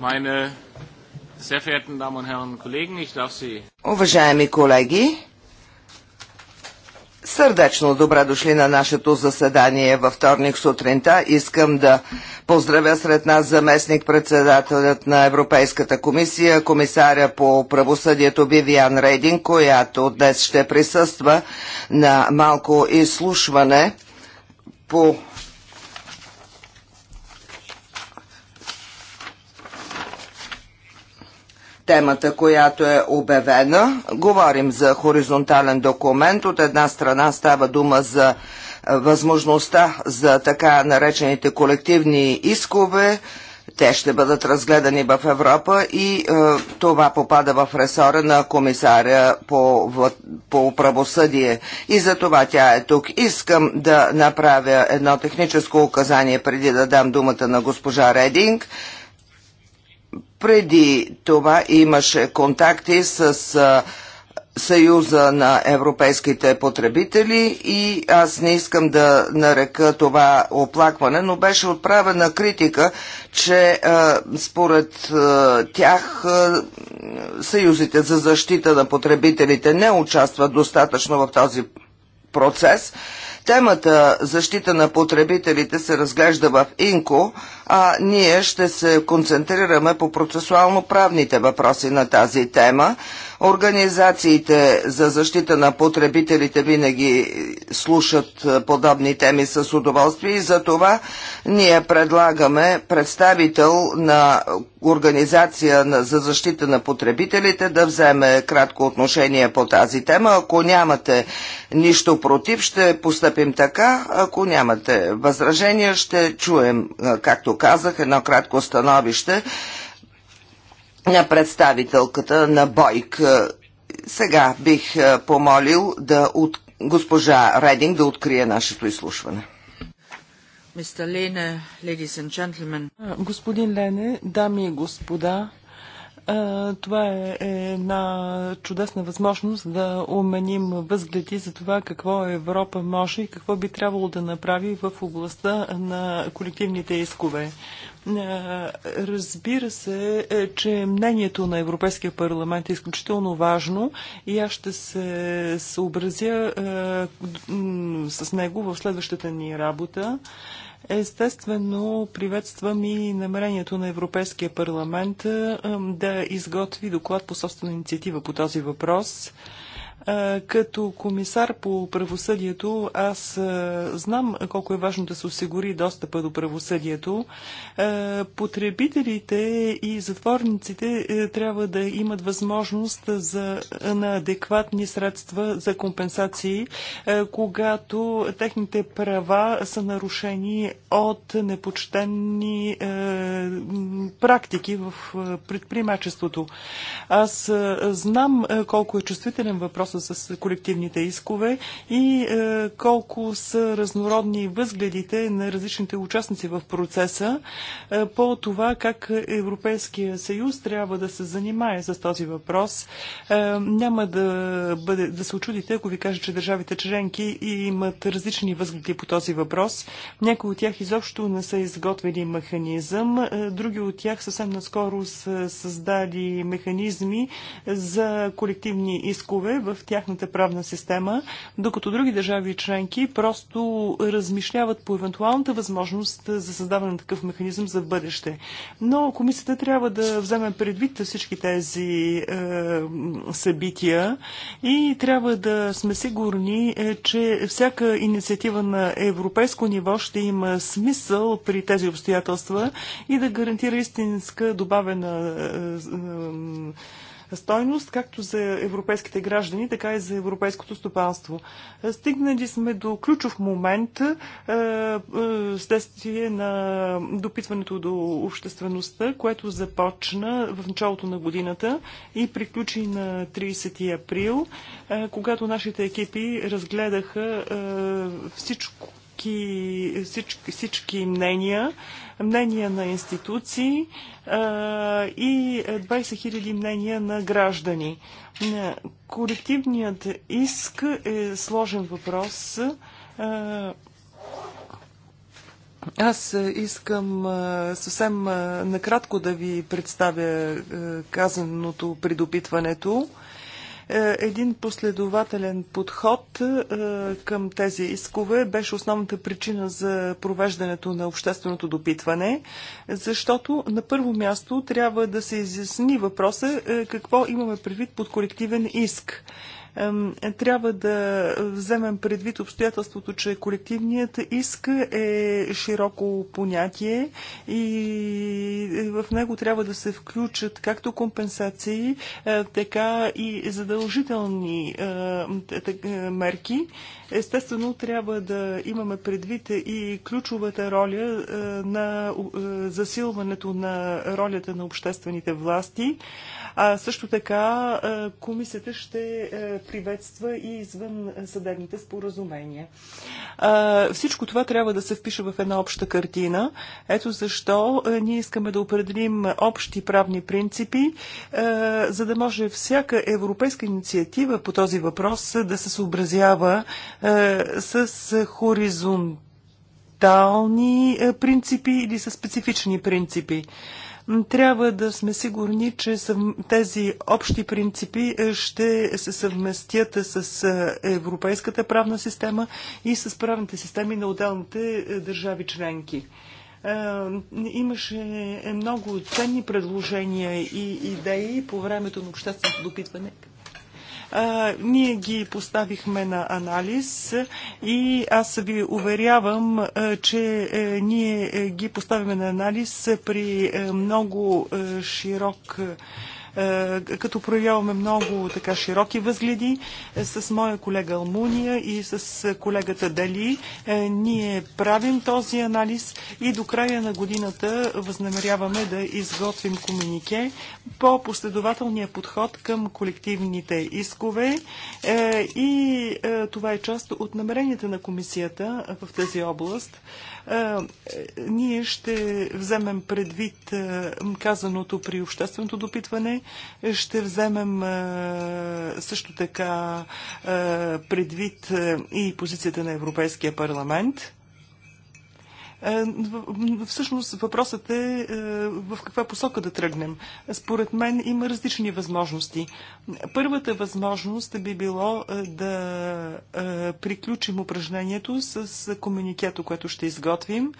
meine sehr verehrten Damen und Herren Kollegen, ich darf Sie... Уважаеми колеги, сърдечно добре дошли на нашето заседание във вторник сутринта. Искам да поздравя сред нас заместник председателят на Европейската комисия, комисаря по правосъдието Бивиан Рейдин, която днес ще присъства на малко изслушване по темата, която е обявена. Говорим за хоризонтален документ. От една страна става дума за е, възможността за така наречените колективни искове. Те ще бъдат разгледани в Европа и е, това попада в ресора на комисаря по, по правосъдие. И за това тя е тук. Искам да направя едно техническо указание преди да дам думата на госпожа Рединг преди това имаше контакти с Съюза на европейските потребители и аз не искам да нарека това оплакване, но беше отправена критика, че според тях съюзите за защита на потребителите не участват достатъчно в този процес Темата защита на потребителите се разглежда в ИНКО, а ние ще се концентрираме по процесуално-правните въпроси на тази тема. Организациите за защита на потребителите винаги слушат подобни теми с удоволствие и за това ние предлагаме представител на Организация за защита на потребителите да вземе кратко отношение по тази тема. Ако нямате нищо против, ще постъпим така. Ако нямате възражения, ще чуем, както казах, едно кратко становище на представителката на Бойк. Сега бих е, помолил да от... госпожа Рединг да открие нашето изслушване. Лене, Господин Лене, дами и господа, това е една чудесна възможност да уменим възгледи за това какво Европа може и какво би трябвало да направи в областта на колективните искове. Разбира се, е, че мнението на Европейския парламент е изключително важно и аз ще се съобразя е, с него в следващата ни работа. Естествено, приветствам и намерението на Европейския парламент е, да изготви доклад по собствена инициатива по този въпрос. Като комисар по правосъдието, аз знам колко е важно да се осигури достъпа до правосъдието. Потребителите и затворниците трябва да имат възможност за, на адекватни средства за компенсации, когато техните права са нарушени от непочтенни практики в предприемачеството. Аз знам колко е чувствителен въпросът с колективните искове и е, колко са разнородни възгледите на различните участници в процеса е, по това как Европейския съюз трябва да се занимае с този въпрос. Е, няма да, бъде, да се очудите, ако ви кажа, че държавите членки имат различни възгледи по този въпрос. Някои от тях изобщо не са изготвили механизъм, е, други от тях съвсем наскоро са създали механизми за колективни искове в тяхната правна система, докато други държави членки просто размишляват по евентуалната възможност за създаване на такъв механизъм за бъдеще. Но комисията трябва да вземе предвид всички тези е, събития и трябва да сме сигурни, е, че всяка инициатива на европейско ниво ще има смисъл при тези обстоятелства и да гарантира истинска добавена е, е, стойност, както за европейските граждани, така и за европейското стопанство. Стигнали сме до ключов момент е, е, следствие на допитването до обществеността, което започна в началото на годината и приключи на 30 април, е, когато нашите екипи разгледаха всичко всички, всички мнения, мнения на институции и 20 000 мнения на граждани. Колективният иск е сложен въпрос. Аз искам съвсем накратко да ви представя казаното предопитването. Е, един последователен подход е, към тези искове беше основната причина за провеждането на общественото допитване, защото на първо място трябва да се изясни въпроса е, какво имаме предвид под колективен иск. Трябва да вземем предвид обстоятелството, че колективният иск е широко понятие и в него трябва да се включат както компенсации, е, така и задължителни е, е, мерки. Естествено, трябва да имаме предвид и ключовата роля е, на е, засилването на ролята на обществените власти. А също така е, комисията ще приветства и извън съдебните споразумения. Всичко това трябва да се впише в една обща картина. Ето защо ние искаме да определим общи правни принципи, за да може всяка европейска инициатива по този въпрос да се съобразява е, с хоризонтални е, принципи или с специфични принципи трябва да сме сигурни, че тези общи принципи е, ще се съвместят с европейската правна система и с правните системи на отделните държави членки. Имаше много ценни предложения и идеи по времето на общественото допитване ние ги поставихме на анализ и аз ви уверявам, че е, ние е, ги поставяме на анализ при е, много широк е, като проявяваме много така широки възгледи е, с моя колега Алмуния и с е, колегата Дали. Ние правим този анализ и до края на годината възнамеряваме да изготвим комунике по последователния подход към колективните искове и това е част от намеренията на комисията в тази област ние ще вземем предвид казаното при общественото допитване ще вземем е, също така е, предвид е, и позицията на Европейския парламент. Всъщност въпросът е в каква посока да тръгнем. Според мен има различни възможности. Първата възможност би било да приключим упражнението с комуникето, което ще изготвим.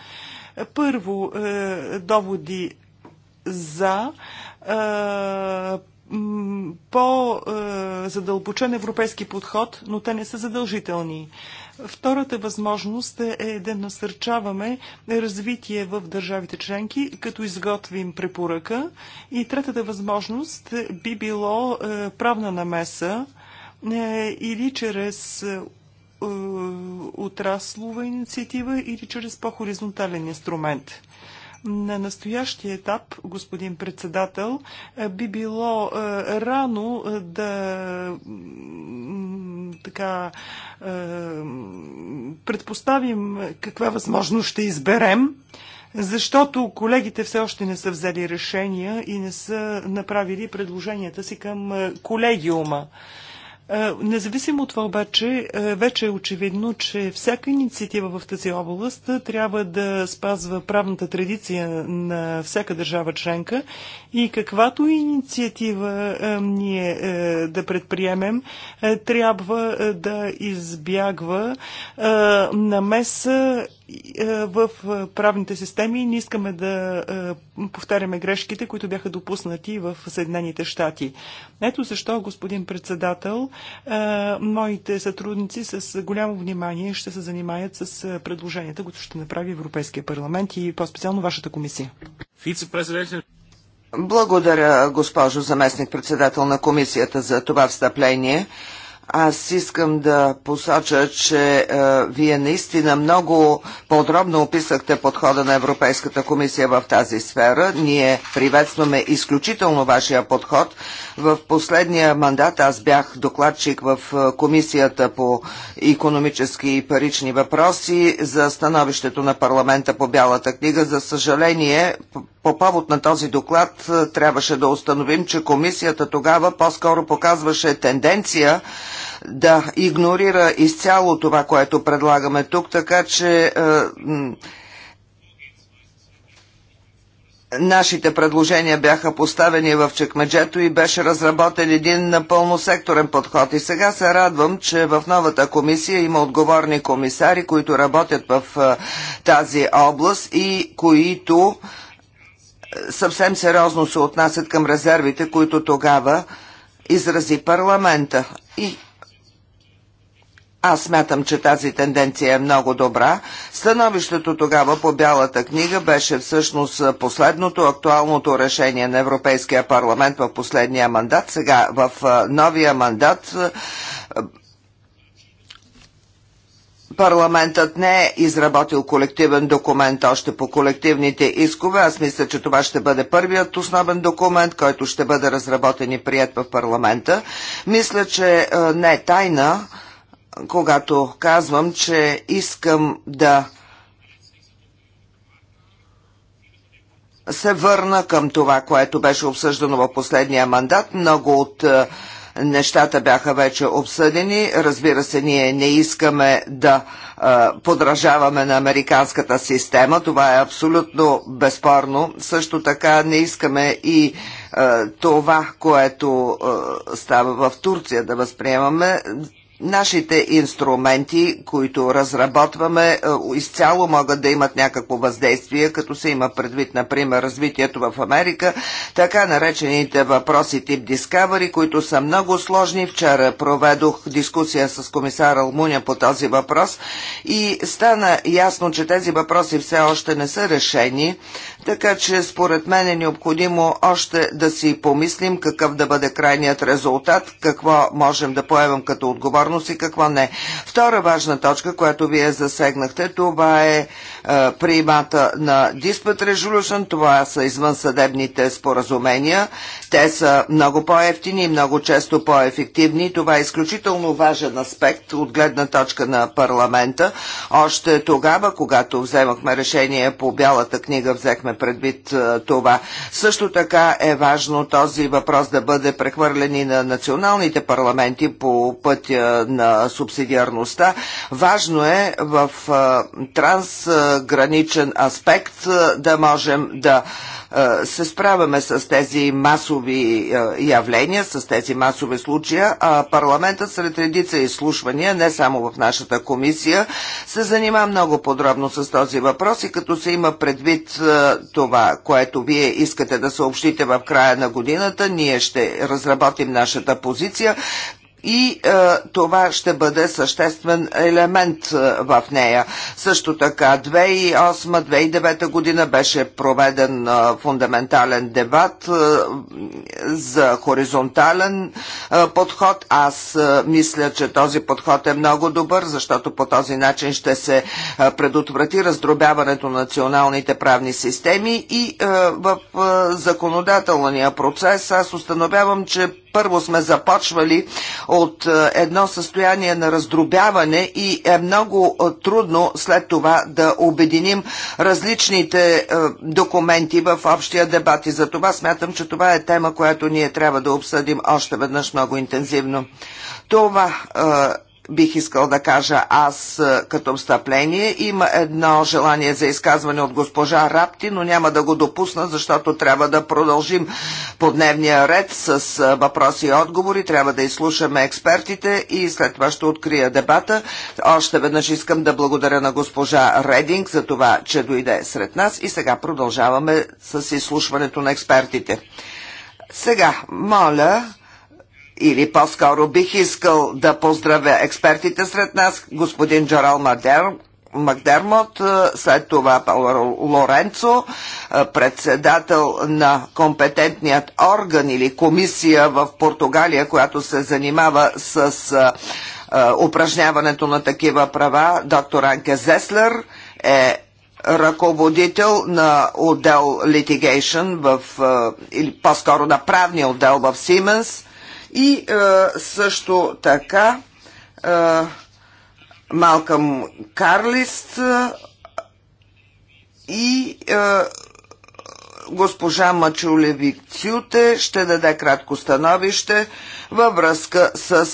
Първо, доводи за е, по-задълбочен европейски подход, но те не са задължителни. Втората възможност е да насърчаваме развитие в държавите членки, като изготвим препоръка. И третата възможност би било е, правна намеса е, или чрез отраслова инициатива, или чрез по-хоризонтален инструмент. На настоящия етап, господин председател, е, би било е, рано е, да така предпоставим каква възможност ще изберем защото колегите все още не са взели решения и не са направили предложенията си към колегиума. Независимо от това обаче, вече е очевидно, че всяка инициатива в тази област трябва да спазва правната традиция на всяка държава членка и каквато инициатива ние да предприемем, трябва да избягва намеса е, в е, правните системи. Не искаме да е, повтаряме грешките, които бяха допуснати в Съединените щати. Ето защо, господин председател, моите сътрудници с голямо внимание ще се занимаят с предложенията, които ще направи Европейския парламент и по-специално вашата комисия. Благодаря, госпожо заместник-председател на комисията за това встъпление. Аз искам да посоча, че е, вие наистина много подробно описахте подхода на Европейската комисия в тази сфера. Ние приветстваме изключително вашия подход. В последния мандат аз бях докладчик в е, Комисията по економически и парични въпроси за становището на парламента по Бялата книга. За съжаление, по повод на този доклад е, трябваше да установим, че комисията тогава по-скоро показваше тенденция да игнорира изцяло това, което предлагаме тук, така че е, Нашите предложения бяха поставени в чекмеджето и беше разработен един напълно секторен подход. И сега се радвам, че в новата комисия има отговорни комисари, които работят в е, тази област и които е, съвсем сериозно се отнасят към резервите, които тогава изрази парламента. И аз смятам, че тази тенденция е много добра. Становището тогава по Бялата книга беше всъщност последното актуалното решение на Европейския парламент в последния мандат. Сега в новия мандат Парламентът не е изработил колективен документ още по колективните искове. Аз мисля, че това ще бъде първият основен документ, който ще бъде разработен и прият в парламента. Мисля, че не е тайна, когато казвам, че искам да се върна към това, което беше обсъждано в последния мандат. Много от е, нещата бяха вече обсъдени. Разбира се, ние не искаме да а, е, подражаваме на американската система. Това е абсолютно безспорно. Също така не искаме и а, е, това, което а, става в Турция да възприемаме. Нашите инструменти, които разработваме, е, изцяло могат да имат някакво въздействие, като се има предвид, например, развитието в Америка, така наречените въпроси тип Discovery, които са много сложни. Вчера проведох дискусия с комисар Алмуня по този въпрос и стана ясно, че тези въпроси все още не са решени така че според мен е необходимо още да си помислим какъв да бъде крайният резултат, какво можем да поемем като отговорност и какво не. Втора важна точка, която вие засегнахте, това е, е приемата на Dispute Resolution, това са извънсъдебните споразумения. Те са много по-ефтини и много често по-ефективни. Това е изключително важен аспект от гледна точка на парламента. Още тогава, когато вземахме решение по Бялата книга, взехме имахме предвид това. Също така е важно този въпрос да бъде прехвърлен и на националните парламенти по пътя на субсидиарността. Важно е в трансграничен аспект да можем да се справяме с тези масови явления, с тези масови случая, а парламентът сред редица изслушвания, не само в нашата комисия, се занимава много подробно с този въпрос и като се има предвид това, което вие искате да съобщите в края на годината. Ние ще разработим нашата позиция и а, е, това ще бъде съществен елемент а, е, в нея. Също така 2008-2009 година беше проведен а, е, фундаментален дебат а, за хоризонтален а, подход. Аз а, мисля, че този подход е много добър, защото по този начин ще се а, предотврати раздробяването на националните правни системи и а, в а, законодателния процес аз установявам, че първо сме започвали от е, едно състояние на раздробяване и е много е, трудно след това да обединим различните е, документи в общия дебат. И за това смятам, че това е тема, която ние трябва да обсъдим още веднъж много интензивно. Това бих искал да кажа аз е, като встъпление. Има едно желание за изказване от госпожа Рапти, но няма да го допусна, защото трябва да продължим по дневния ред с е, въпроси и отговори. Трябва да изслушаме експертите и след това ще открия дебата. Още веднъж искам да благодаря на госпожа Рединг за това, че дойде сред нас и сега продължаваме с изслушването на експертите. Сега, моля, или по-скоро бих искал да поздравя експертите сред нас, господин Джорал Мадер, Макдермот, след това Лоренцо, председател на компетентният орган или комисия в Португалия, която се занимава с упражняването на такива права, доктор Анке Зеслер е ръководител на отдел Litigation в, или по-скоро на правния отдел в Siemens – и е, също така е, Малкам Карлист е, и е, Госпожа Мачулеви Цюте ще даде кратко становище във връзка с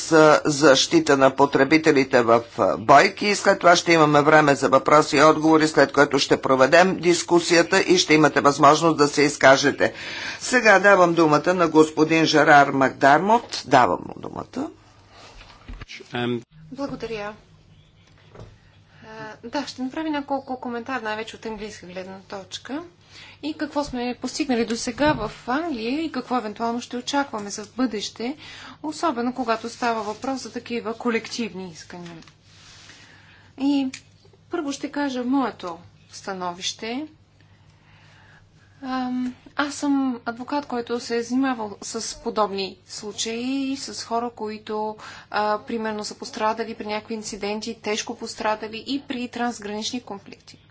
защита на потребителите в бойки. След това ще имаме време за въпроси и отговори, след което ще проведем дискусията и ще имате възможност да се изкажете. Сега давам думата на господин Жерар Макдармот. Давам му думата. Благодаря. Да, ще направя няколко коментар, най-вече от английска гледна точка и какво сме постигнали до сега в Англия и какво евентуално ще очакваме за бъдеще, особено когато става въпрос за такива колективни искания. И първо ще кажа моето становище. Аз съм адвокат, който се е занимавал с подобни случаи, с хора, които а, примерно са пострадали при някакви инциденти, тежко пострадали и при трансгранични конфликти.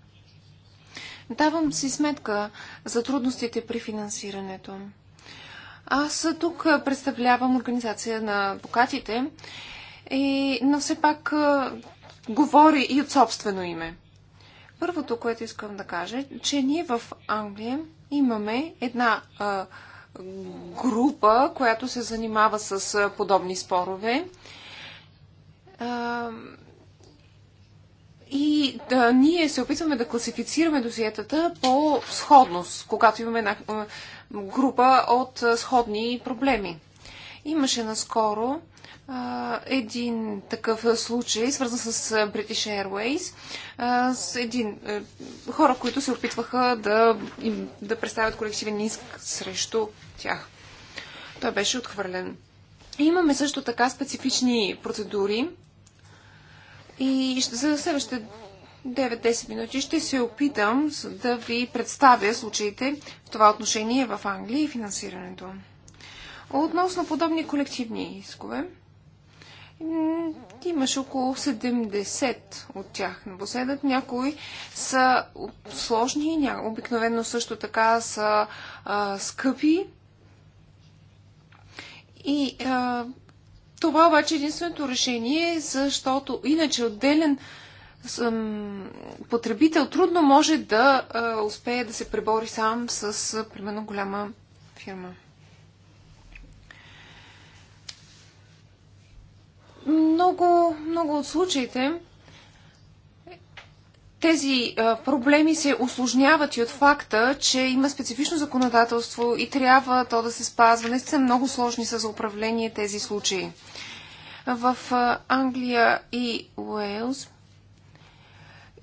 Давам си сметка за трудностите при финансирането. Аз тук представлявам организация на адвокатите, и, но все пак говори и от собствено име. Първото, което искам да кажа, че ние в Англия имаме една а, група, която се занимава с а, подобни спорове. А, и да, ние се опитваме да класифицираме досиетата по сходност, когато имаме една група от сходни проблеми. Имаше наскоро а, един такъв случай, свързан с British Airways, а, с един, а, хора, които се опитваха да, им, да представят колективен иск срещу тях. Той беше отхвърлен. Имаме също така специфични процедури, и за следващите 9-10 минути ще се опитам да ви представя случаите в това отношение в Англия и финансирането. Относно подобни колективни искове, имаше около 70 от тях на последък. Някои са сложни, обикновено също така са а, скъпи. И а, това обаче е единственото решение, е, защото иначе отделен потребител трудно може да успее да се пребори сам с, примерно, голяма фирма. Много, много от случаите тези проблеми се осложняват и от факта, че има специфично законодателство и трябва то да се спазва. са много сложни са за управление тези случаи. В Англия и Уелс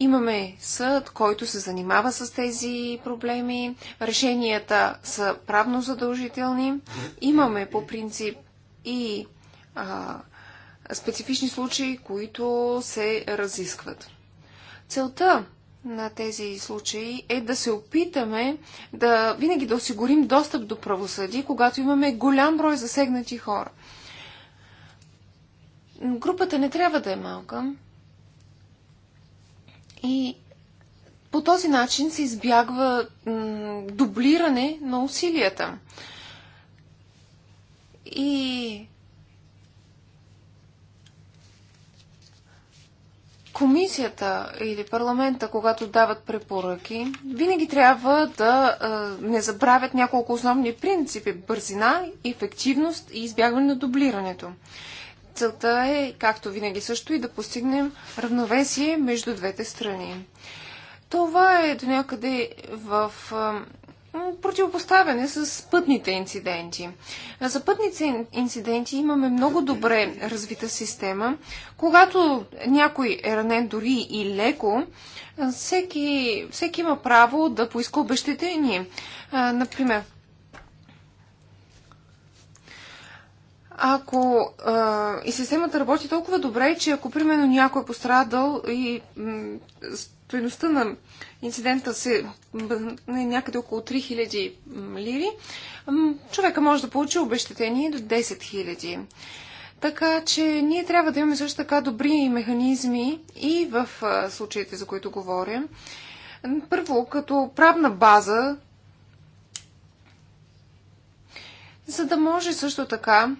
имаме съд, който се занимава с тези проблеми. Решенията са правно задължителни. Имаме по принцип и а, специфични случаи, които се разискват. Целта на тези случаи е да се опитаме да винаги да осигурим достъп до правосъдие, когато имаме голям брой засегнати хора. Групата не трябва да е малка и по този начин се избягва дублиране на усилията. И комисията или парламента, когато дават препоръки, винаги трябва да не забравят няколко основни принципи бързина, ефективност и избягване на дублирането. Целта е, както винаги също, и да постигнем равновесие между двете страни. Това е до някъде в противопоставяне с пътните инциденти. За пътните инциденти имаме много добре развита система. Когато някой е ранен дори и леко, всеки, всеки има право да поиска обещетение. Например, ако а, и системата работи толкова добре, че ако примерно някой е пострадал и стоеността на инцидента се е някъде около 3000 лири, човека може да получи обещетение до 10 000. Така че ние трябва да имаме също така добри механизми и в случаите, за които говоря. Първо, като правна база, за да може също така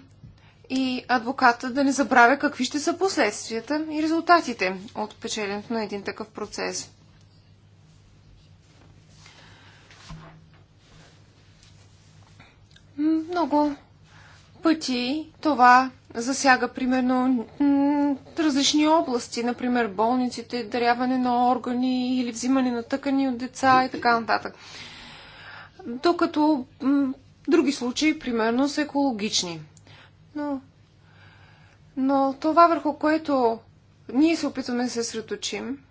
и адвоката да не забравя какви ще са последствията и резултатите от печеленето на един такъв процес. Много пъти това засяга, примерно, различни области, например, болниците, даряване на органи или взимане на тъкани от деца и така нататък. Докато други случаи, примерно, са екологични. Но, но това върху което ние се опитваме да се средочим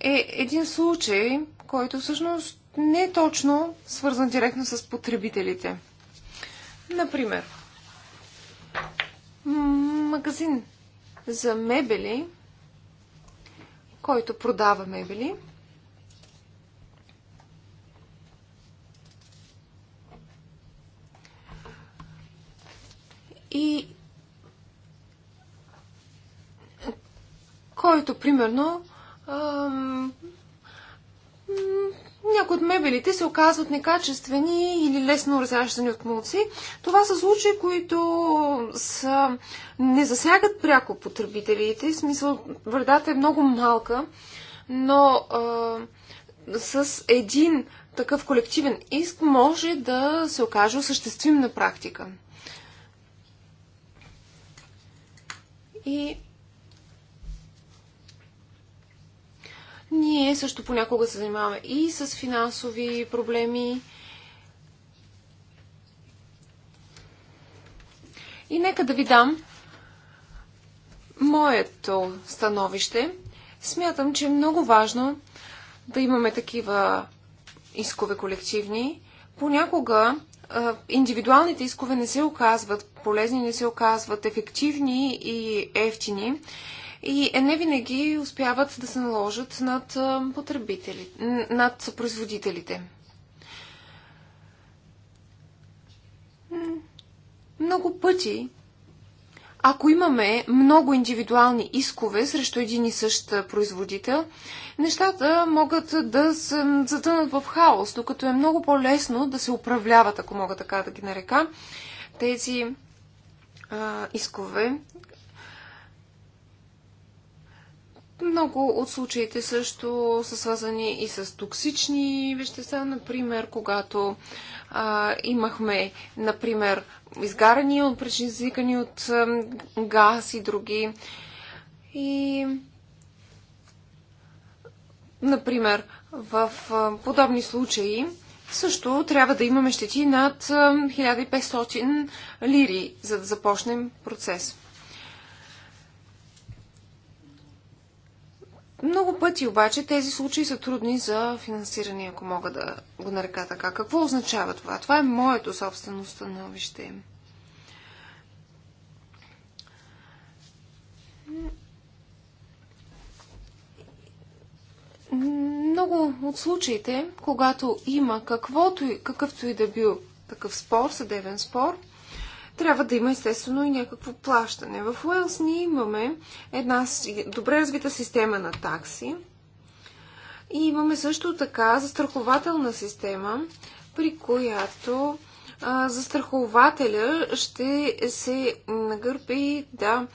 е един случай, който всъщност не е точно свързан директно с потребителите. Например, магазин за мебели, който продава мебели – и който, примерно, ам, някои от мебелите се оказват некачествени или лесно разяждани от молци, Това са случаи, които са, не засягат пряко потребителите. В смисъл, вредата е много малка, но а, с един такъв колективен иск може да се окаже осъществим на практика. И ние също понякога се занимаваме и с финансови проблеми. И нека да ви дам моето становище. Смятам, че е много важно да имаме такива искове колективни. Понякога индивидуалните искове не се оказват полезни, не се оказват ефективни и ефтини и е, не винаги успяват да се наложат над, потребителите, над производителите. Много пъти, ако имаме много индивидуални искове срещу един и същ производител, нещата могат да се затънат в хаос, докато е много по-лесно да се управляват, ако мога така да ги нарека, тези а, искове. Много от случаите също са свързани и с токсични вещества, например, когато а, имахме, например, изгарани от причини, от а, газ и други. И, например, в а, подобни случаи също трябва да имаме щети над 1500 лири, за да започнем процес. Много пъти обаче тези случаи са трудни за финансиране, ако мога да го нарека така. Какво означава това? Това е моето собствено становище. много от случаите, когато има каквото и какъвто и да бил такъв спор, съдебен спор, трябва да има естествено и някакво плащане. В Уелс ние имаме една добре развита система на такси и имаме също така застрахователна система, при която застрахователя ще се нагърби да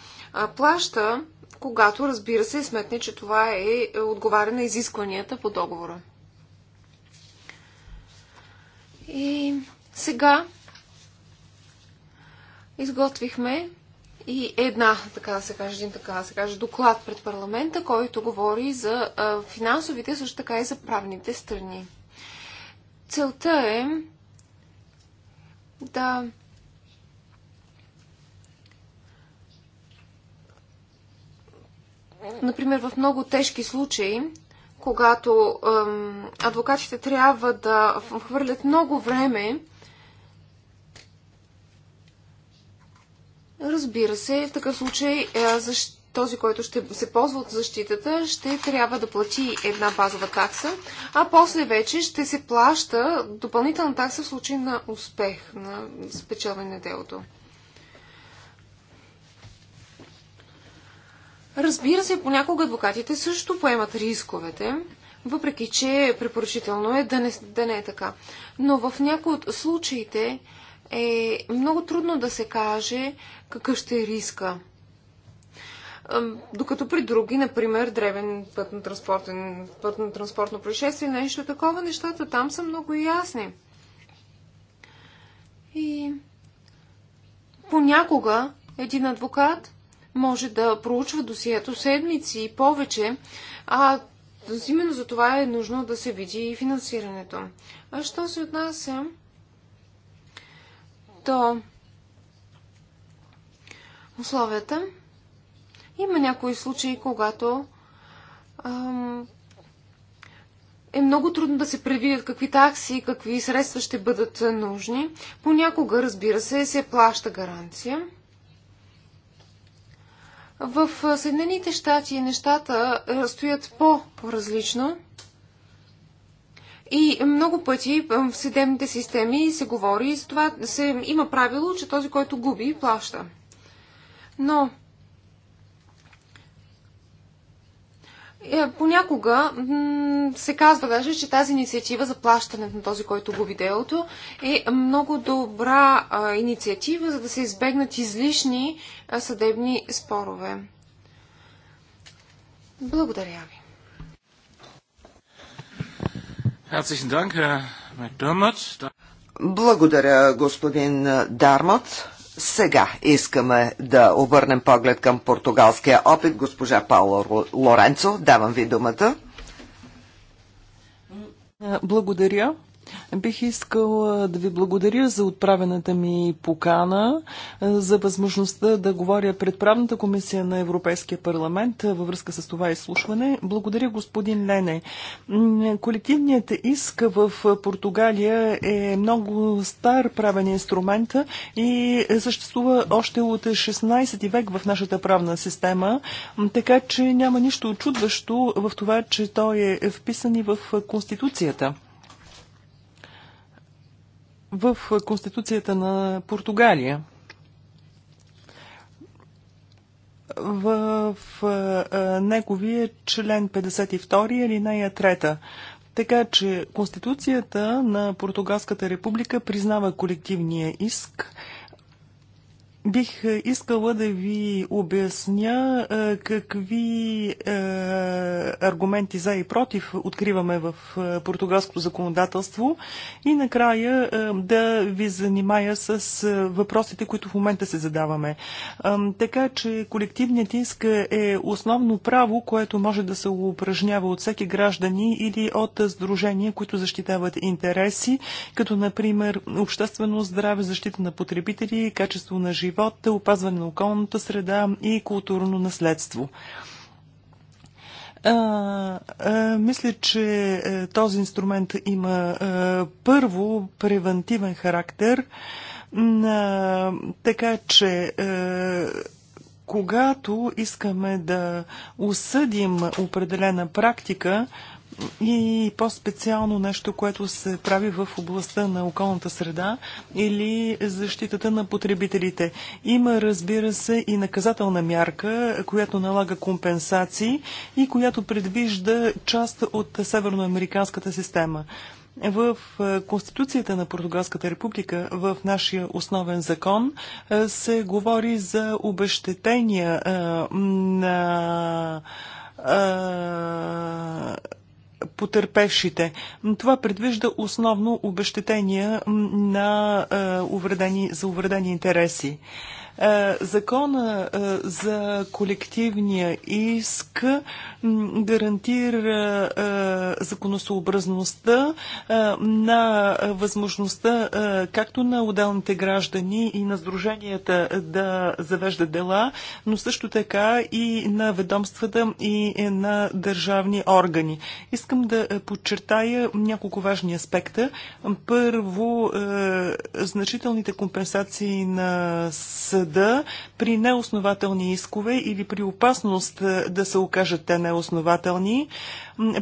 плаща когато, разбира се, сметне, че това е, е отговаря на изискванията по договора. И сега изготвихме и една, така да се каже, един така да се каже, доклад пред парламента, който говори за финансовите, също така и за правните страни. Целта е да Например, в много тежки случаи, когато ем, адвокатите трябва да хвърлят много време, разбира се, в такъв случай е, защ... този, който ще се ползва от защитата, ще трябва да плати една базова такса, а после вече ще се плаща допълнителна такса в случай на успех на спечелване на делото. Разбира се, понякога адвокатите също поемат рисковете, въпреки че препоръчително е да не, да не е така. Но в някои от случаите е много трудно да се каже какъв ще е риска. Докато при други, например, древен пътно-транспортно пътно происшествие, нещо такова, нещата там са много ясни. И понякога един адвокат може да проучва досието седмици и повече, а именно за това е нужно да се види и финансирането. А що се отнася до условията, има някои случаи, когато ам, е много трудно да се предвидят какви такси и какви средства ще бъдат нужни. Понякога, разбира се, се плаща гаранция. В Съединените щати нещата стоят по-различно. И много пъти в съдебните системи се говори, за това се, има правило, че този, който губи, плаща. Но Е, понякога се казва даже, че тази инициатива за плащането на този, който губи делото, е много добра инициатива, за да се избегнат излишни съдебни спорове. Благодаря ви. Благодаря, господин Дармот. Сега искаме да обърнем поглед към португалския опит. Госпожа Паула Лоренцо, давам ви думата. Благодаря. Бих искала да ви благодаря за отправената ми покана, за възможността да говоря пред правната комисия на Европейския парламент във връзка с това изслушване. Благодаря господин Лене. Колективният иск в Португалия е много стар правен инструмент и съществува още от 16 век в нашата правна система, така че няма нищо очудващо в това, че той е вписан и в Конституцията в Конституцията на Португалия. В неговия член 52 или нея 3. Така че Конституцията на Португалската република признава колективния иск – Бих е, искала да ви обясня е, какви е, аргументи за и против откриваме в португалското законодателство и накрая да ви занимая с въпросите, които в момента се задаваме. Така че колективният иск е основно право, което може да се упражнява от всеки граждани или от сдружения, които защитават интереси, като например обществено здраве, защита на потребители, качество на живота, живот, опазване на околната среда и културно наследство. А, а, мисля, че а, е, този инструмент има а, е, първо превентивен характер, а, така че а, е, когато искаме да осъдим определена практика, и по-специално нещо, което се прави в областта на околната среда или защитата на потребителите. Има, разбира се, и наказателна мярка, която налага компенсации и която предвижда част от северноамериканската система. В Конституцията на Португалската република, в нашия основен закон, се говори за обещетения на потърпевшите. Това предвижда основно обещетения на, е, увредени, за увредени интереси. Е, закона е, за колективния иск гарантира е, законосообразността на възможността както на отделните граждани и на сдруженията да завеждат дела, но също така и на ведомствата и на държавни органи. Искам да подчертая няколко важни аспекта. Първо, значителните компенсации на съда при неоснователни искове или при опасност е, да се окажат те неоснователни,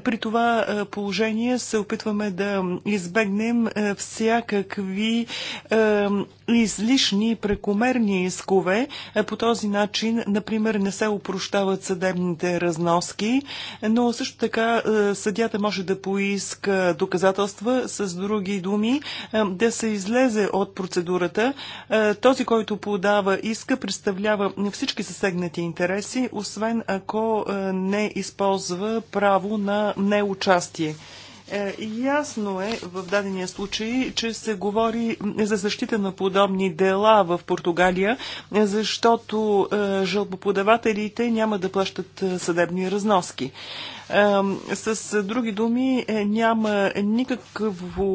при това е, положение се опитваме да избегнем е, всякакви е, излишни, прекомерни искове. По този начин, например, не се опрощават съдебните разноски, но също така съдята може да поиска доказателства, с други думи, да се излезе от процедурата. Този, който подава иска, представлява всички съсегнати интереси, освен ако не използва право на на неучастие. Е, ясно е в дадения случай, че се говори за защита на подобни дела в Португалия, защото е, жалбоподавателите няма да плащат е, съдебни разноски. С други думи, няма никакво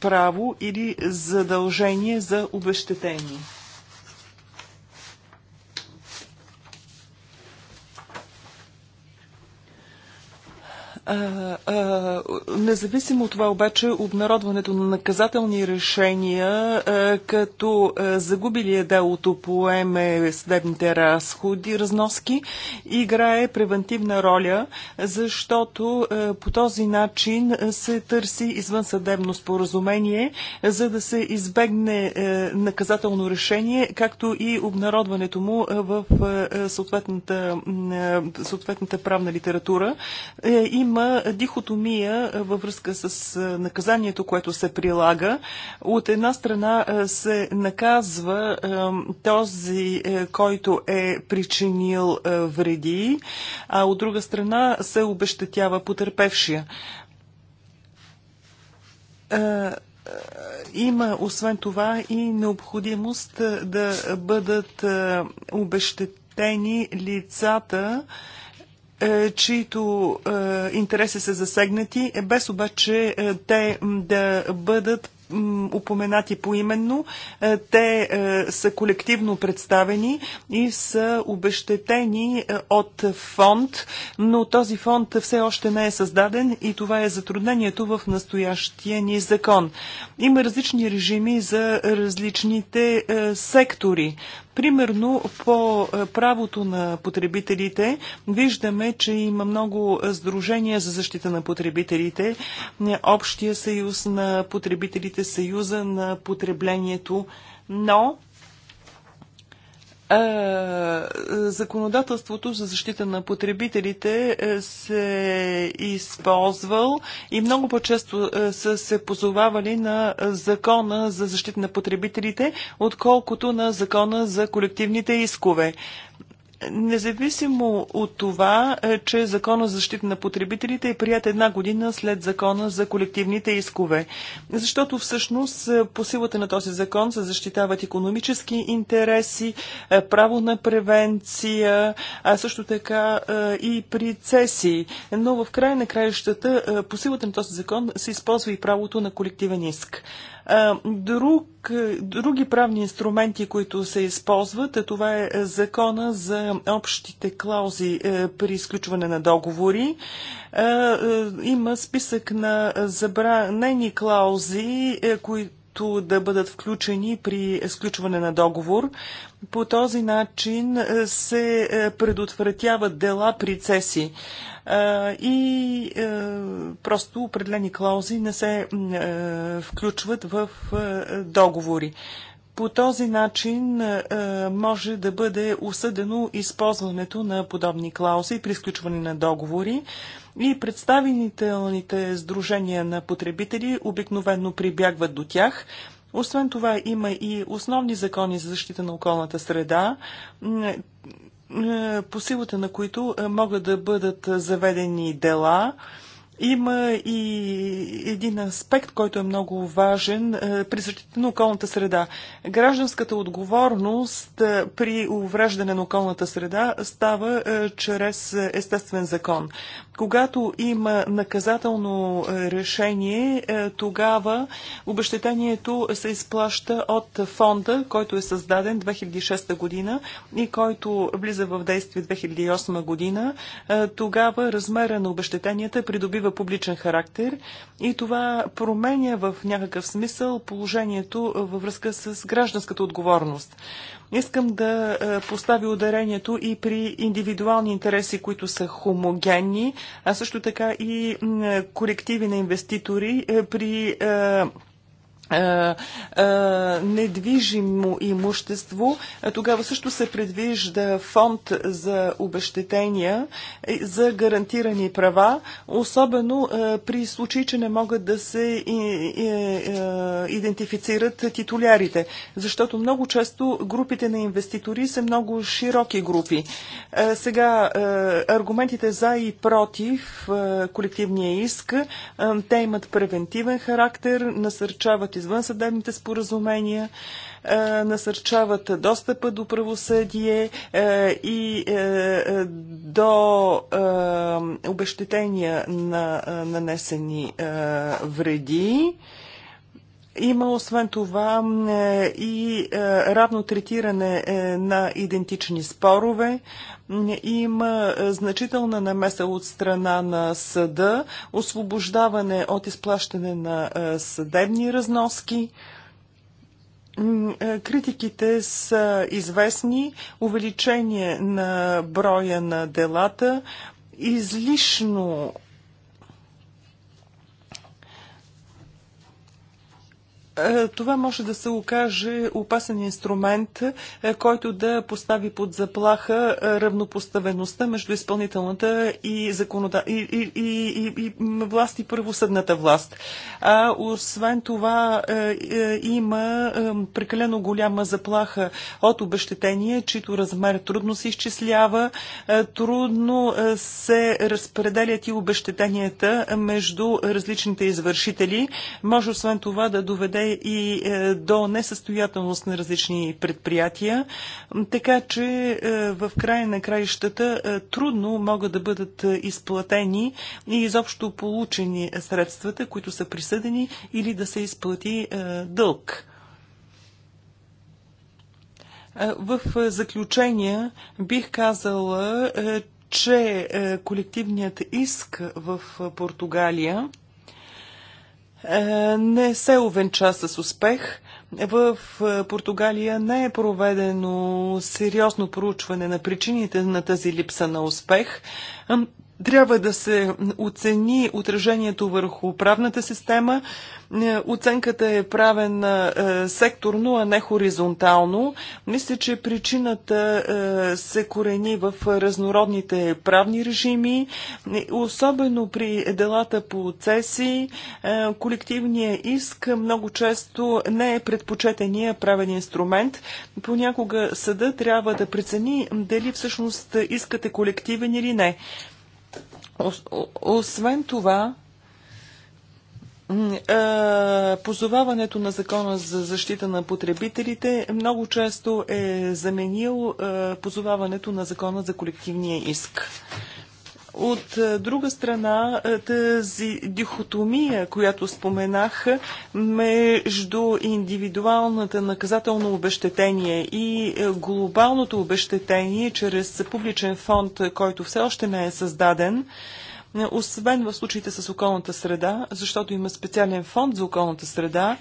право или задължение за обещетение. независимо от това обаче, обнародването на наказателни решения, като загубилия делото поеме съдебните разходи, разноски, играе превентивна роля, защото по този начин се търси извънсъдебно споразумение, за да се избегне наказателно решение, както и обнародването му в съответната, съответната правна литература. Е, има има дихотомия във връзка с наказанието, което се прилага. От една страна се наказва този, е, който е причинил вреди, а от друга страна се обещетява потерпевшия има освен това и необходимост да бъдат обещетени лицата, е, чието е, интереси са засегнати, е, без обаче те да бъдат упоменати поименно. Те са колективно представени и са обещетени от фонд, но този фонд все още не е създаден и това е затруднението в настоящия ни закон. Има различни режими за различните сектори. Примерно по е, правото на потребителите виждаме, че има много сдружения за защита на потребителите, е, Общия съюз на потребителите, Съюза на потреблението, но законодателството за защита на потребителите е, се използвал и много по-често е, са се позовавали на закона за защита на потребителите, отколкото на закона за колективните искове. Независимо от това, е, че Закона за защита на потребителите е прият една година след Закона за колективните искове. Защото всъщност е, по силата на този закон се защитават економически интереси, е, право на превенция, а също така и при цесии. Но в края на краищата по силата на този закон се използва и правото на колективен иск. Друг други правни инструменти, които се използват, е това е закона за общите клаузи е, при изключване на договори. Е, има списък на забранени клаузи, е, които да бъдат включени при изключване на договор. По този начин се предотвратяват дела при цеси и е, просто определени клаузи не се е, включват в е, договори. По този начин може да бъде осъдено използването на подобни клаузи при изключване на договори и представителните сдружения на потребители обикновено прибягват до тях. Освен това има и основни закони за защита на околната среда. Е, по силата на които е, могат да бъдат заведени дела. Има и един аспект, който е много важен е, при защита на околната среда. Гражданската отговорност при увреждане на околната среда става чрез естествен закон. Когато има наказателно е, решение, е, тогава обещетението се изплаща от фонда, който е създаден 2006 година и който влиза в действие 2008 година. Е, тогава размера на обещетенията придобива публичен характер и това променя в някакъв смисъл положението във връзка с гражданската отговорност. Искам да е, поставя ударението и при индивидуални интереси, които са хомогенни, а също така и колективи на инвеститори е, при е, е, е, недвижимо имущество, е, тогава също се предвижда фонд за обещетения, за гарантирани права, особено при случай, че не могат да се идентифицират титулярите, защото много често групите на инвеститори са много широки групи. Сега аргументите за и против колективния иск, те имат превентивен характер, насърчават извънсъдебните споразумения, е, насърчават достъпа до правосъдие е, и е, до обещетения на нанесени вреди. Има освен това е, и е, равно третиране е, на идентични спорове. Има значителна намеса от страна на съда, освобождаване от изплащане на съдебни разноски. Критиките са известни, увеличение на броя на делата, излишно Е, това може да се окаже опасен инструмент, е, който да постави под заплаха е, равнопоставеността между изпълнителната и, законода... и, и, и, и власт и правосъдната власт. А освен това има прекалено голяма заплаха от обещетение, чието размер трудно се изчислява, трудно се разпределят и обещетенията между различните извършители. Може освен това да доведе и е, до несъстоятелност на различни предприятия, така че е, в края на краищата е, трудно могат да бъдат изплатени и изобщо получени средствата, които са присъдени или да се изплати дълг. В заключение бих казала, че колективният иск в Португалия е, не се увенча с успех. В е, Португалия не е проведено сериозно проучване на причините на тази липса на успех. Трябва да се оцени отражението върху правната система. Е, оценката е правена е, секторно, а не хоризонтално. Мисля, че причината е, се корени в разнородните правни режими, особено при делата по цеси. Колективният иск много често не е предпочетения правен инструмент. Понякога съда трябва да прецени дали всъщност искате колективен или не. Освен това, позоваването на закона за защита на потребителите много често е заменил позоваването на закона за колективния иск. От е, друга страна, е, тази дихотомия, която споменах между индивидуалната наказателно обещетение и е, глобалното обещетение чрез публичен фонд, който все още не е създаден, е, освен в случаите с околната среда, защото има специален фонд за околната среда,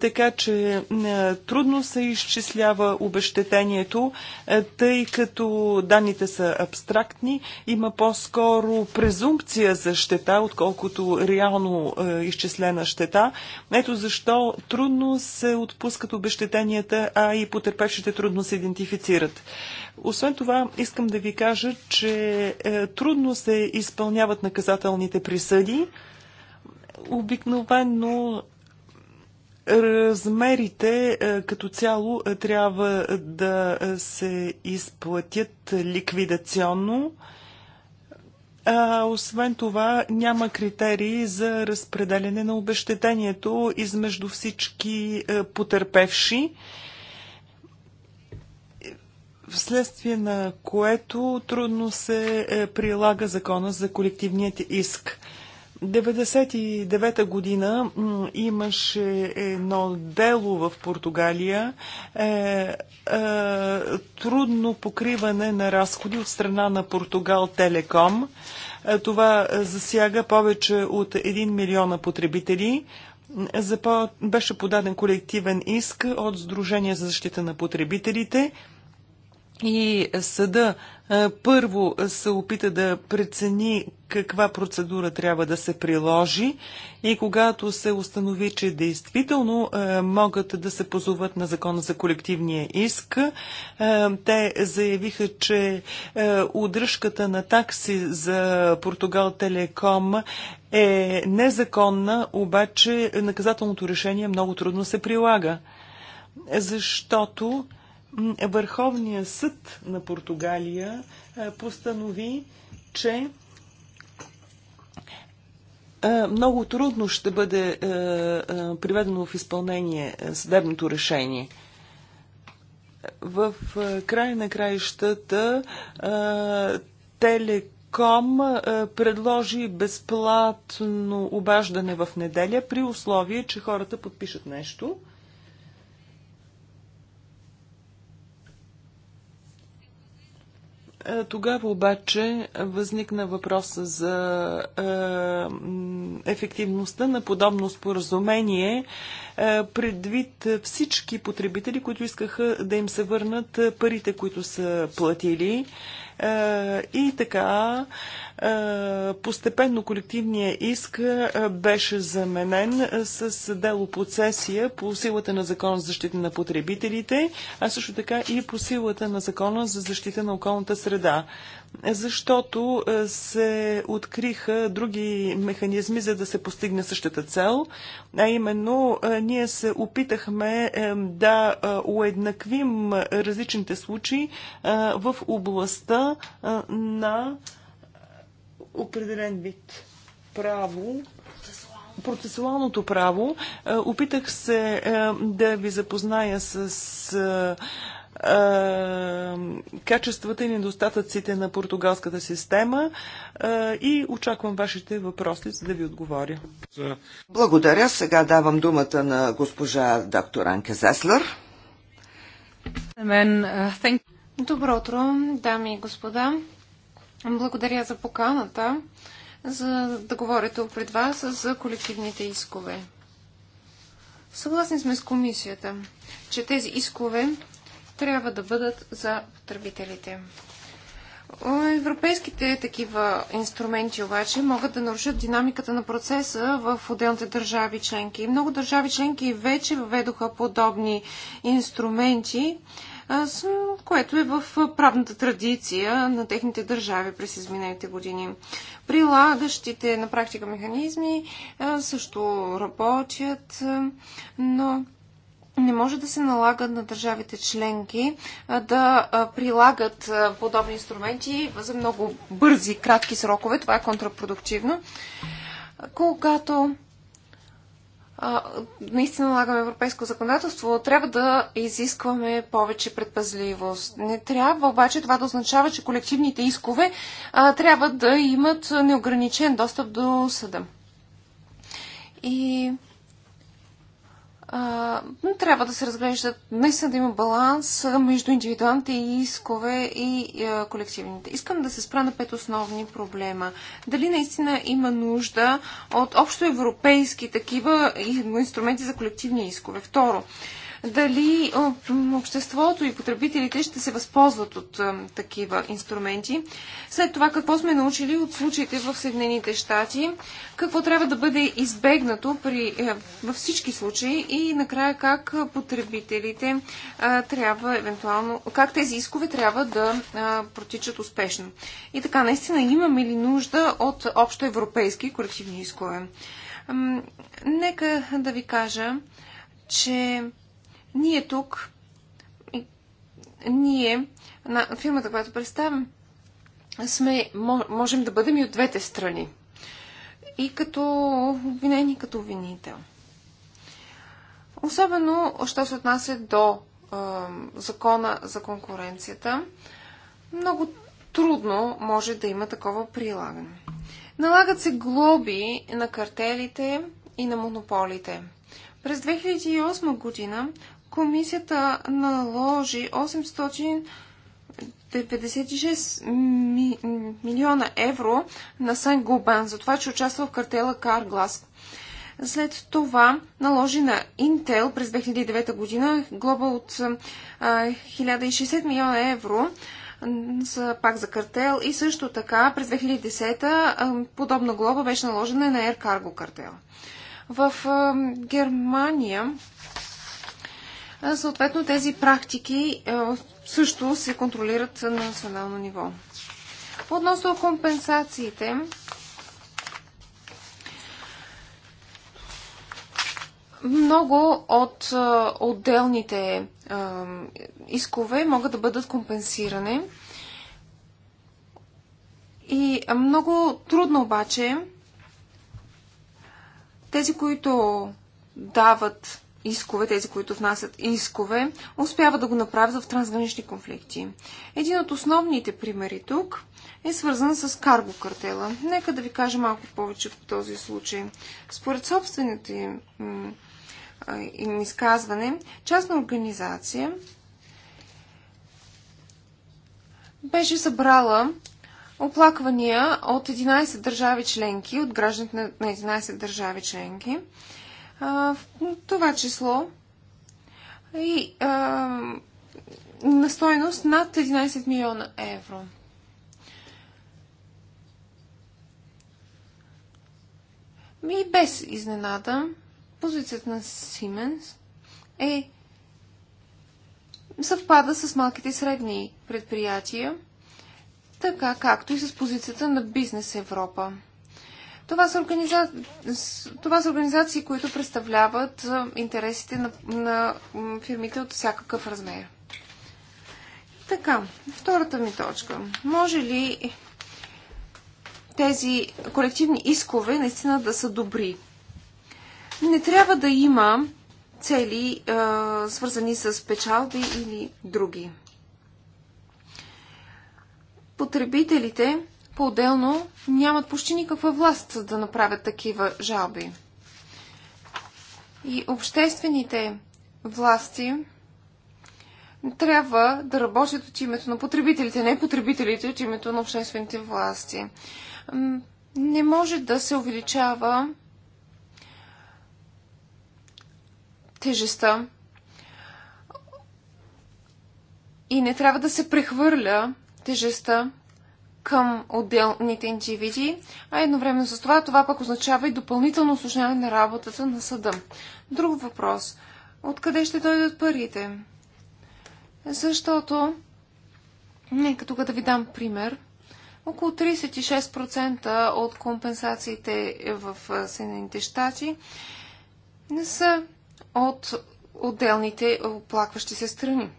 така че е, трудно се изчислява обещетението, е, тъй като данните са абстрактни, има по-скоро презумпция за щета, отколкото реално изчислена щета. Ето защо трудно се отпускат обещетенията, а и потерпевшите трудно се идентифицират. Освен това, искам да ви кажа, че е, трудно се изпълняват наказателните присъди. Обикновено размерите е, като цяло е, трябва да се изплатят ликвидационно. А, освен това, няма критерии за разпределяне на обещетението измежду всички потърпевши вследствие на което трудно се е, прилага закона за колективният иск. 1999 година имаше едно дело в Португалия, е, е, трудно покриване на разходи от страна на Португал Телеком. Е, това засяга повече от 1 милиона потребители. Беше подаден колективен иск от Сдружение за защита на потребителите – и съда първо се опита да прецени каква процедура трябва да се приложи и когато се установи, че действително могат да се позоват на закона за колективния иск, те заявиха, че удръжката на такси за Португал Телеком е незаконна, обаче наказателното решение много трудно се прилага защото Върховният съд на Португалия е, постанови, че е, много трудно ще бъде е, приведено в изпълнение съдебното решение в край на краищата Телеком предложи безплатно обаждане в неделя при условие, че хората подпишат нещо – Е, тогава обаче възникна въпроса за е, ефективността на подобно споразумение е, предвид всички потребители, които искаха да им се върнат парите, които са платили. Е, и така, е, постепенно колективният иск е, беше заменен с дело цесия по силата на закона за защита на потребителите, а също така и по силата на закона за защита на околната среда защото е, се откриха други механизми, за да се постигне същата цел. А именно, е, ние се опитахме е, да уеднаквим различните случаи в областта на определен вид право процесуалното право. Опитах се да ви запозная с качествата и недостатъците на португалската система и очаквам вашите въпроси, за да ви отговоря. Благодаря. Сега давам думата на госпожа доктор Анке Зеслер. Добро утро, дами и господа. Благодаря за поканата, за да говорите пред вас за колективните искове. Съгласни сме с комисията, че тези искове трябва да бъдат за потребителите. Европейските такива инструменти обаче могат да нарушат динамиката на процеса в отделните държави членки. Много държави членки вече въведоха подобни инструменти, което е в правната традиция на техните държави през изминалите години. Прилагащите на практика механизми също работят, но не може да се налагат на държавите членки да прилагат подобни инструменти за много бързи, кратки срокове. Това е контрапродуктивно. Когато наистина налагаме европейско законодателство, трябва да изискваме повече предпазливост. Не трябва обаче това да означава, че колективните искове трябва да имат неограничен достъп до съда. И а, трябва да се разглеждат, наистина да има баланс между индивидуалните искове и а, колективните. Искам да се спра на пет основни проблема. Дали наистина има нужда от общоевропейски такива инструменти за колективни искове? Второ, дали обществото и потребителите ще се възползват от такива инструменти. След това какво сме научили от случаите в Съединените щати, какво трябва да бъде избегнато при, е, във всички случаи и накрая как потребителите трябва евентуално, как тези искове трябва да протичат успешно. И така, наистина имаме ли нужда от общо европейски колективни искове? Нека да ви кажа, че ние тук, ние, на фирмата, която представям, сме, можем да бъдем и от двете страни. И като обвинен, и като обвинител. Особено, що се отнася до е, закона за конкуренцията, много трудно може да има такова прилагане. Налагат се глоби на картелите и на монополите. През 2008 година комисията наложи 856 ми, милиона евро на Сен Губан за това, че участва в картела Carglass. След това наложи на Intel през 2009 година глоба от а, 1060 милиона евро за, пак за картел и също така през 2010 подобна глоба беше наложена на Air Cargo картел. В а, Германия съответно тези практики е, също се контролират на национално ниво. Относно компенсациите, много от е, отделните е, искове могат да бъдат компенсирани. И много трудно обаче тези, които дават искове, тези, които внасят искове, успяват да го направят в трансгранични конфликти. Един от основните примери тук е свързан с карго картела. Нека да ви кажа малко повече по този случай. Според собствените им, им изказване, частна организация беше събрала оплаквания от 11 държави членки, от гражданите на 11 държави членки в това число и а, на над 11 милиона евро. И без изненада, позицията на Siemens е съвпада с малките и средни предприятия, така както и с позицията на Бизнес Европа. Това са, организа... Това са организации, които представляват интересите на, на фирмите от всякакъв размер. Така, втората ми точка. Може ли тези колективни искове наистина да са добри? Не трябва да има цели, е, свързани с печалби или други. Потребителите по-отделно нямат почти никаква власт да направят такива жалби. И обществените власти трябва да работят от името на потребителите, не потребителите от името на обществените власти. Не може да се увеличава тежеста. и не трябва да се прехвърля тежеста към отделните индивиди, а едновременно с това това пък означава и допълнително осложняване на работата на съда. Друг въпрос. Откъде ще дойдат парите? Защото, нека тук да ви дам пример. Около 36% от компенсациите в Съединените щати не са от отделните оплакващи се страни.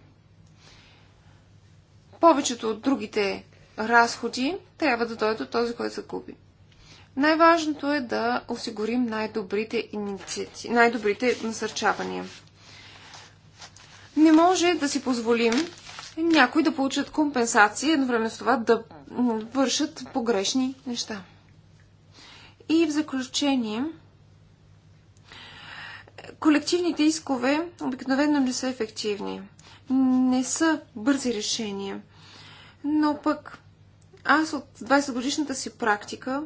Повечето от другите разходи трябва да дойде от този, който загуби. Най-важното е да осигурим най-добрите инициати... най-добрите насърчавания. Не може да си позволим някои да получат компенсации, едновременно с това да вършат погрешни неща. И в заключение, колективните искове обикновено не са ефективни. Не са бързи решения. Но пък аз от 20 годишната си практика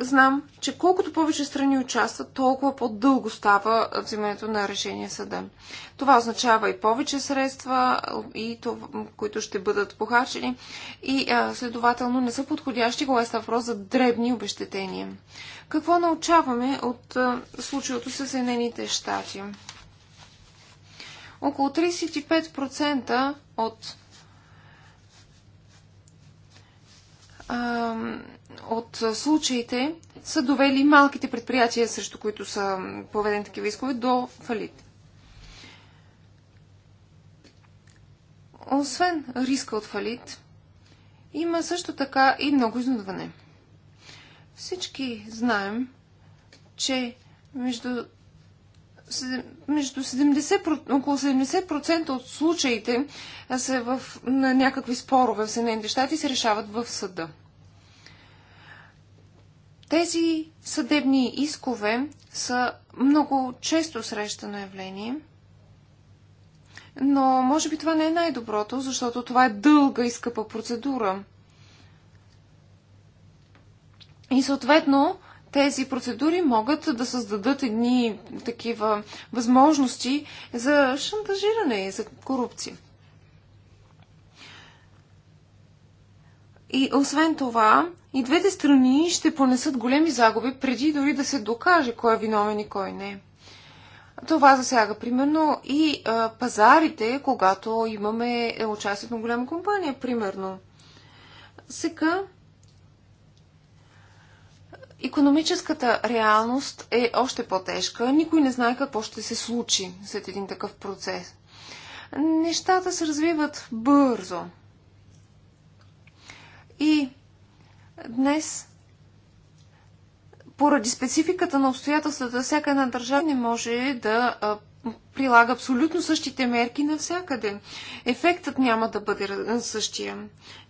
знам, че колкото повече страни участват, толкова по-дълго става взимането на решение съда. Това означава и повече средства, и това, които ще бъдат похарчени, и а, следователно не са подходящи, когато става въпрос за дребни обещетения. Какво научаваме от а, случилото с Съединените щати? Около 35% от от случаите са довели малките предприятия, срещу които са поведени такива искове, до фалит. Освен риска от фалит, има също така и много изнудване. Всички знаем, че между, между 70, около 70% от случаите се в, на някакви спорове в Съединените щати се решават в съда. Тези съдебни искове са много често срещано явление, но може би това не е най-доброто, защото това е дълга и скъпа процедура. И съответно, тези процедури могат да създадат едни такива възможности за шантажиране и за корупция. И освен това, и двете страни ще понесат големи загуби преди дори да се докаже кой е виновен и кой не. Това засяга примерно и а, пазарите, когато имаме е, участието на голяма компания, примерно. Сега економическата реалност е още по-тежка. Никой не знае какво ще се случи след един такъв процес. Нещата се развиват бързо. И Днес, поради спецификата на обстоятелствата, всяка една държава не може да прилага абсолютно същите мерки навсякъде. Ефектът няма да бъде същия.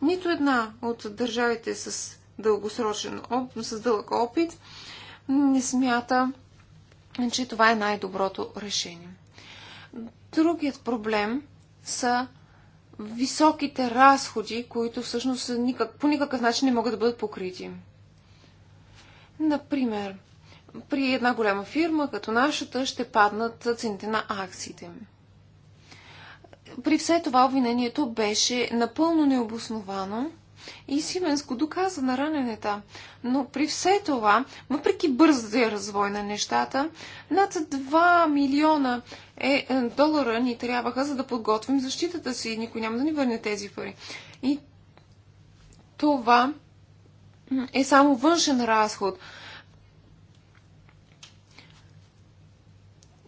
Нито една от държавите с дългосрочен, с дълъг опит не смята, че това е най-доброто решение. Другият проблем са високите разходи, които всъщност никак, по никакъв начин не могат да бъдат покрити. Например, при една голяма фирма, като нашата, ще паднат цените на акциите. При все това обвинението беше напълно необосновано и сименско доказа на ранен етап. Но при все това, въпреки бързия развой на нещата, над 2 милиона е, е, долара ни трябваха, за да подготвим защитата си. Никой няма да ни върне тези пари. И това е само външен разход.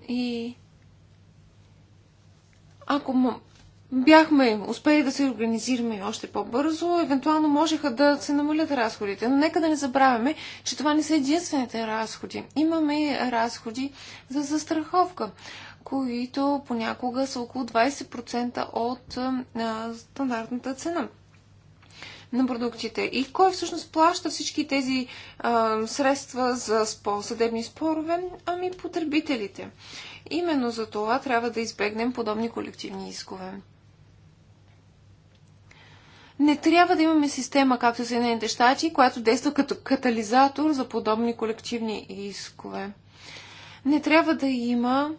И ако бяхме успели да се организираме още по-бързо, евентуално можеха да се намалят разходите. Но нека да не забравяме, че това не са единствените разходи. Имаме разходи за застраховка които понякога са около 20% от а, стандартната цена на продуктите. И кой всъщност плаща всички тези а, средства за спор, съдебни спорове? Ами потребителите. Именно за това трябва да избегнем подобни колективни искове. Не трябва да имаме система, както Съединените щати, която действа като катализатор за подобни колективни искове. Не трябва да има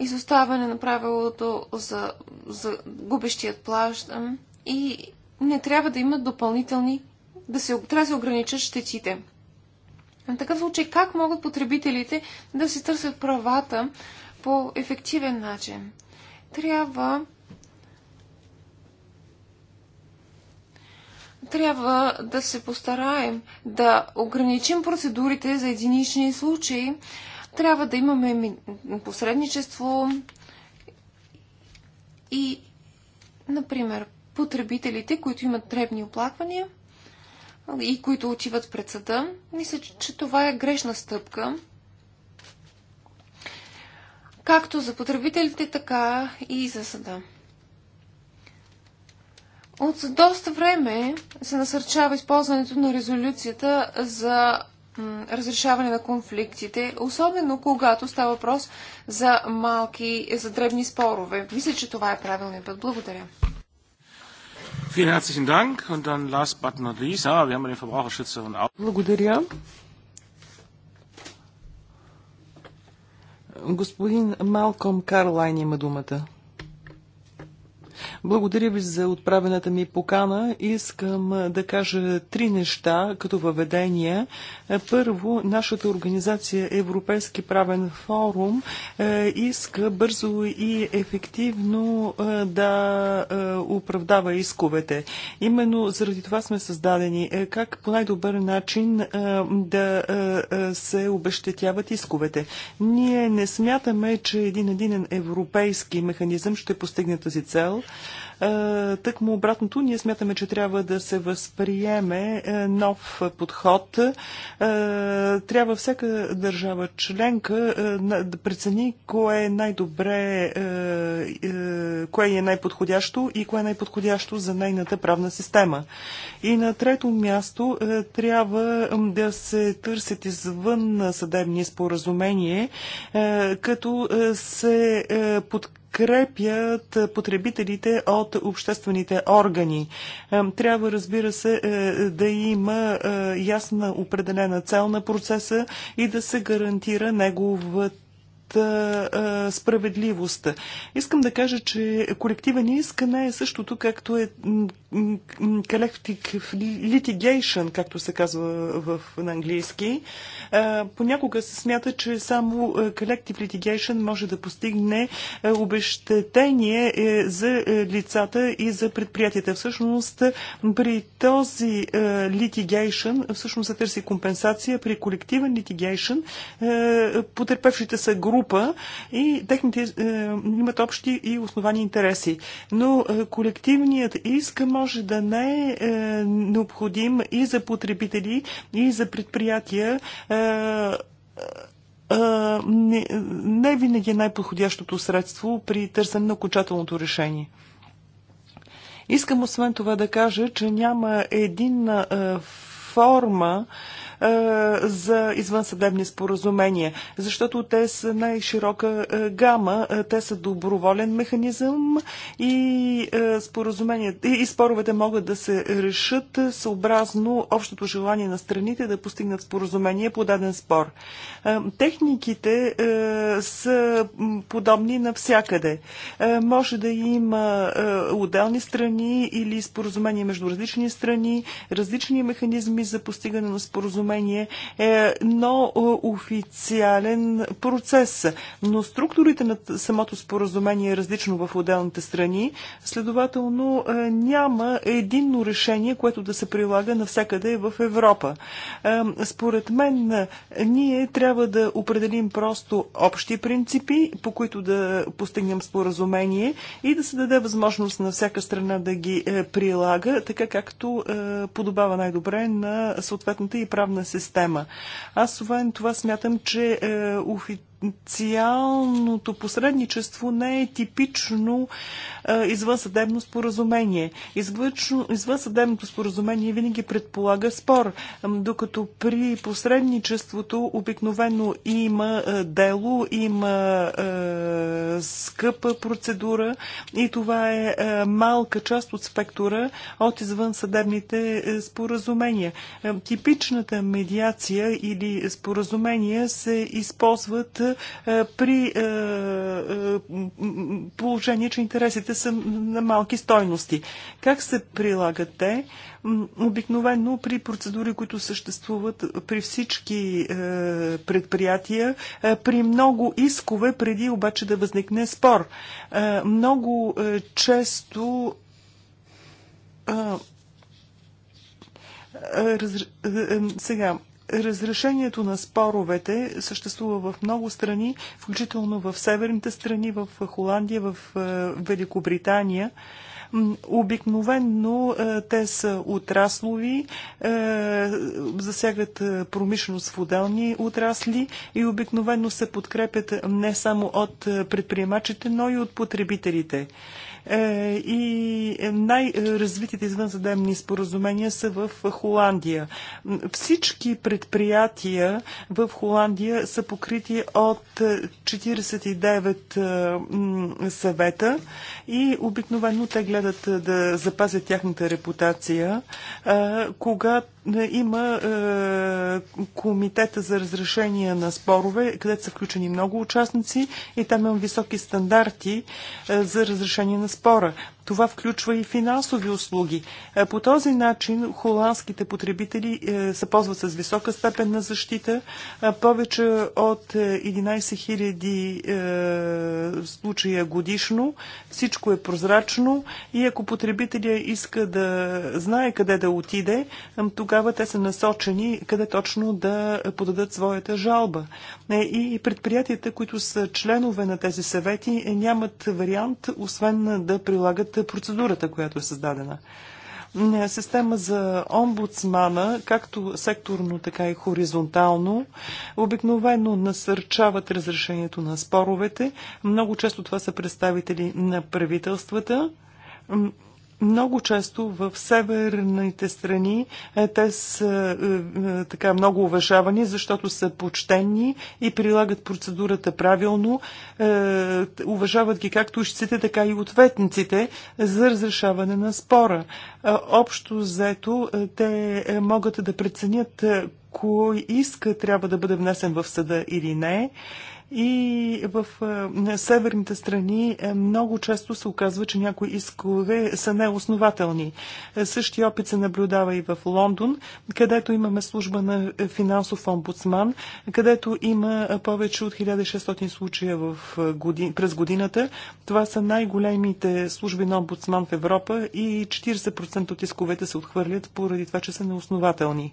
Изоставане на правилото за, за губещият плащ и не трябва да имат допълнителни, да се, трябва да се ограничат щетите. В такъв случай, как могат потребителите да си търсят правата по ефективен начин? Трябва трябва да се постараем да ограничим процедурите за единични случаи, трябва да имаме посредничество и, например, потребителите, които имат дребни оплаквания и които отиват пред съда. Мисля, че това е грешна стъпка. Както за потребителите, така и за съда. От доста време се насърчава използването на резолюцията за разрешаване на конфликтите, особено когато става въпрос за малки, за дребни спорове. Мисля, че това е правилният път. Благодаря. Благодаря. Господин Малком Карлайн има думата. Благодаря ви за отправената ми покана. Искам да кажа три неща като въведение. Първо, нашата организация Европейски правен форум иска бързо и ефективно да оправдава исковете. Именно заради това сме създадени. Е, как по най-добър начин да се обещетяват исковете? Ние не смятаме, че един единен европейски механизъм ще постигне тази цел. Е, тъкмо му обратното, ние смятаме, че трябва да се възприеме е, нов подход. Е, трябва всяка държава членка да прецени кое е най-добре, кое е най-подходящо и кое е най-подходящо за нейната правна система. И на трето място трябва да се търсят извън съдебни споразумения, като се подкрепят подкрепят потребителите от обществените органи. Трябва, разбира се, е, да има е, ясна определена цел на процеса и да се гарантира неговата справедливост. Искам да кажа, че не иска не е същото, както е collective litigation, както се казва в, на английски. Понякога се смята, че само collective litigation може да постигне обещетение е, за е, лицата и за предприятията. Всъщност, при този litigation, всъщност се търси компенсация при колективен litigation. Потерпевшите са групи група и техните е, имат общи и основани интереси. Но е, колективният иск може да не е, е необходим и за потребители, и за предприятия. Е, е не, не винаги е най-подходящото средство при търсене на окончателното решение. Искам освен това да кажа, че няма един е, форма, е, за извънсъдебни споразумения, защото те са най-широка е, гама, е, те са доброволен механизъм и, и споровете могат да се решат съобразно общото желание на страните да постигнат споразумение по даден спор. Техниките са подобни навсякъде. Може да има отделни страни или споразумения между различни страни, различни механизми за постигане на споразумение споразумение, е, но е, официален процес. Но структурите на самото споразумение е различно в отделните страни. Следователно е, няма единно решение, което да се прилага навсякъде в Европа. Е, според мен ние трябва да определим просто общи принципи, по които да постигнем споразумение и да се даде възможност на всяка страна да ги прилага, така както подобава най-добре на съответната и правна съдебна система. Аз това, това смятам, че е, офи, потенциалното посредничество не е типично е, извънсъдебно споразумение. Извъчно, извънсъдебното споразумение винаги предполага спор, докато при посредничеството обикновено има е, дело, има е, скъпа процедура и това е, е малка част от спектъра от извънсъдебните е, споразумения. Е, типичната медиация или споразумения се използват при положение, че интересите са на малки стойности. Как се прилагат те? Обикновено при процедури, които съществуват при всички предприятия, при много искове, преди обаче да възникне спор. Много често сега, Разрешението на споровете съществува в много страни, включително в северните страни, в Холандия, в е, Великобритания. Обикновенно е, те са отраслови, е, засягат промишленост в отделни отрасли и обикновенно се подкрепят не само от предприемачите, но и от потребителите. Е, и най-развитите извънзадемни споразумения са в Холандия. Всички предприятия в Холандия са покрити от 49 е, съвета и обикновено те гледат да запазят тяхната репутация, е, когато е, има е, комитета за разрешение на спорове, където са включени много участници и там има високи стандарти е, за разрешение на спора. Това включва и финансови услуги. Е, по този начин холандските потребители е, се ползват с висока степен на защита. Е, повече от 11 000 случая годишно. Всичко е прозрачно и ако потребителя иска да знае къде да отиде, тогава те са насочени къде точно да подадат своята жалба. И предприятията, които са членове на тези съвети, нямат вариант, освен да прилагат е процедурата, която е създадена. Е, система за омбудсмана, както секторно, така и хоризонтално, обикновено насърчават разрешението на споровете. Много често това са представители на правителствата много често в северните страни е, те са е, е, така много уважавани, защото са почтенни и прилагат процедурата правилно. уважават ги както ушците, така и ответниците за разрешаване на спора. общо взето те могат да преценят кой иска трябва да бъде внесен в съда или не и в северните страни много често се оказва, че някои искове са неоснователни. Същия опит се наблюдава и в Лондон, където имаме служба на финансов омбудсман, където има повече от 1600 случая в годин, през годината. Това са най-големите служби на омбудсман в Европа и 40% от исковете се отхвърлят поради това, че са неоснователни.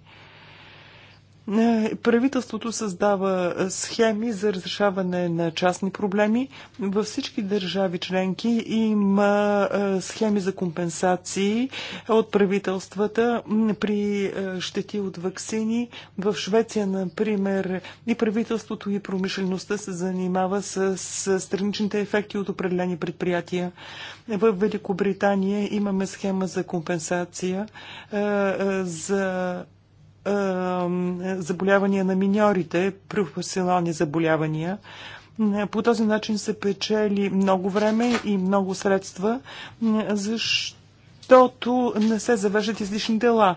Е, правителството създава е, схеми за разрешаване на частни проблеми. Във всички държави членки има е, схеми за компенсации от правителствата при щети от вакцини. В Швеция, например, и правителството и промишлеността се занимава с страничните ефекти от определени предприятия. В Великобритания имаме схема за компенсация за заболявания на миньорите, професионални заболявания. По този начин се печели много време и много средства, защото не се завеждат излишни дела.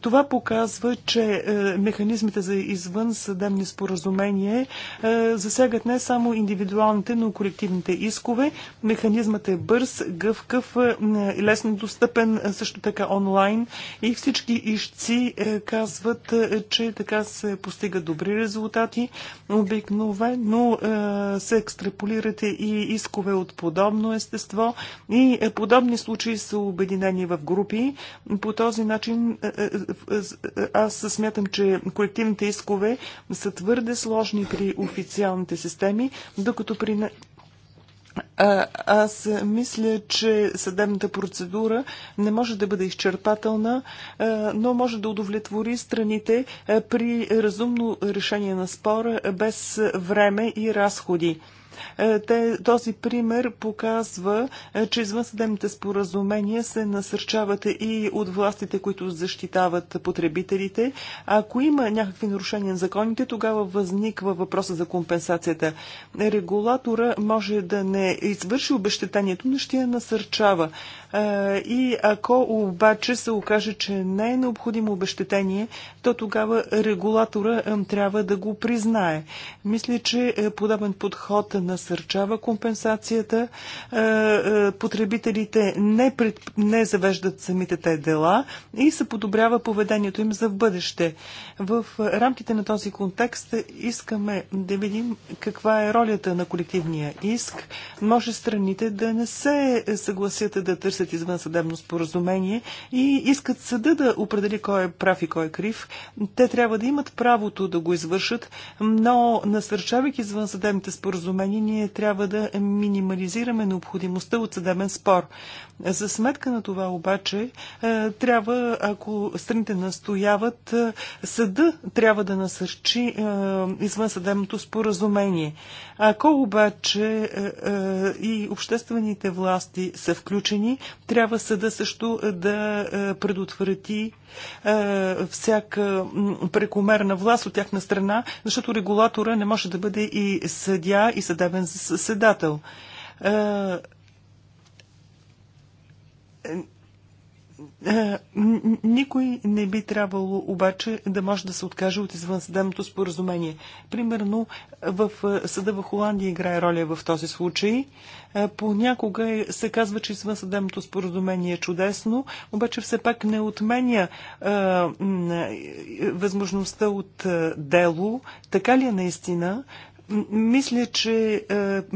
Това показва, че е, механизмите за извън съдебни споразумения е, засягат не само индивидуалните, но и колективните искове. Механизмът е бърз, гъвкав, е, лесно достъпен, също така онлайн и всички ищци казват, че така се постига добри резултати. Обикновено се екстраполират и искове от подобно естество и подобни случаи са обединени в групи. По този начин аз смятам, че колективните искове са твърде сложни при официалните системи, докато при а, аз мисля, че съдебната процедура не може да бъде изчерпателна, а, но може да удовлетвори страните а, при разумно решение на спора без време и разходи. Е, този пример показва, е, че извънсъдебните споразумения се насърчават и от властите, които защитават потребителите. Ако има някакви нарушения на законите, тогава възниква въпроса за компенсацията. Регулатора може да не извърши обещетението, но ще я насърчава. Е, и ако обаче се окаже, че не е необходимо обещетение, то тогава регулатора трябва да го признае. Мисля, че подобен подход насърчава компенсацията. Е, е, потребителите не, пред, не завеждат самите те дела и се подобрява поведението им за в бъдеще. В рамките на този контекст искаме да видим каква е ролята на колективния иск. Може страните да не се съгласят да търсят извънсъдебно споразумение и искат съда да определи кой е прав и кой е крив. Те трябва да имат правото да го извършат, но насърчавайки извънсъдебните споразумения, състояние, ние трябва да минимализираме необходимостта от съдебен спор. За сметка на това обаче, е, трябва, ако страните настояват, е, съда трябва да насърчи е, извънсъдебното споразумение. Ако обаче и обществените власти са включени, трябва съда също да предотврати е, всяка прекомерна власт от тяхна страна, защото регулатора не може да бъде и съдя, и съдебен съседател е, е, никой не би трябвало обаче да може да се откаже от извънсъдебното споразумение. Примерно в е, съда в Холандия играе роля в този случай. Е, понякога се казва, че извънсъдебното споразумение е чудесно, обаче все пак не отменя възможността от дело. Така ли е наистина? Мисля, че е,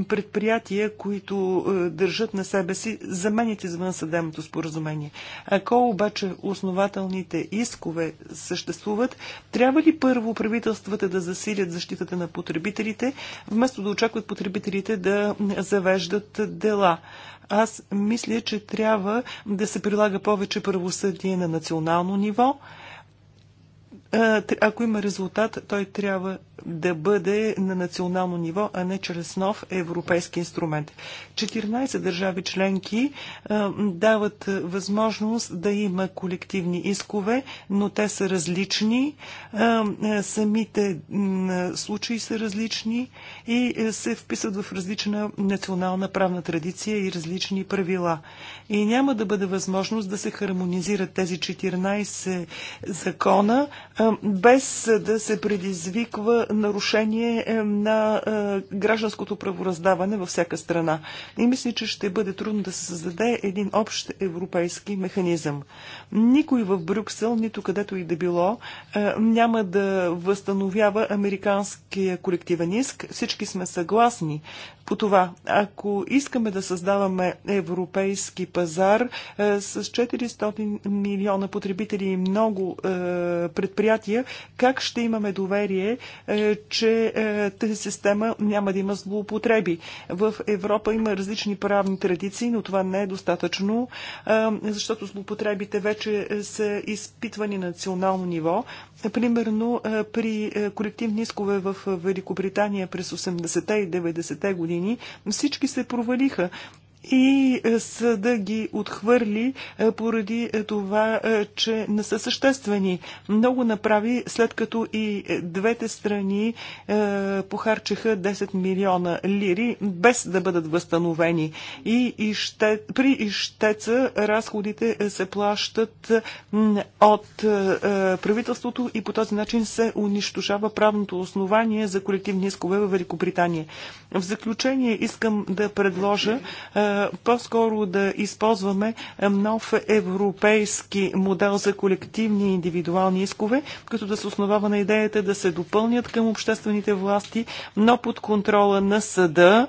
предприятия, които е, държат на себе си, заменят извън съдебното споразумение. Ако обаче основателните искове съществуват, трябва ли първо правителствата да засилят защитата на потребителите, вместо да очакват потребителите да завеждат дела? Аз мисля, че трябва да се прилага повече правосъдие на национално ниво, ако има резултат, той трябва да бъде на национално ниво, а не чрез нов европейски инструмент. 14 държави членки дават възможност да има колективни искове, но те са различни, самите случаи са различни и е, се вписват в различна национална правна традиция и различни правила. И няма да бъде възможност да се хармонизират тези 14 закона, е, без да се предизвиква нарушение е, на е, гражданското правораздаване във всяка страна. И мисля, че ще бъде трудно да се създаде един общ европейски механизъм. Никой в Брюксел, нито където и да било, няма да възстановява американския колективен иск. Всички сме съгласни по това. Ако искаме да създаваме европейски пазар с 400 милиона потребители и много предприятия, предприятия, как ще имаме доверие, е, че е, тази система няма да има злоупотреби. В Европа има различни правни традиции, но това не е достатъчно, е, защото злоупотребите вече са изпитвани на национално ниво. Примерно при колективни искове в Великобритания през 80-те и 90-те години всички се провалиха и е, съда ги отхвърли е, поради е, това, че не са съществени. Много направи, след като и двете страни похарчиха 10 милиона лири, без да бъдат възстановени. И при ищеца разходите се плащат от правителството и по този начин се унищожава правното основание за колективни искове в Великобритания. В заключение искам да предложа по-скоро да използваме нов европейски модел за колективни и индивидуални искове, като да се основава на идеята да се допълнят към обществените власти, но под контрола на съда.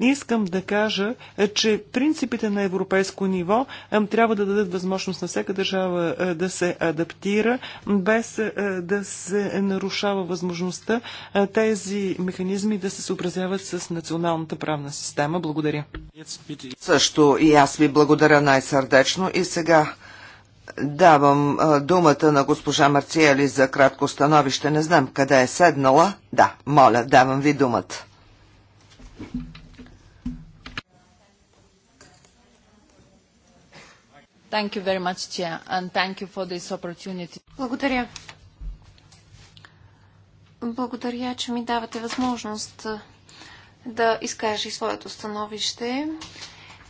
Искам да кажа, че принципите на европейско ниво трябва да дадат възможност на всяка държава да се адаптира, без да се нарушава възможността тези механизми да се съобразяват с националната правна система. Благодаря. Също и аз ви благодаря най-сърдечно и сега давам думата на госпожа Марциели за кратко становище. Не знам къде е седнала. Да, моля, давам ви думата. Much, Chair, благодаря. Благодаря, че ми давате възможност да и своето становище.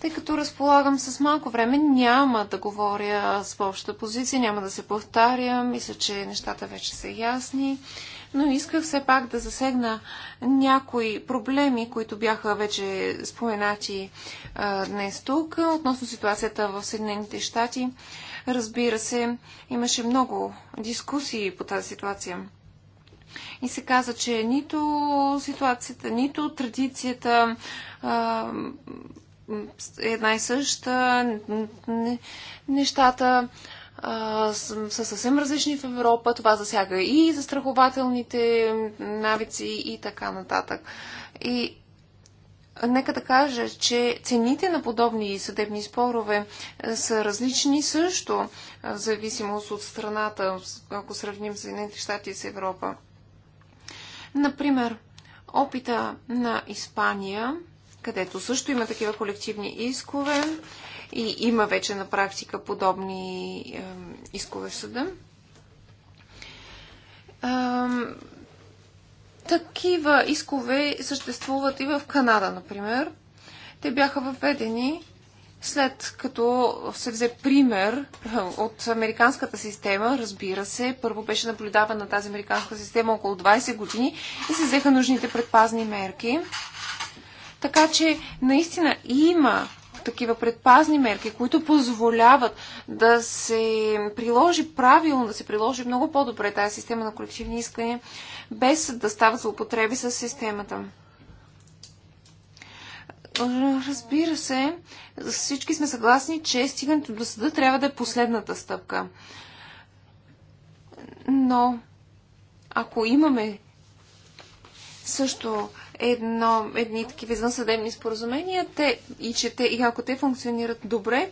Тъй като разполагам с малко време, няма да говоря с обща позиция, няма да се повтарям. Мисля, че нещата вече са ясни. Но исках все пак да засегна някои проблеми, които бяха вече споменати а, днес тук, относно ситуацията в Съединените щати. Разбира се, имаше много дискусии по тази ситуация. И се каза, че нито ситуацията, нито традицията е една и съща. Нещата са, са съвсем различни в Европа. Това засяга и застрахователните навици и така нататък. И Нека да кажа, че цените на подобни съдебни спорове е, са различни също, в зависимост от страната, ако сравним Съединените щати с Европа. Например, опита на Испания, където също има такива колективни искове и има вече на практика подобни е, искове в съда. Е, такива искове съществуват и в Канада, например. Те бяха въведени след като се взе пример от американската система, разбира се, първо беше наблюдавана тази американска система около 20 години и се взеха нужните предпазни мерки. Така че наистина има такива предпазни мерки, които позволяват да се приложи правилно, да се приложи много по-добре тази система на колективни искания, без да стават злоупотреби с системата. Разбира се, всички сме съгласни, че стигането до съда трябва да е последната стъпка. Но ако имаме също едно, едни такива извънсъдебни споразумения, те, и, че те, и ако те функционират добре,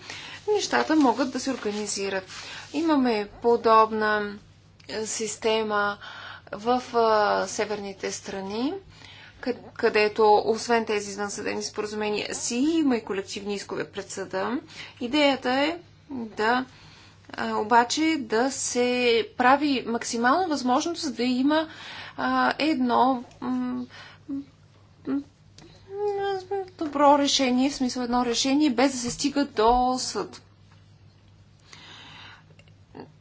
нещата могат да се организират. Имаме подобна система в а, северните страни където освен тези извънсъдени споразумения си има и колективни искове пред съда. Идеята е да а, обаче да се прави максимално възможност за да има а, едно добро решение, в смисъл едно решение, без да се стига до съд.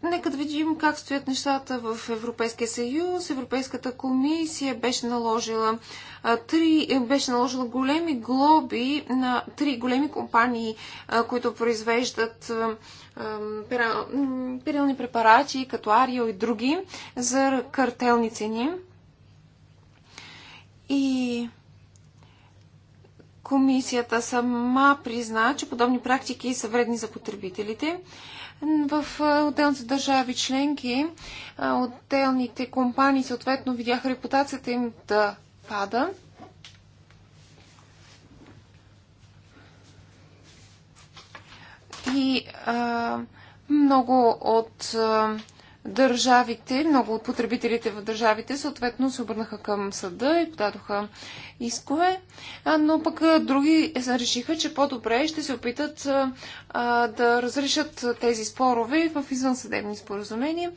Нека да видим как стоят нещата в Европейския съюз. Европейската комисия беше наложила, три, е, беше наложила големи глоби на три големи компании, които произвеждат перилни препарати, като Арио и други, за картелни цени. И комисията сама призна, че подобни практики са вредни за потребителите в отделните държави членки, отделните компании съответно видяха репутацията им да пада. И а, много от а, държавите, много от потребителите в държавите съответно се обърнаха към съда и подадоха искове, но пък други решиха, че по-добре ще се опитат а, да разрешат тези спорове в извънсъдебни споразумения.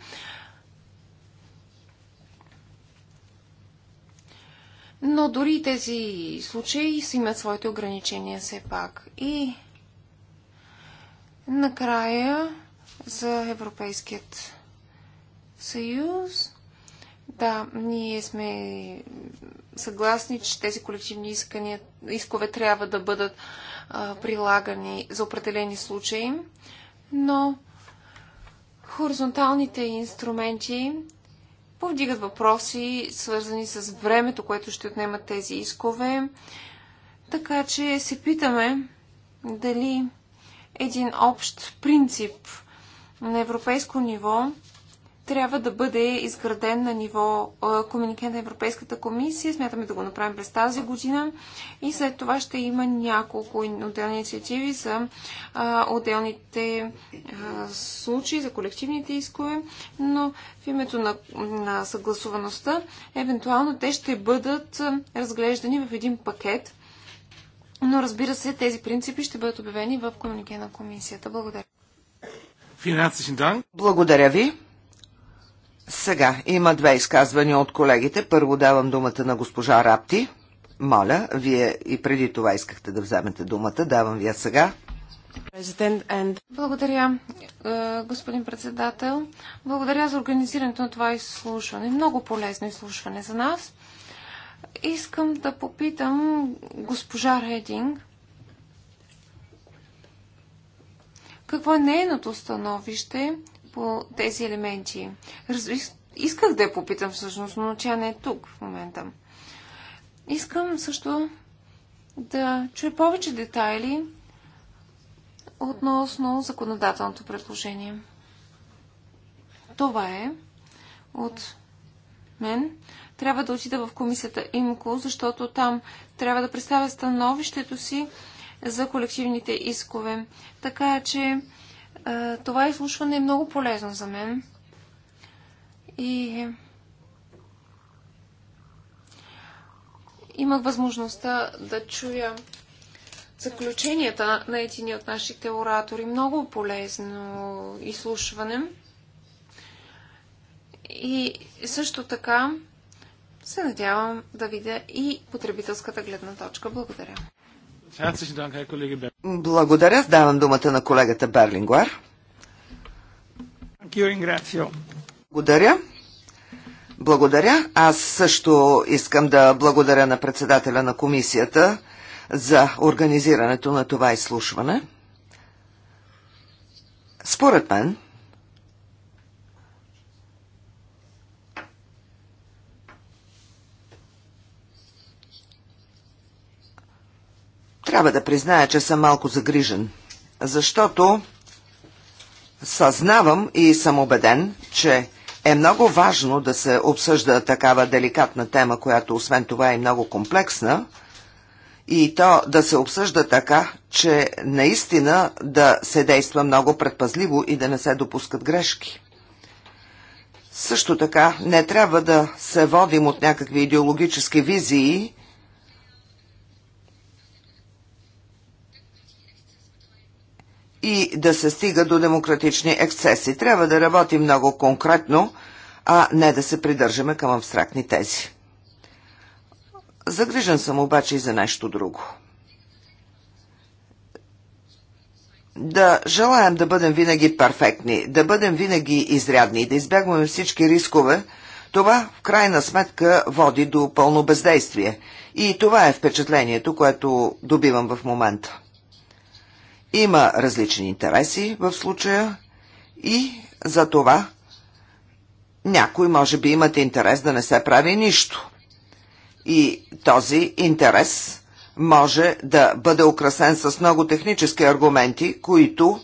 Но дори тези случаи си имат своите ограничения все пак. И накрая за Европейският съюз. Да, ние сме съгласни, че тези колективни искания, искове трябва да бъдат а, прилагани за определени случаи, но хоризонталните инструменти повдигат въпроси, свързани с времето, което ще отнемат тези искове. Така че се питаме дали един общ принцип на европейско ниво трябва да бъде изграден на ниво комуникент на Европейската комисия. Смятаме да го направим през тази година и след това ще има няколко отделни инициативи за а, отделните а, случаи, за колективните искове, но в името на, на съгласуваността, евентуално те ще бъдат разглеждани в един пакет. Но разбира се, тези принципи ще бъдат обявени в комуникент на комисията. Благодаря. Благодаря ви. Сега има две изказвания от колегите. Първо давам думата на госпожа Рапти. Моля, вие и преди това искахте да вземете думата. Давам вие сега. Благодаря, е, господин председател. Благодаря за организирането на това изслушване. Много полезно изслушване за нас. Искам да попитам госпожа Рединг. Какво е нейното становище по тези елементи. Раз... Исках да я попитам всъщност, но тя не е тук в момента. Искам също да чуя повече детайли относно законодателното предложение. Това е от мен. Трябва да отида в комисията ИМКО, защото там трябва да представя становището си за колективните искове. Така че това изслушване е много полезно за мен. И имах възможността да чуя заключенията на едини от нашите оратори. Много полезно изслушване. И също така се надявам да видя и потребителската гледна точка. Благодаря. Благодаря. Давам думата на колегата Берлингуар. Благодаря. Благодаря. Аз също искам да благодаря на председателя на комисията за организирането на това изслушване. Според мен, Трябва да призная, че съм малко загрижен, защото съзнавам и съм убеден, че е много важно да се обсъжда такава деликатна тема, която освен това е много комплексна, и то да се обсъжда така, че наистина да се действа много предпазливо и да не се допускат грешки. Също така не трябва да се водим от някакви идеологически визии – и да се стига до демократични ексцеси. Трябва да работим много конкретно, а не да се придържаме към абстрактни тези. Загрижен съм обаче и за нещо друго. Да желаем да бъдем винаги перфектни, да бъдем винаги изрядни и да избягваме всички рискове, това в крайна сметка води до пълно бездействие. И това е впечатлението, което добивам в момента. Има различни интереси в случая и за това някои може би имат интерес да не се прави нищо. И този интерес може да бъде украсен с много технически аргументи, които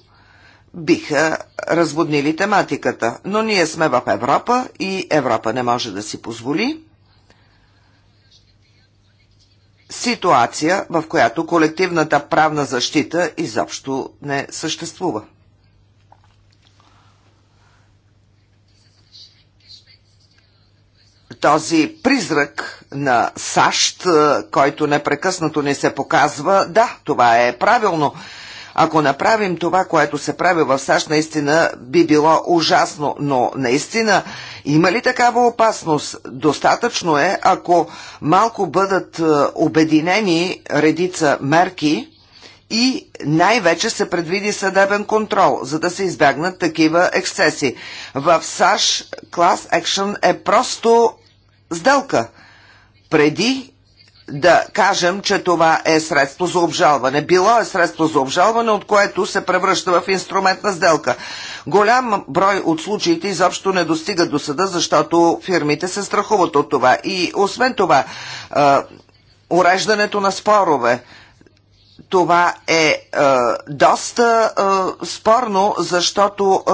биха разводнили тематиката. Но ние сме в Европа и Европа не може да си позволи ситуация, в която колективната правна защита изобщо не съществува. Този призрак на САЩ, който непрекъснато ни се показва, да, това е правилно. Ако направим това, което се прави в САЩ, наистина би било ужасно, но наистина има ли такава опасност? Достатъчно е, ако малко бъдат е, обединени редица мерки и най-вече се предвиди съдебен контрол, за да се избягнат такива ексцеси. В САЩ клас екшън е просто сделка. Преди да кажем, че това е средство за обжалване. Било е средство за обжалване, от което се превръща в инструмент на сделка. Голям брой от случаите изобщо не достигат до съда, защото фирмите се страхуват от това. И освен това, уреждането на спорове, това е, е доста е, спорно, защото е,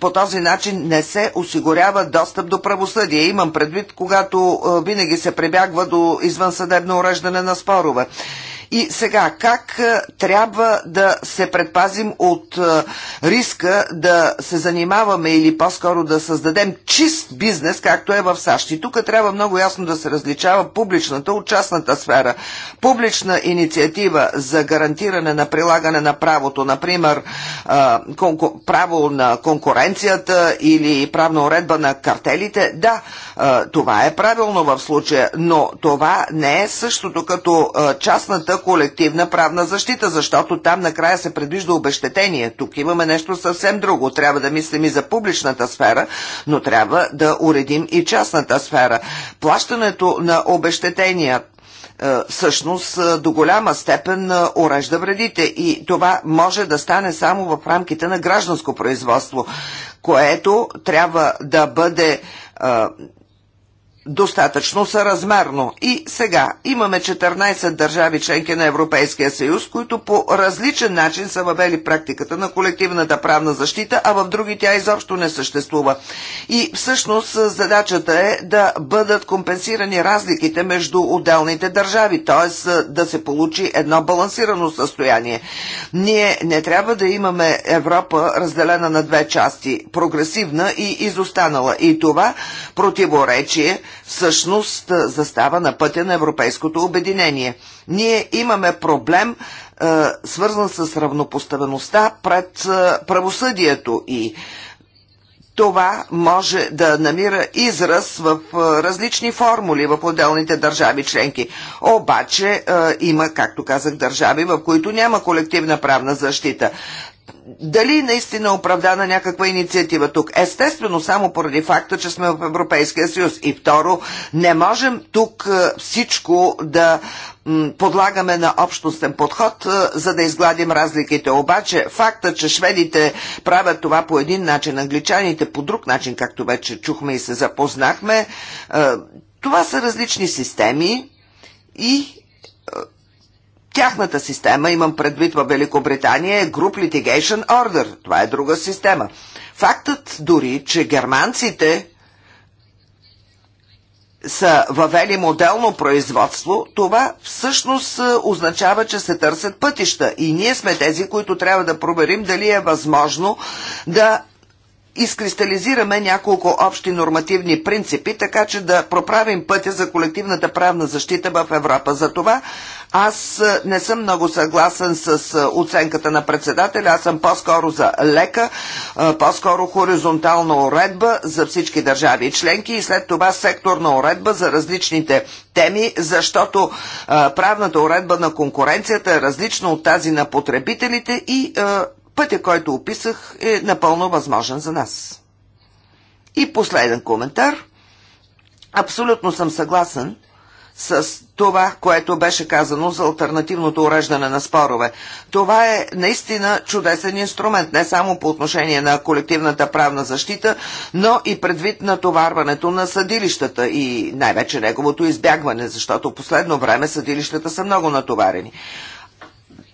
по този начин не се осигурява достъп до правосъдие. Имам предвид, когато е, винаги се прибягва до извънсъдебно уреждане на спорове. И сега, как е, трябва да се предпазим от е, риска да се занимаваме или по-скоро да създадем чист бизнес, както е в САЩ? И тук трябва много ясно да се различава публичната от частната сфера. Публична инициатива за гарантиране на прилагане на правото, например е, право на конкуренцията или правна уредба на картелите, да, това е правилно в случая, но това не е същото като частната за колективна правна защита, защото там накрая се предвижда обещетение. Тук имаме нещо съвсем друго. Трябва да мислим и за публичната сфера, но трябва да уредим и частната сфера. Плащането на обещетения е, всъщност е, до голяма степен е, урежда вредите и това може да стане само в рамките на гражданско производство, което трябва да бъде достатъчно съразмерно. И сега имаме 14 държави членки на Европейския съюз, които по различен начин са въвели практиката на колективната правна защита, а в други тя изобщо не съществува. И всъщност задачата е да бъдат компенсирани разликите между отделните държави, т.е. да се получи едно балансирано състояние. Ние не трябва да имаме Европа разделена на две части – прогресивна и изостанала. И това противоречие – всъщност застава на пътя на европейското обединение. Ние имаме проблем, свързан с равнопоставеността пред правосъдието и това може да намира израз в различни формули в отделните държави членки. Обаче има, както казах, държави, в които няма колективна правна защита дали наистина оправдана някаква инициатива тук? Естествено, само поради факта, че сме в Европейския съюз. И второ, не можем тук е, всичко да подлагаме на общностен подход, е, за да изгладим разликите. Обаче факта, че шведите правят това по един начин, англичаните по друг начин, както вече чухме и се запознахме, е, това са различни системи и Тяхната система, имам предвид във Великобритания, е Group Litigation Order. Това е друга система. Фактът дори, че германците са въвели моделно производство, това всъщност е, означава, че се търсят пътища. И ние сме тези, които трябва да проверим дали е възможно да изкристализираме няколко общи нормативни принципи, така че да проправим пътя за колективната правна защита в Европа. За това аз е, не съм много съгласен с е, оценката на председателя. Аз съм по-скоро за лека, е, по-скоро хоризонтална уредба за всички държави и членки и след това секторна уредба за различните теми, защото правната уредба на конкуренцията е различна от тази на потребителите и пътя, който описах, е напълно възможен за нас. И последен коментар. Абсолютно съм съгласен с това, което беше казано за альтернативното уреждане на спорове. Това е наистина чудесен инструмент, не само по отношение на колективната правна защита, но и предвид натоварването на съдилищата и най-вече неговото избягване, защото последно време съдилищата са много натоварени.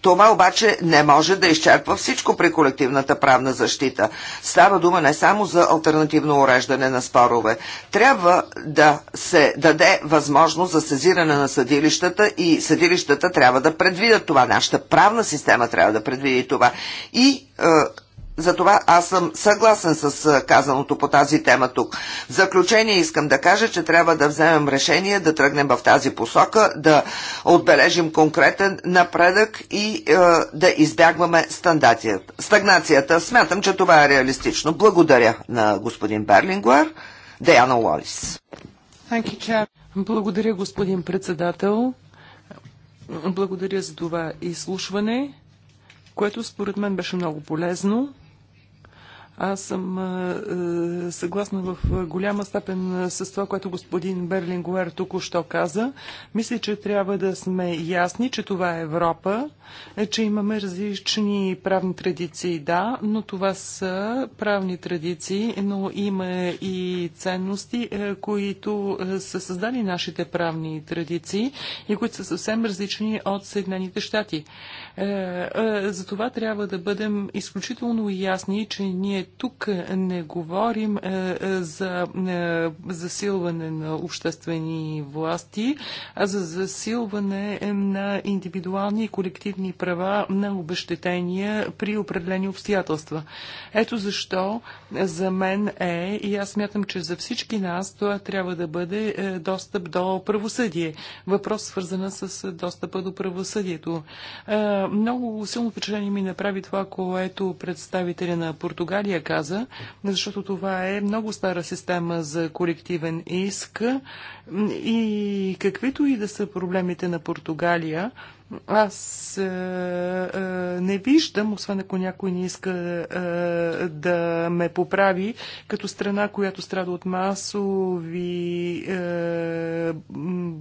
Това обаче не може да изчерпва всичко при колективната правна защита. Става дума не само за альтернативно уреждане на спорове. Трябва да се даде възможност за сезиране на съдилищата и съдилищата трябва да предвидят това. Нашата правна система трябва да предвиди това. И е, затова аз съм съгласен с казаното по тази тема тук. В заключение искам да кажа, че трябва да вземем решение да тръгнем в тази посока, да отбележим конкретен напредък и е, да избягваме стагнацията. Смятам, че това е реалистично. Благодаря на господин Берлингуар. Деяна Лолис. Благодаря, господин председател. Благодаря за това изслушване което според мен беше много полезно. Аз съм е, съгласна в голяма степен с това, което господин Берлингуер току-що каза. Мисля, че трябва да сме ясни, че това е Европа, е, че имаме различни правни традиции, да, но това са правни традиции, но има и ценности, е, които е, са създали нашите правни традиции и които са съвсем различни от Съединените щати. Е, е, за това трябва да бъдем изключително ясни, че ние тук не говорим е, за засилване на обществени власти, а за засилване на индивидуални и колективни права на обещетения при определени обстоятелства. Ето защо за мен е и аз смятам, че за всички нас това трябва да бъде достъп до правосъдие. Въпрос свързана с достъпа до правосъдието. Много силно впечатление ми направи това, което представителя на Португалия каза, защото това е много стара система за колективен иск и каквито и да са проблемите на Португалия, аз а, е, а, е, не виждам, освен ако някой не иска а, е, да ме поправи, като страна, която страда от масови а,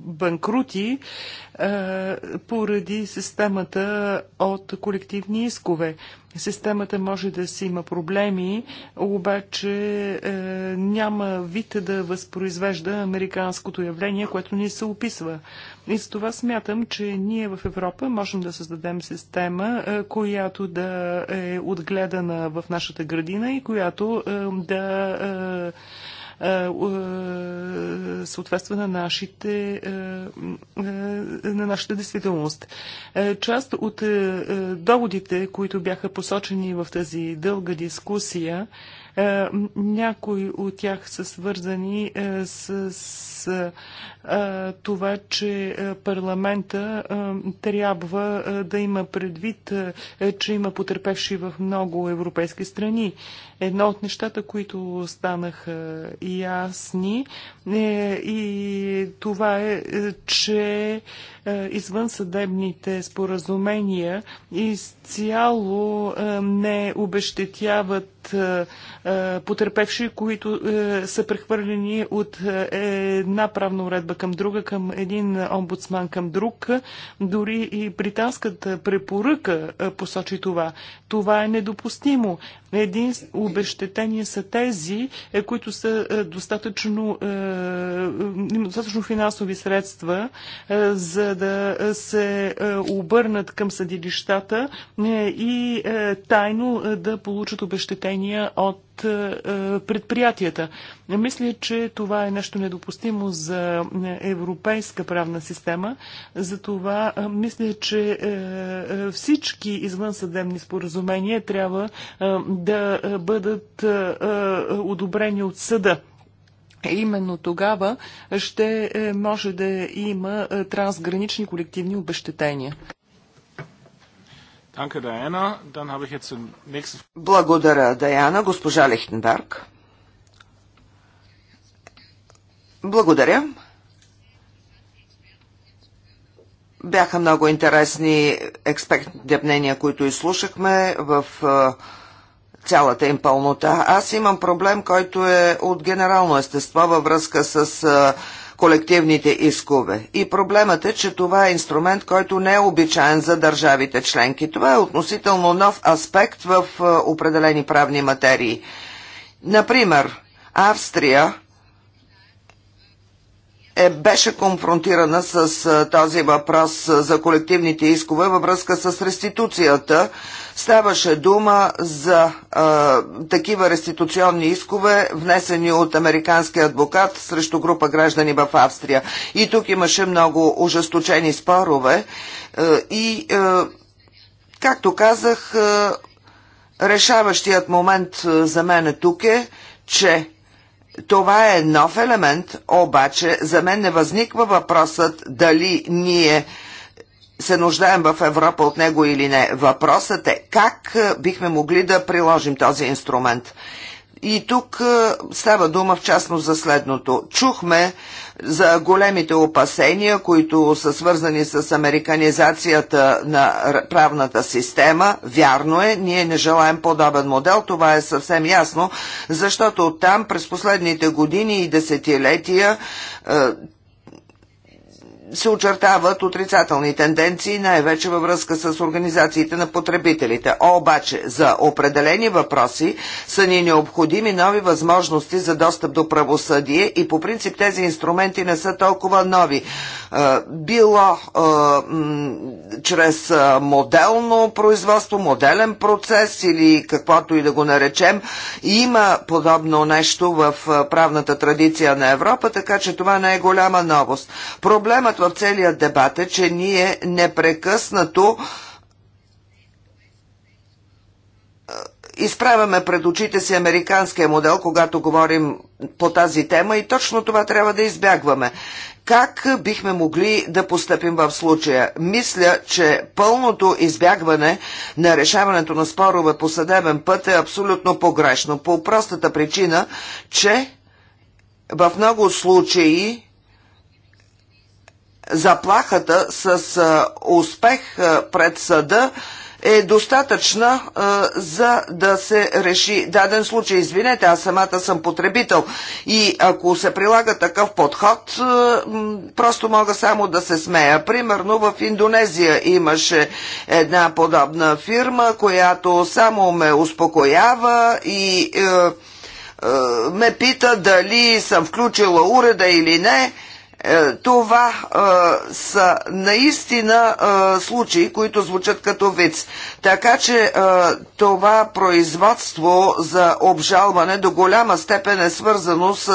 банкрути а, поради системата от колективни искове. Системата може да си има проблеми, обаче е, няма вид да възпроизвежда американското явление, което ни се описва. Е, и с това смятам, че ние в Европа можем да създадем система, е, която да е отгледана в нашата градина и която е, да е, съответства на нашите, на нашата действителност. Част от доводите, които бяха посочени в тази дълга дискусия, е, някои от тях са свързани е, с, с е, това, че парламента трябва да има предвид, че има потерпевши в много европейски страни. Едно от нещата, които станаха ясни, е, и това е, че извън съдебните споразумения изцяло не обещетяват е, потерпевши, които е, са прехвърлени от е, една правна уредба към друга, към един омбудсман към друг. Дори и британската препоръка посочи това. Това е недопустимо. Един обещетение са тези, които са достатъчно, достатъчно финансови средства, за да се обърнат към съдилищата и тайно да получат обещетения от от е, предприятията. Мисля, че това е нещо недопустимо за е, европейска правна система. Затова е, мисля, че всички извънсъдебни споразумения трябва да бъдат одобрени от съда. Именно тогава ще може да има трансгранични колективни обещетения. Благодаря, Даяна. Госпожа Лихтенберг. Благодаря. Бяха много интересни експертните мнения, които изслушахме в цялата им пълнота. Аз имам проблем, който е от генерално естество във връзка с колективните искове. И проблемът е, че това е инструмент, който не е обичаен за държавите членки. Това е относително нов аспект в е, определени правни материи. Например, Австрия е, беше конфронтирана с а, е, този въпрос а, е, за колективните искове във връзка с реституцията. Ставаше дума за а, е, такива реституционни искове, внесени от американски адвокат срещу група граждани в Австрия. И тук имаше много ужесточени спорове. А, и, а, както казах, а, решаващият момент а, за мен тук е, че това е нов елемент, обаче за мен не възниква въпросът дали ние се нуждаем в Европа от него или не. Въпросът е как е, бихме могли да приложим този инструмент. И тук е, става дума в частност за следното. Чухме за големите опасения, които са свързани с американизацията на правната система. Вярно е, ние не желаем подобен модел, това е съвсем ясно, защото там през последните години и десетилетия е, се очертават отрицателни тенденции, най-вече във връзка с организациите на потребителите. Обаче за определени въпроси са ни необходими нови възможности за достъп до правосъдие и по принцип тези инструменти не са толкова нови. Е, било е, чрез е, моделно производство, моделен процес или каквото и да го наречем, има подобно нещо в правната традиция на Европа, така че това не е голяма новост. Проблемът в целия дебат е, че ние непрекъснато е, изправяме пред очите си американския модел, когато говорим по тази тема и точно това трябва да избягваме. Как бихме могли да постъпим в случая? Мисля, че пълното избягване на решаването на спорове по съдебен път е абсолютно погрешно, по простата причина, че в много случаи заплахата с успех пред съда е достатъчна за да се реши даден случай. Извинете, аз самата съм потребител и ако се прилага такъв подход, просто мога само да се смея. Примерно в Индонезия имаше една подобна фирма, която само ме успокоява и ме пита дали съм включила уреда или не. Е, това е, са наистина е, случаи, които звучат като виц. Така че е, това производство за обжалване до голяма степен е свързано с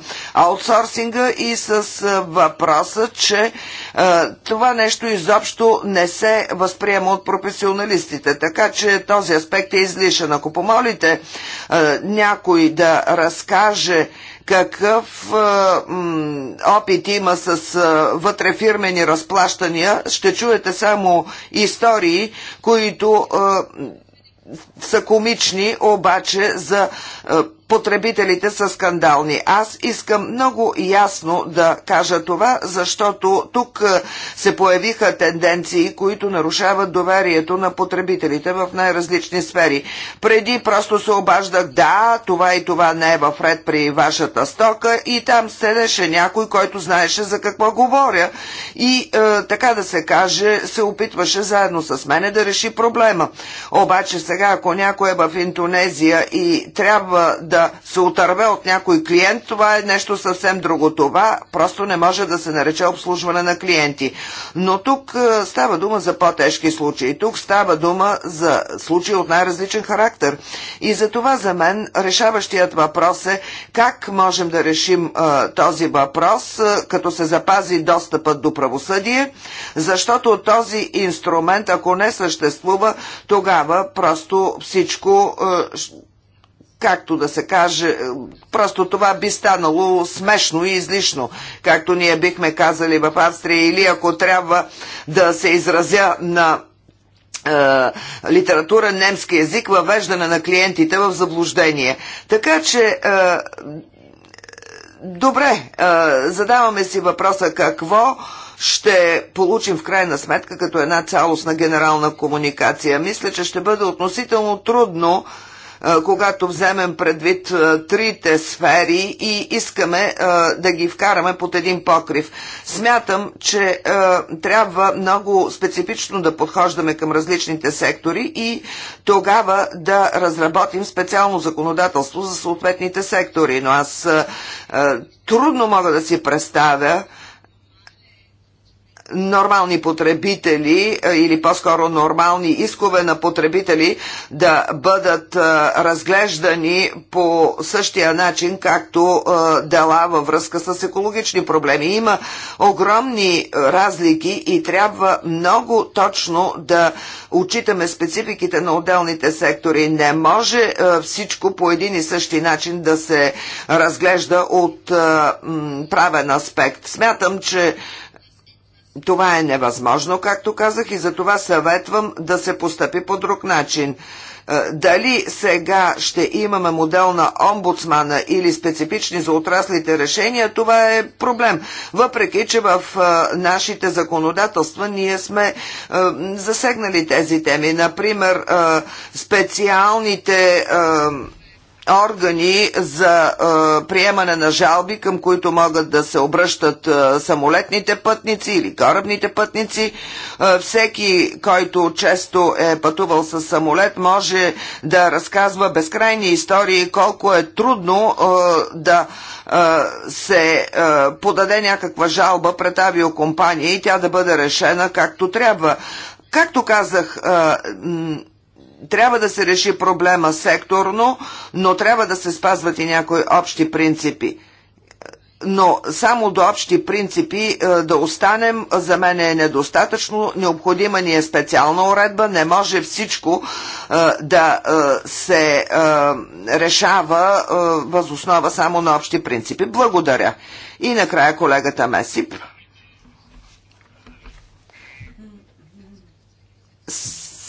е, аутсорсинга и с е, въпроса, че е, това нещо изобщо не се възприема от професионалистите. Така че този аспект е излишен. Ако помолите е, някой да разкаже, какъв опит има с вътрефирмени разплащания. Ще чуете само истории, които са комични, обаче за потребителите са скандални. Аз искам много ясно да кажа това, защото тук е, се появиха тенденции, които нарушават доверието на потребителите в най-различни сфери. Преди просто се обаждах, да, това и това не е в ред при вашата стока и там седеше някой, който знаеше за какво говоря и е, така да се каже, се опитваше заедно с мене да реши проблема. Обаче сега, ако някой е в Индонезия и трябва да се отърве от някой клиент, това е нещо съвсем друго. Това просто не може да се нарече обслужване на клиенти. Но тук е, става дума за по-тежки случаи. Тук става дума за случаи от най-различен характер. И за това за мен решаващият въпрос е как можем да решим а, е, този въпрос, а, е, като се запази достъпът до правосъдие, защото този инструмент, ако не съществува, тогава просто всичко а, както да се каже, е, просто това би станало смешно и излишно, както ние бихме казали в Австрия, или ако трябва да се изразя на е, литература немски язик, въвеждане на клиентите в заблуждение. Така че е, добре, задаваме си въпроса какво ще получим в крайна сметка като една цялостна генерална комуникация. Мисля, че ще бъде относително трудно когато вземем предвид трите сфери и искаме да ги вкараме под един покрив. Смятам, че трябва много специфично да подхождаме към различните сектори и тогава да разработим специално законодателство за съответните сектори. Но аз трудно мога да си представя, нормални потребители или по-скоро нормални искове на потребители да бъдат разглеждани по същия начин, както дела във връзка с екологични проблеми. Има огромни разлики и трябва много точно да отчитаме спецификите на отделните сектори. Не може всичко по един и същи начин да се разглежда от правен аспект. Смятам, че това е невъзможно, както казах, и за това съветвам да се постъпи по друг начин. Е, дали сега ще имаме модел на омбудсмана или специфични за отраслите решения, това е проблем. Въпреки, че в е, нашите законодателства ние сме е, засегнали тези теми. Например, специалните органи за е, приемане на жалби, към които могат да се обръщат е, самолетните пътници или корабните пътници. Е, всеки, който често е пътувал с самолет, може да разказва безкрайни истории колко е трудно е, да е, се е, подаде някаква жалба пред авиокомпания и тя да бъде решена както трябва. Както казах, е, трябва да се реши проблема секторно, но трябва да се спазват и някои общи принципи. Но само до общи принципи е, да останем, за мен е недостатъчно. Необходима ни е специална уредба. Не може всичко е, да е, се решава възоснова само на общи принципи. Благодаря. И накрая колегата Месип.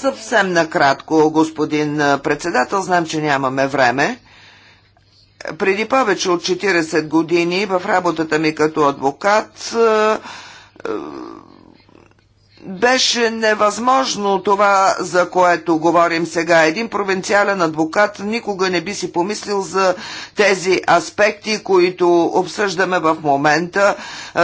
Съвсем накратко, господин председател, знам, че нямаме време. Преди повече от 40 години в работата ми като адвокат беше невъзможно това, за което говорим сега. Един провинциален адвокат никога не би си помислил за тези аспекти, които обсъждаме в момента,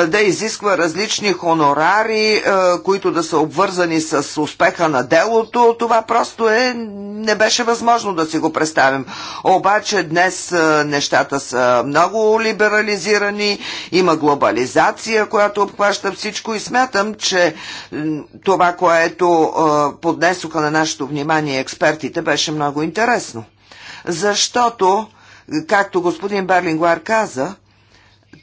да изисква различни хонорари, които да са обвързани с успеха на делото, това просто е, не беше възможно да си го представим. Обаче днес нещата са много либерализирани, има глобализация, която обхваща всичко и смятам, че това, което поднесоха на нашето внимание експертите, беше много интересно. Защото Както господин Берлингуар каза,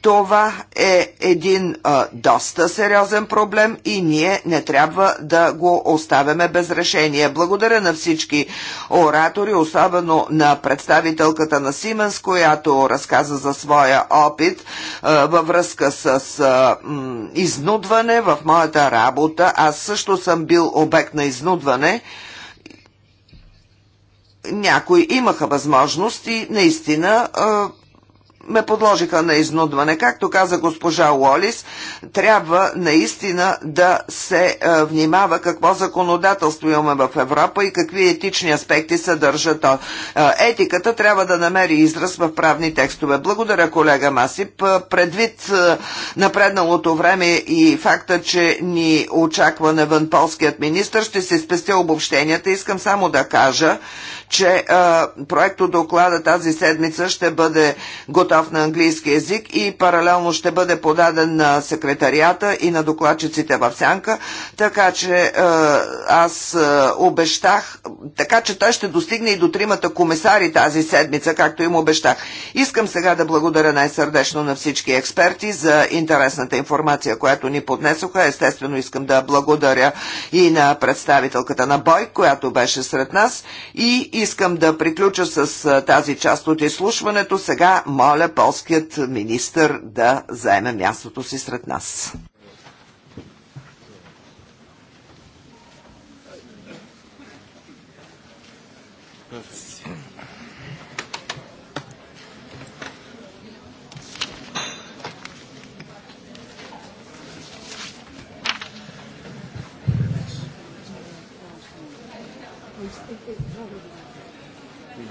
това е един а, доста сериозен проблем и ние не трябва да го оставяме без решение. Благодаря на всички оратори, особено на представителката на Сименс, която разказа за своя опит а, във връзка с а, м, изнудване в моята работа. Аз също съм бил обект на изнудване някои имаха възможности и наистина ме подложиха на изнудване. Както каза госпожа Уолис, трябва наистина да се е, внимава какво законодателство имаме в Европа и какви етични аспекти съдържа то. Е, етиката трябва да намери израз в правни текстове. Благодаря, колега Масип. Е, предвид е, напредналото време и факта, че ни очаква навън полският министр, ще се спестя обобщенията. Искам само да кажа, че е, проекто доклада тази седмица ще бъде готов състав на английски язик и паралелно ще бъде подаден на секретарията и на докладчиците в Сянка, така че е, аз е, обещах, така че той ще достигне и до тримата комисари тази седмица, както им обещах. Искам сега да благодаря най-сърдечно на всички експерти за интересната информация, която ни поднесоха. Естествено искам да благодаря и на представителката на Бой, която беше сред нас и искам да приключа с е, тази част от изслушването. Сега моля полският министр да заеме мястото си сред нас.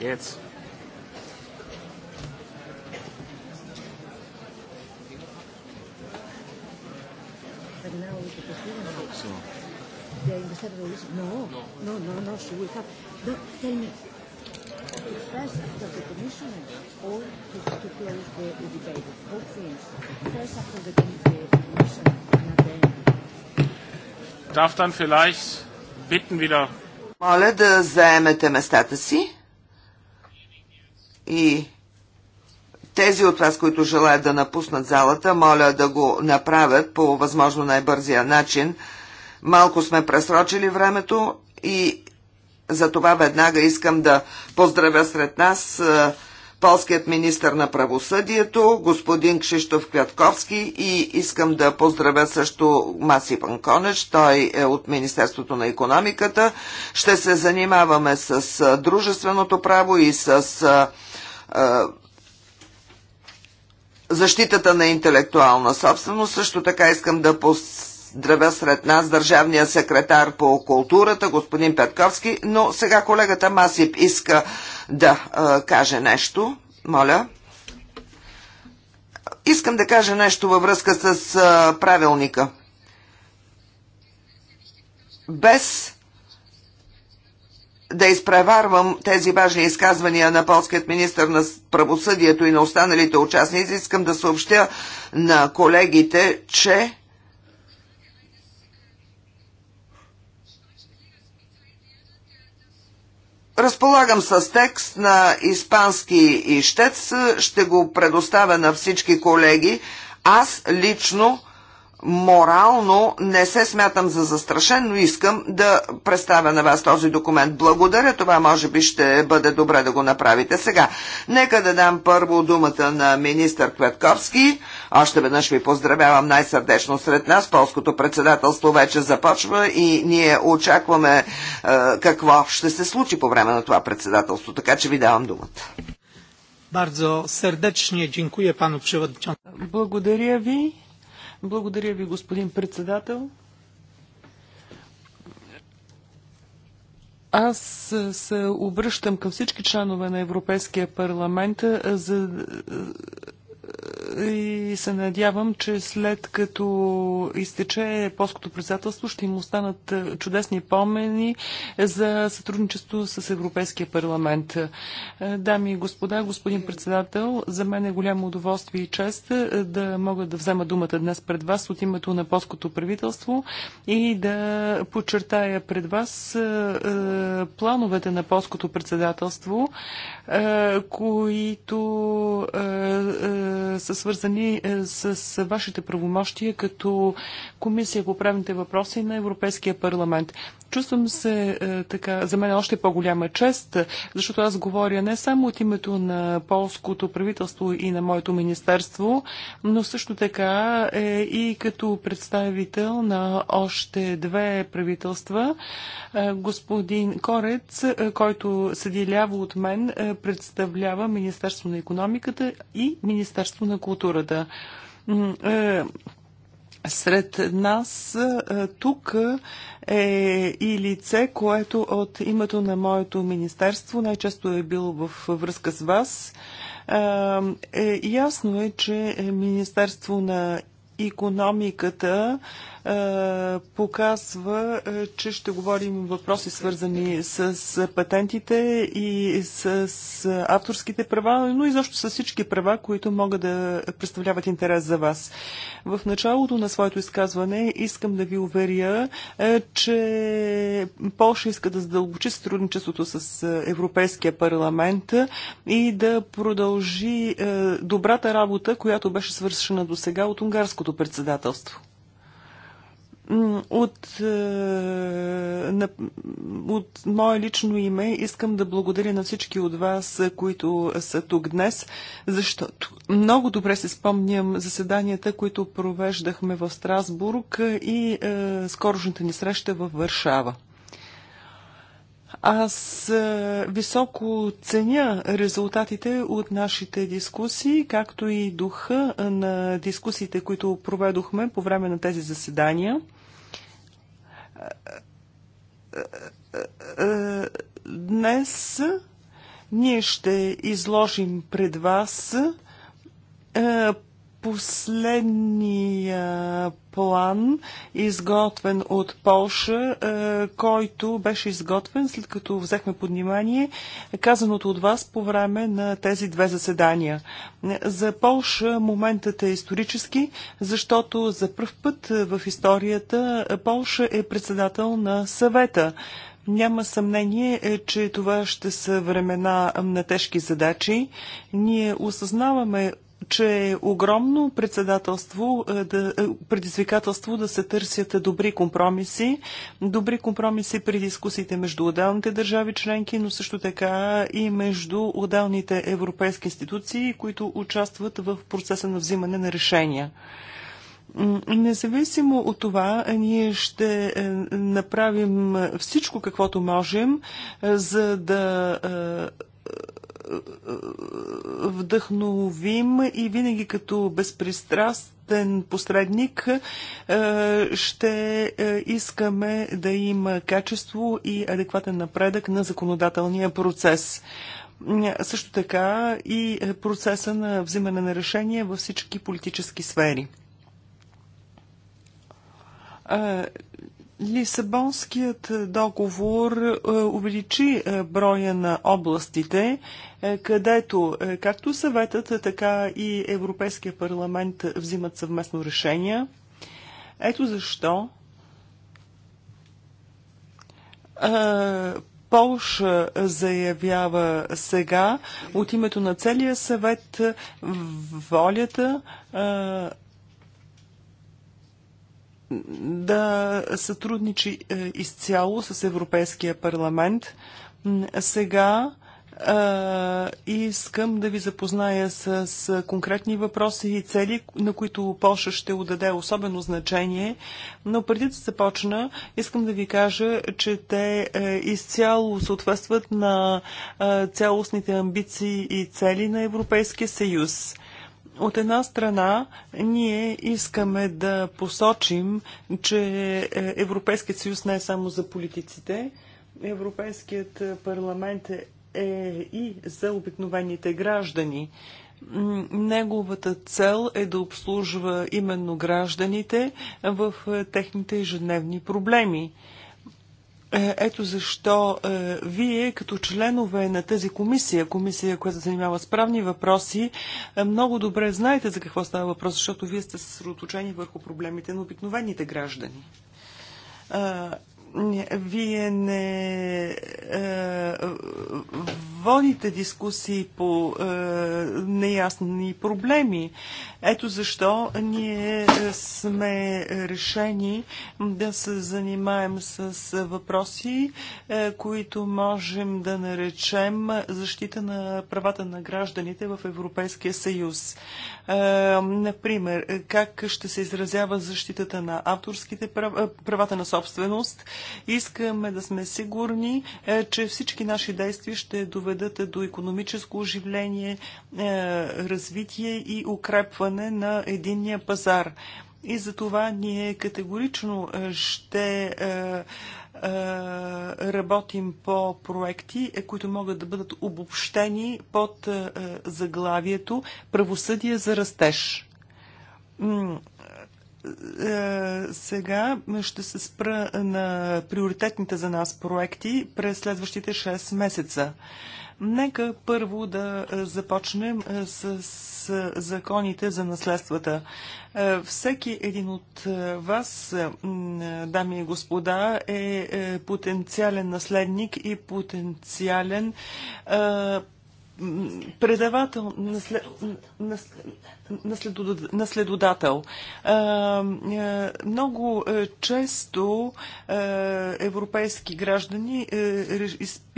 Jetzt. no, no, no, no. She will have. to, to the debate, both things. Darf dann vielleicht bitten wieder. Моля да заемете местата си. И тези от вас, които желаят да напуснат залата, моля да го направят по възможно най-бързия начин. Малко сме пресрочили времето и за това веднага искам да поздравя сред нас е, полският министр на правосъдието, господин Кшиштоф Квятковски и искам да поздравя също Маси Панконеч, той е от Министерството на економиката. Ще се занимаваме с е, дружественото право и с е, защитата на интелектуална собственост. Също така искам да поздравя сред нас държавния секретар по културата, господин Петковски, но сега колегата Масип иска да а, каже нещо. Моля. Искам да кажа нещо във връзка с а, правилника. Без да изпреварвам тези важни изказвания на полският министр на правосъдието и на останалите участници, искам да съобщя на колегите, че Разполагам с текст на испански ищец, ще го предоставя на всички колеги. Аз лично морално не се смятам за застрашен, но искам да представя на вас този документ. Благодаря, това може би ще бъде добре да го направите сега. Нека да дам първо думата на министър Кветковски. Още веднъж ви поздравявам най-сърдечно сред нас. Полското председателство вече започва и ние очакваме е, какво ще се случи по време на това председателство, така че ви давам думата. Bardzo serdecznie dziękuję panu przewodniczącemu. Благодаря ви. Благодаря ви, господин председател. Аз се обръщам към всички членове на Европейския парламент, за, и се надявам, че след като изтече полското председателство, ще им останат е, чудесни помени за сътрудничество с Европейския парламент. Е, дами и господа, господин председател, за мен е голямо удоволствие и чест е, да мога да взема думата днес пред вас от името на полското правителство и да подчертая пред вас плановете на полското председателство. Е, които е, е, са свързани с вашите правомощия като Комисия по правните въпроси на Европейския парламент. Чувствам се е, така, за мен е още по-голяма чест, защото аз говоря не само от името на полското правителство и на моето министерство, но също така е и като представител на още две правителства. Е, господин Корец, е, който седи ляво от мен, е, представлява Министерство на економиката и Министерство на културата е, сред нас тук е и лице, което от името на моето министерство най-често е било в връзка с вас. Е, ясно е, че Министерство на економиката е, показва, е, че ще говорим въпроси свързани с патентите и с авторските права, но и защо с всички права, които могат да представляват интерес за вас. В началото на своето изказване искам да ви уверя, е, че Польша иска да задълбочи сътрудничеството с Европейския парламент и да продължи добрата работа, която беше свършена до сега от унгарското председателство. От, е, от мое лично име искам да благодаря на всички от вас, е, които са тук днес, защото много добре се спомням заседанията, които провеждахме в Страсбург е, и е, скорошната ни среща в Варшава. Аз високо ценя резултатите от нашите дискусии, както и духа на дискусиите, които проведохме по време на тези заседания. Днес ние ще изложим пред вас е, последния план, изготвен от Полша, е, който беше изготвен след като взехме под внимание казаното от вас по време на тези две заседания. За Полша моментът е исторически, защото за първ път в историята Полша е председател на съвета. Няма съмнение, е, че това ще са времена на тежки задачи. Ние осъзнаваме че е огромно председателство, е, да, е, предизвикателство да се търсят добри компромиси, добри компромиси при дискусиите между отделните държави членки, но също така и между отделните европейски институции, които участват в процеса на взимане на решения. Независимо от това, ние ще е, направим всичко, каквото можем, за да вдъхновим и винаги като безпристрастен посредник е, ще е, искаме да има качество и адекватен напредък на законодателния процес също така и процеса на взимане на решения във всички политически сфери. Е, Лисабонският е, договор е, увеличи е, броя на областите, където както съветът, така и Европейския парламент взимат съвместно решения. Ето защо Полша заявява сега от името на целия съвет волята да сътрудничи е, изцяло с Европейския парламент. Сега е, искам да ви запозная с конкретни въпроси и цели, на които Польша ще отдаде особено значение. Но преди да започна, искам да ви кажа, че те е, изцяло съответстват на цялостните амбиции и цели на Европейския съюз. От една страна, ние искаме да посочим, че Европейският съюз не е само за политиците. Европейският парламент е и за обикновените граждани. Неговата цел е да обслужва именно гражданите в техните ежедневни проблеми. Е, ето защо е, вие, като членове на тази комисия, комисия, която се занимава с правни въпроси, е, много добре знаете за какво става въпрос, защото вие сте съсредоточени върху проблемите на обикновените граждани. Е, вие не е, водите дискусии по е, неясни проблеми. Ето защо ние е, сме решени да се занимаем с е, въпроси, е, които можем да наречем защита на правата на гражданите в Европейския съюз. Е, например, как ще се изразява защитата на авторските права, е, правата на собственост, Искаме да сме сигурни, е, че всички наши действия ще доведат до економическо оживление, е, развитие и укрепване на единния пазар. И за това ние категорично е, ще работим по проекти, които могат да бъдат обобщени под заглавието Правосъдие за растеж. Е, сега ще се спра на приоритетните за нас проекти през следващите 6 месеца. Нека първо да започнем е, с законите за наследствата. Е, всеки един от вас, дами и господа, е потенциален наследник и потенциален предавател, наследодател. Много често европейски граждани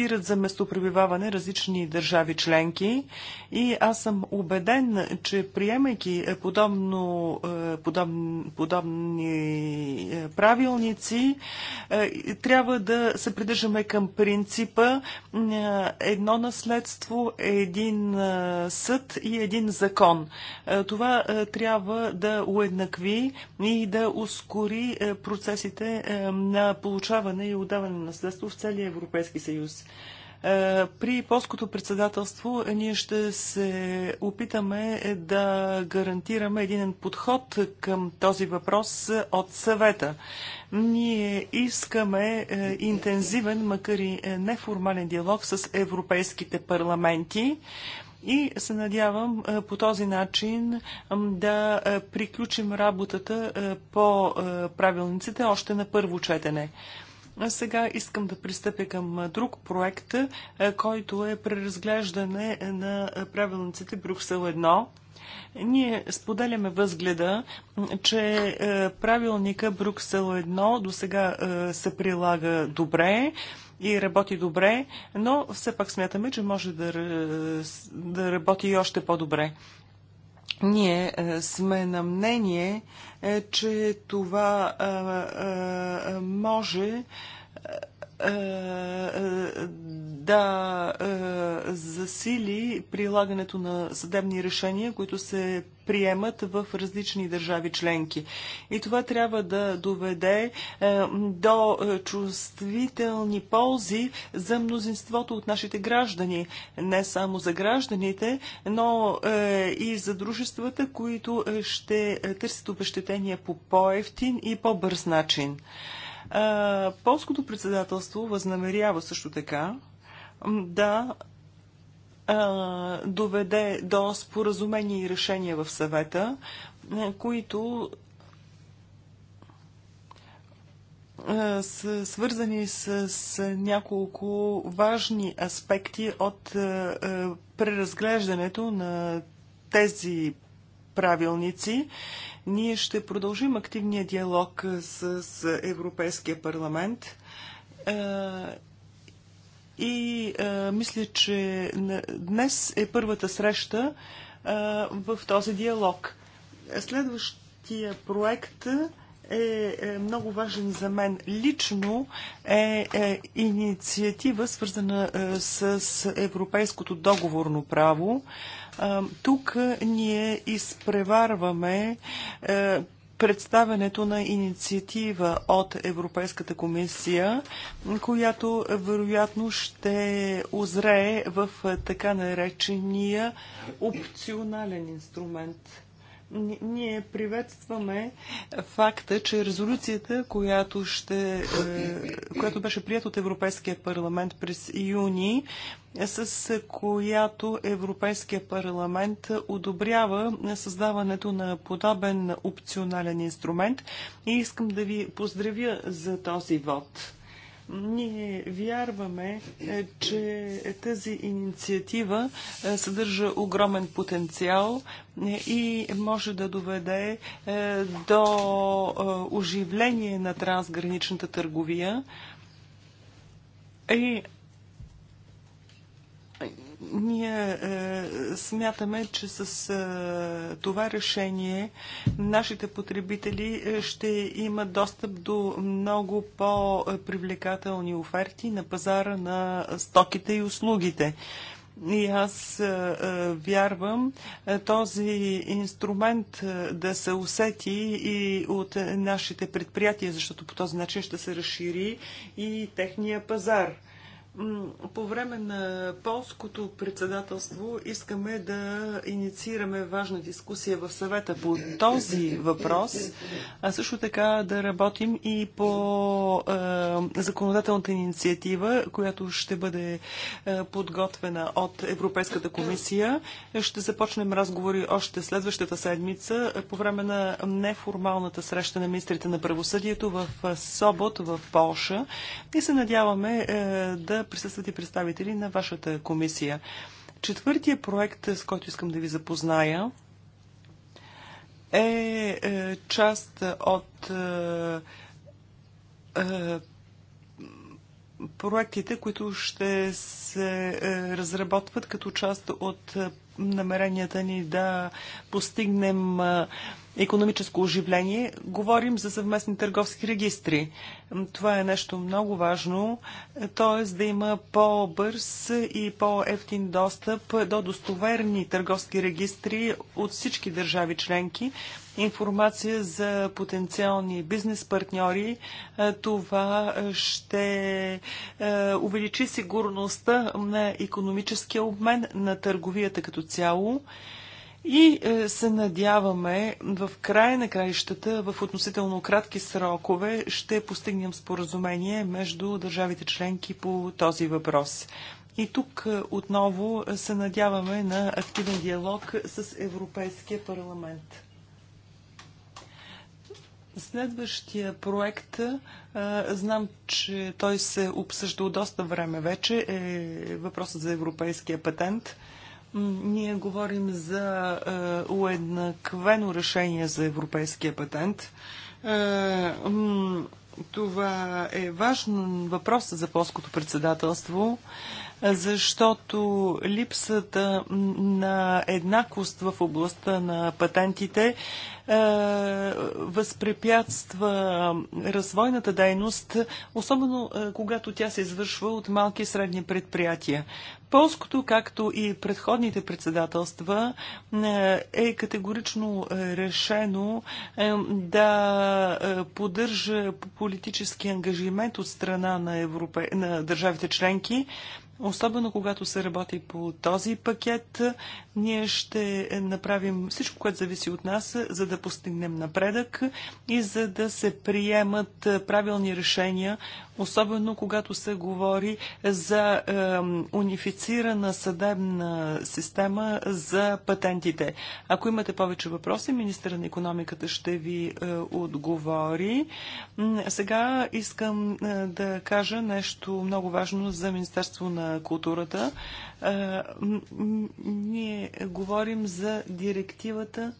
избират за местопребиваване различни държави членки и аз съм убеден, че приемайки е, подобно, е, подобни, подобни е, правилници, трябва да се придържаме към принципа едно наследство, един съд и един закон. Това трябва да уеднакви и да ускори процесите на получаване и отдаване на наследство в целия Европейски съюз. Е, при полското председателство ние ще се опитаме да гарантираме един подход към този въпрос от съвета. Ние искаме е, интензивен, макар и е, неформален диалог с европейските парламенти и се надявам по този начин да приключим работата по правилниците още на първо четене. Сега искам да пристъпя към друг проект, който е преразглеждане на правилниците Брюксел 1. Ние споделяме възгледа, че правилника Брюксел 1 до сега се прилага добре и работи добре, но все пак смятаме, че може да, да работи и още по-добре ние е, сме на мнение, е, че това е, може е, е, да е, засили прилагането на съдебни решения, които се приемат в различни държави членки. И това трябва да доведе до чувствителни ползи за мнозинството от нашите граждани. Не само за гражданите, но и за дружествата, които ще търсят обещетения по по-ефтин и по-бърз начин. Полското председателство възнамерява също така да доведе до споразумение и решения в съвета, които са свързани с няколко важни аспекти от преразглеждането на тези правилници. Ние ще продължим активния диалог с, с Европейския парламент. Е, и а, е, мисля, че днес е първата среща а, е, в този диалог. Следващия проект е, е много важен за мен лично е, е инициатива, свързана е, с европейското договорно право. Тук ние изпреварваме е, представенето на инициатива от Европейската комисия, която вероятно ще озрее в е, така наречения опционален инструмент. Ние приветстваме факта, че резолюцията, която, ще, е, която беше прият от Европейския парламент през юни, с която Европейския парламент одобрява създаването на подобен опционален инструмент. И искам да ви поздравя за този вод. Ние вярваме, е, че тази инициатива е, съдържа огромен потенциал е, и може да доведе до оживление на трансграничната търговия. И ние е, смятаме, че с е, това решение нашите потребители е, ще имат достъп до много по-привлекателни оферти на пазара на стоките и услугите. И аз е, е, вярвам този инструмент да се усети и от нашите предприятия, защото по този начин ще се разшири и техния пазар. По време на полското председателство искаме да инициираме важна дискусия в съвета по този въпрос, а също така да работим и по е, законодателната инициатива, която ще бъде е, подготвена от Европейската комисия. Ще започнем разговори още следващата седмица по време на неформалната среща на министрите на правосъдието в е, Собот в Полша и се надяваме е, да присъстват и представители на вашата комисия. Четвъртия проект, с който искам да ви запозная, е, е част от е, е, проектите, които ще се разработват като част от намеренията ни да постигнем економическо оживление, говорим за съвместни търговски регистри. Това е нещо много важно, т.е. да има по-бърз и по-ефтин достъп до достоверни търговски регистри от всички държави членки, информация за потенциални бизнес партньори. Е, това ще е, увеличи сигурността на економическия обмен, на търговията като цяло. И е, се надяваме в края на краищата, в относително кратки срокове, ще постигнем споразумение между държавите членки по този въпрос. И тук е, отново е, се надяваме на активен диалог с Европейския парламент. Следващия проект, знам, че той се обсъжда доста време вече, е въпросът за европейския патент – ние говорим за е, уеднаквено решение за европейския патент. Е, това е важен въпрос за полското председателство. Е, защото липсата на еднакост в областта на патентите е, възпрепятства развойната дейност, особено е, когато тя се извършва от малки и средни предприятия. Полското, както и предходните председателства, е, е категорично решено да поддържа политически ангажимент от страна на, Европе... на държавите членки Особено когато се работи по този пакет, ние ще направим всичко, което зависи от нас, за да постигнем напредък и за да се приемат правилни решения особено когато се говори за е, унифицирана съдебна система за патентите. Ако имате повече въпроси, министъра на економиката ще ви е, отговори. Сега искам е, да кажа нещо много важно за Министерство на културата. Е, ние говорим за директивата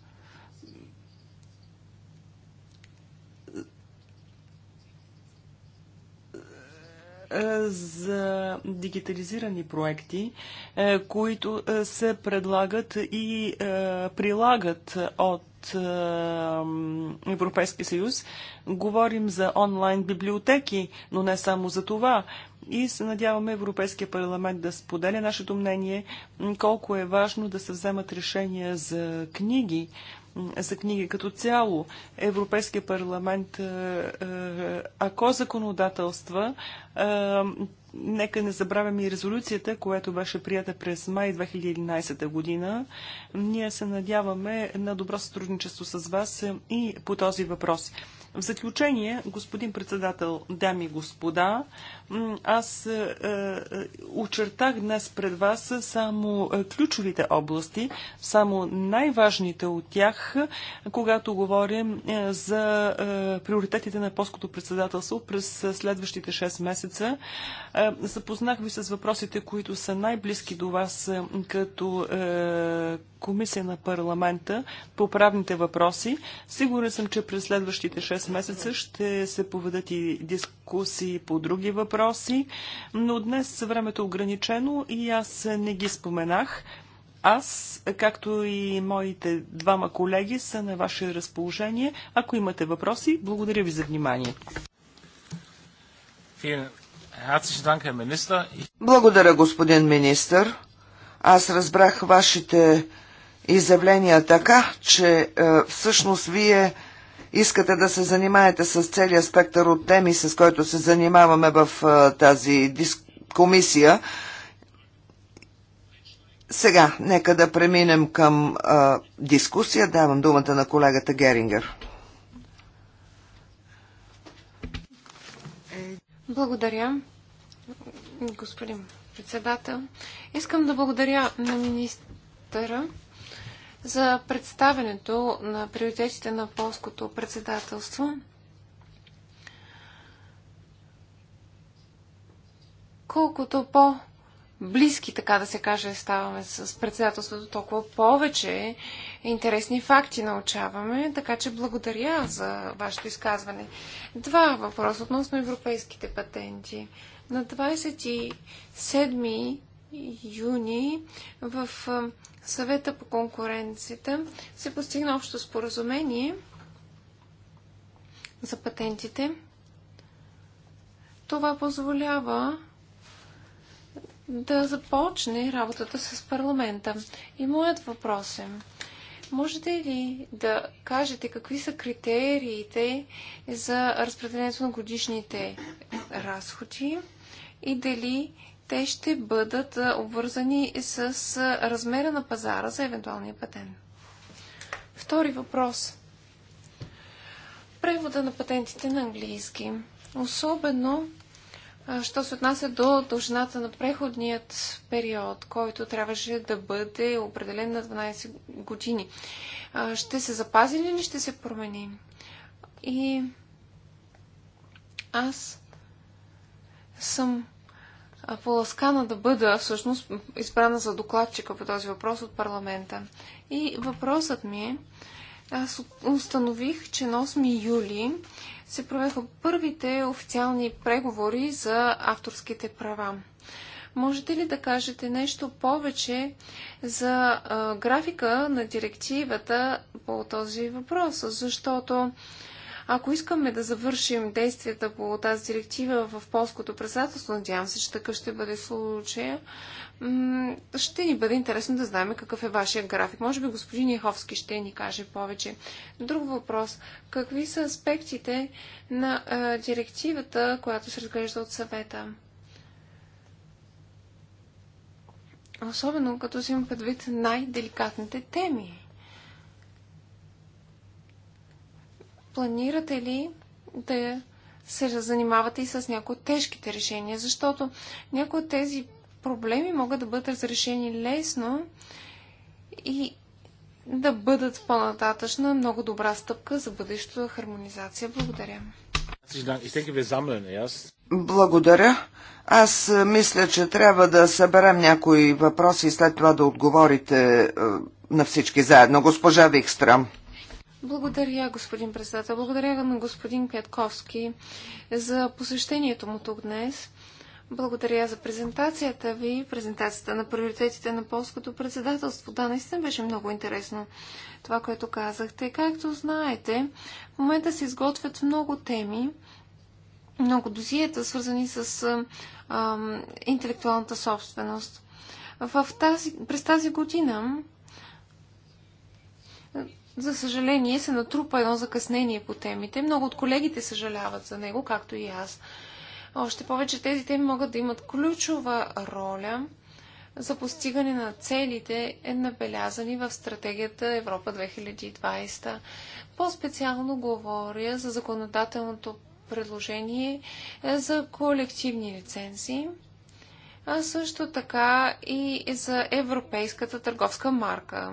Е, за дигитализирани проекти, е, които е, се предлагат и прилагат от Европейския съюз. Говорим за онлайн библиотеки, но не само за това. И се надяваме Европейския парламент да споделя нашето мнение колко е важно да се вземат решения за книги, за книги като цяло. Европейския парламент, е, е, ако законодателства, е, нека не забравяме и резолюцията, която беше прията през май 2011 година. Ние се надяваме на добро сътрудничество с вас и по този въпрос. В заключение, господин председател, дами и господа, аз е, е, очертах днес пред вас само е, ключовите области, само най-важните от тях, когато говорим за приоритетите на полското председателство през следващите 6 месеца. Запознах ви с въпросите, които са най-близки до вас като комисия на парламента по правните въпроси. Сигурен съм, че през следващите 6 през месеца ще се поведат и дискусии по други въпроси, но днес времето е ограничено и аз не ги споменах. Аз, както и моите двама колеги, са на ваше разположение. Ако имате въпроси, благодаря ви за внимание. Е благодаря, господин министр. Аз разбрах вашите изявления така, че е, всъщност вие искате да се занимаете с целият спектър от теми, с който се занимаваме в тази комисия. Сега, нека да преминем към а, дискусия. Давам думата на колегата Герингер. Благодаря, господин председател. Искам да благодаря на министъра за представенето на приоритетите на полското председателство. Колкото по близки, така да се каже, ставаме с председателството, толкова повече интересни факти научаваме, така че благодаря за вашето изказване. Два въпроса относно европейските патенти. На 27 юни в съвета по конкуренцията се постигна общо споразумение за патентите. Това позволява да започне работата с парламента. И моят въпрос е, можете ли да кажете какви са критериите за разпределението на годишните разходи и дали те ще бъдат обвързани с размера на пазара за евентуалния патент. Втори въпрос. Превода на патентите на английски. Особено, що се отнася до дължината на преходният период, който трябваше да бъде определен на 12 години. Ще се запази ли или ще се промени? И аз съм поласкана да бъда всъщност избрана за докладчика по този въпрос от парламента. И въпросът ми е, аз установих, че на 8 юли се провеха първите официални преговори за авторските права. Можете ли да кажете нещо повече за а, графика на директивата по този въпрос? Защото ако искаме да завършим действията по тази директива в полското председателство, надявам се, че такъв ще бъде случая, ще ни бъде интересно да знаем какъв е вашия график. Може би господин Яховски ще ни каже повече. Друг въпрос. Какви са аспектите на директивата, която се разглежда от съвета? Особено като си има предвид най-деликатните теми. планирате ли да се занимавате и с някои от тежките решения, защото някои от тези проблеми могат да бъдат разрешени лесно и да бъдат по-нататъчна много добра стъпка за бъдещата хармонизация. Благодаря. Благодаря. Аз мисля, че трябва да съберем някои въпроси и след това да отговорите е, на всички заедно. Госпожа Викстрам. Благодаря, господин председател. Благодаря на господин Пятковски за посещението му тук днес. Благодаря за презентацията ви, презентацията на приоритетите на полското председателство. Да, наистина беше много интересно това, което казахте. Както знаете, в момента се изготвят много теми, много дозиета, свързани с а, а, интелектуалната собственост. В тази, през тази година за съжаление, се натрупа едно закъснение по темите. Много от колегите съжаляват за него, както и аз. Още повече тези теми могат да имат ключова роля за постигане на целите, е набелязани в стратегията Европа 2020. По-специално говоря за законодателното предложение е, за колективни лицензии, а също така и за европейската търговска марка.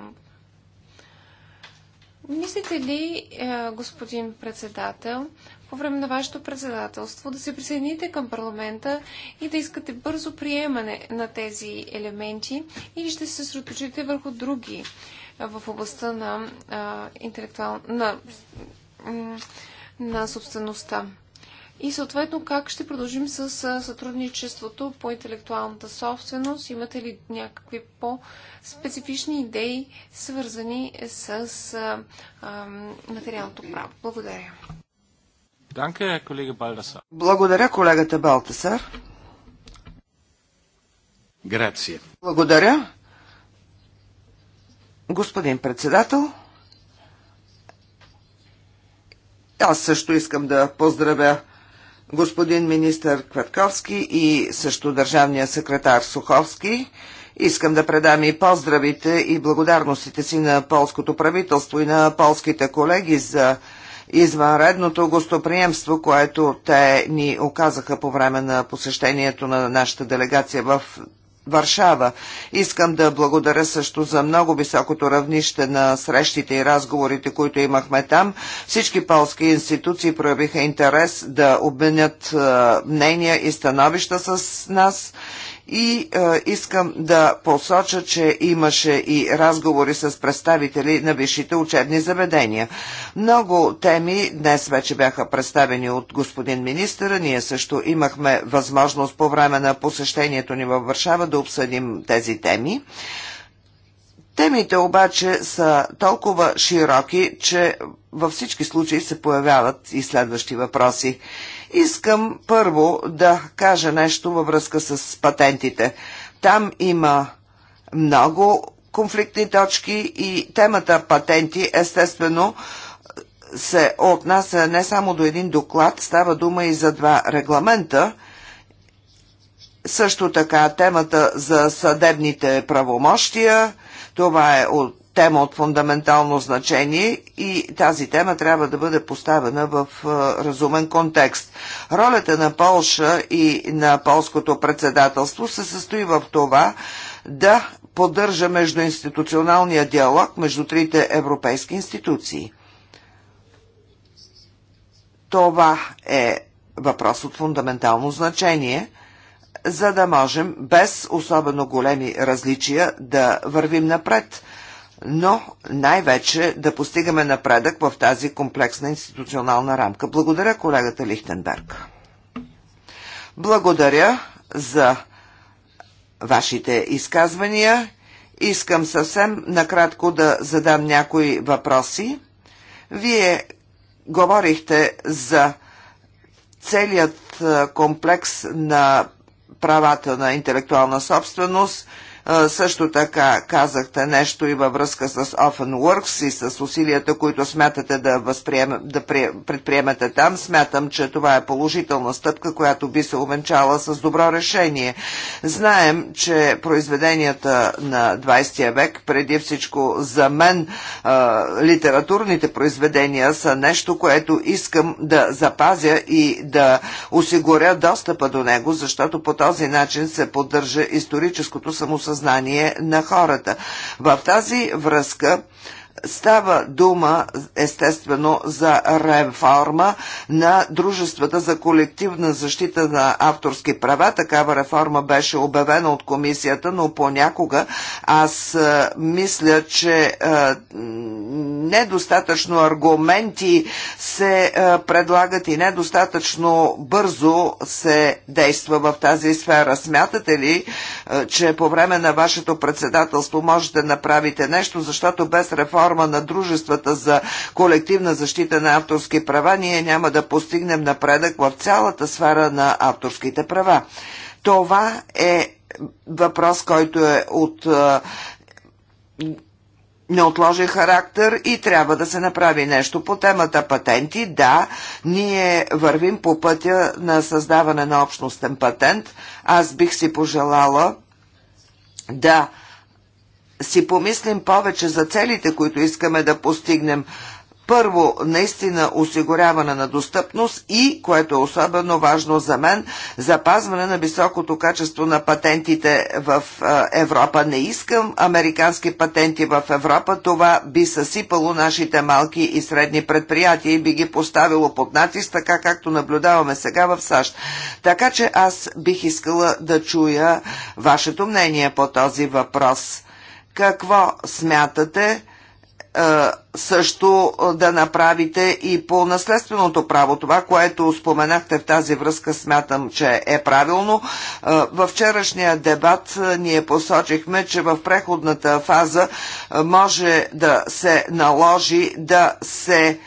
Мислите ли, е, господин председател, по време на вашето председателство да се присъедините към парламента и да искате бързо приемане на тези елементи или ще се съсредоточите върху други е, в областта на, е, интелектуал... на, на собствеността? И съответно, как ще продължим с сътрудничеството по интелектуалната собственост? Имате ли някакви по-специфични идеи, свързани с а, материалното право? Благодаря. колега Благодаря, колегата Балтасар. Грация. Благодаря. Господин председател, аз също искам да поздравя господин министър Кватковски и също държавния секретар Суховски. Искам да предам и поздравите и благодарностите си на полското правителство и на полските колеги за извънредното гостоприемство, което те ни оказаха по време на посещението на нашата делегация в Варшава. Искам да благодаря също за много високото равнище на срещите и разговорите, които имахме там. Всички полски институции проявиха интерес да обменят мнения и становища с нас. И е, искам да посоча, че имаше и разговори с представители на висшите учебни заведения. Много теми днес вече бяха представени от господин министър. Ние също имахме възможност по време на посещението ни във Варшава да обсъдим тези теми. Темите обаче са толкова широки, че във всички случаи се появяват и следващи въпроси. Искам първо да кажа нещо във връзка с патентите. Там има много конфликтни точки и темата патенти естествено се отнася не само до един доклад, става дума и за два регламента. Също така темата за съдебните правомощия, това е от тема от фундаментално значение и тази тема трябва да бъде поставена в разумен контекст. Ролята на Полша и на полското председателство се състои в това да поддържа междуинституционалния диалог между трите европейски институции. Това е въпрос от фундаментално значение – за да можем без особено големи различия да вървим напред – но най-вече да постигаме напредък в тази комплексна институционална рамка. Благодаря колегата Лихтенберг. Благодаря за вашите изказвания. Искам съвсем накратко да задам някои въпроси. Вие говорихте за целият комплекс на правата на интелектуална собственост – също така казахте нещо и във връзка с Open Works и с усилията, които смятате да, възприем, да предприемете там. Смятам, че това е положителна стъпка, която би се увенчала с добро решение. Знаем, че произведенията на 20 век, преди всичко за мен, литературните произведения са нещо, което искам да запазя и да осигуря достъпа до него, защото по този начин се поддържа историческото самосъзнание съзнание на хората. В тази връзка Става дума, естествено, за реформа на дружествата за колективна защита на авторски права. Такава реформа беше обявена от комисията, но понякога аз е, мисля, че е, недостатъчно аргументи се е, предлагат и недостатъчно бързо се действа в тази сфера. Смятате ли, че по време на вашето председателство можете да направите нещо, защото без реформа на дружествата за колективна защита на авторски права ние няма да постигнем напредък в цялата сфера на авторските права. Това е въпрос, който е от неотложен характер и трябва да се направи нещо по темата патенти. Да, ние вървим по пътя на създаване на общностен патент. Аз бих си пожелала да си помислим повече за целите, които искаме да постигнем. Първо, наистина осигуряване на достъпност и, което е особено важно за мен, запазване на високото качество на патентите в Европа. Не искам американски патенти в Европа. Това би съсипало нашите малки и средни предприятия и би ги поставило под натиск, така както наблюдаваме сега в САЩ. Така че аз бих искала да чуя вашето мнение по този въпрос. Какво смятате? Е, също да направите и по наследственото право. Това, което споменахте в тази връзка, смятам, че е правилно. Е, във вчерашния дебат е, ние посочихме, че в преходната фаза може да се наложи да се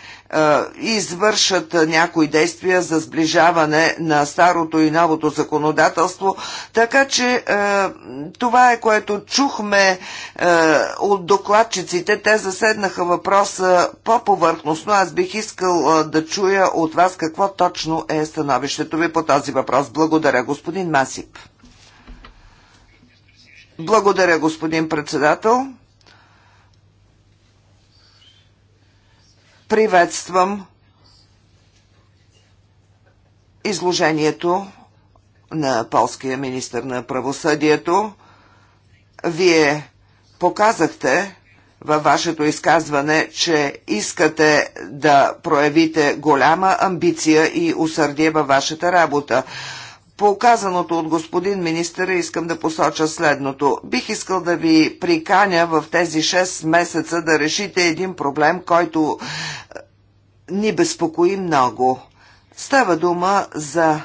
извършат някои действия за сближаване на старото и новото законодателство. Така че това е което чухме от докладчиците. Те заседнаха въпроса по-повърхностно. Аз бих искал да чуя от вас какво точно е становището ви по този въпрос. Благодаря, господин Масип. Благодаря, господин председател. Приветствам изложението на полския министр на правосъдието. Вие показахте във вашето изказване, че искате да проявите голяма амбиция и усърдие във вашата работа. По оказаното от господин министъра искам да посоча следното. Бих искал да ви приканя в тези 6 месеца да решите един проблем, който е, ни безпокои много. Става дума за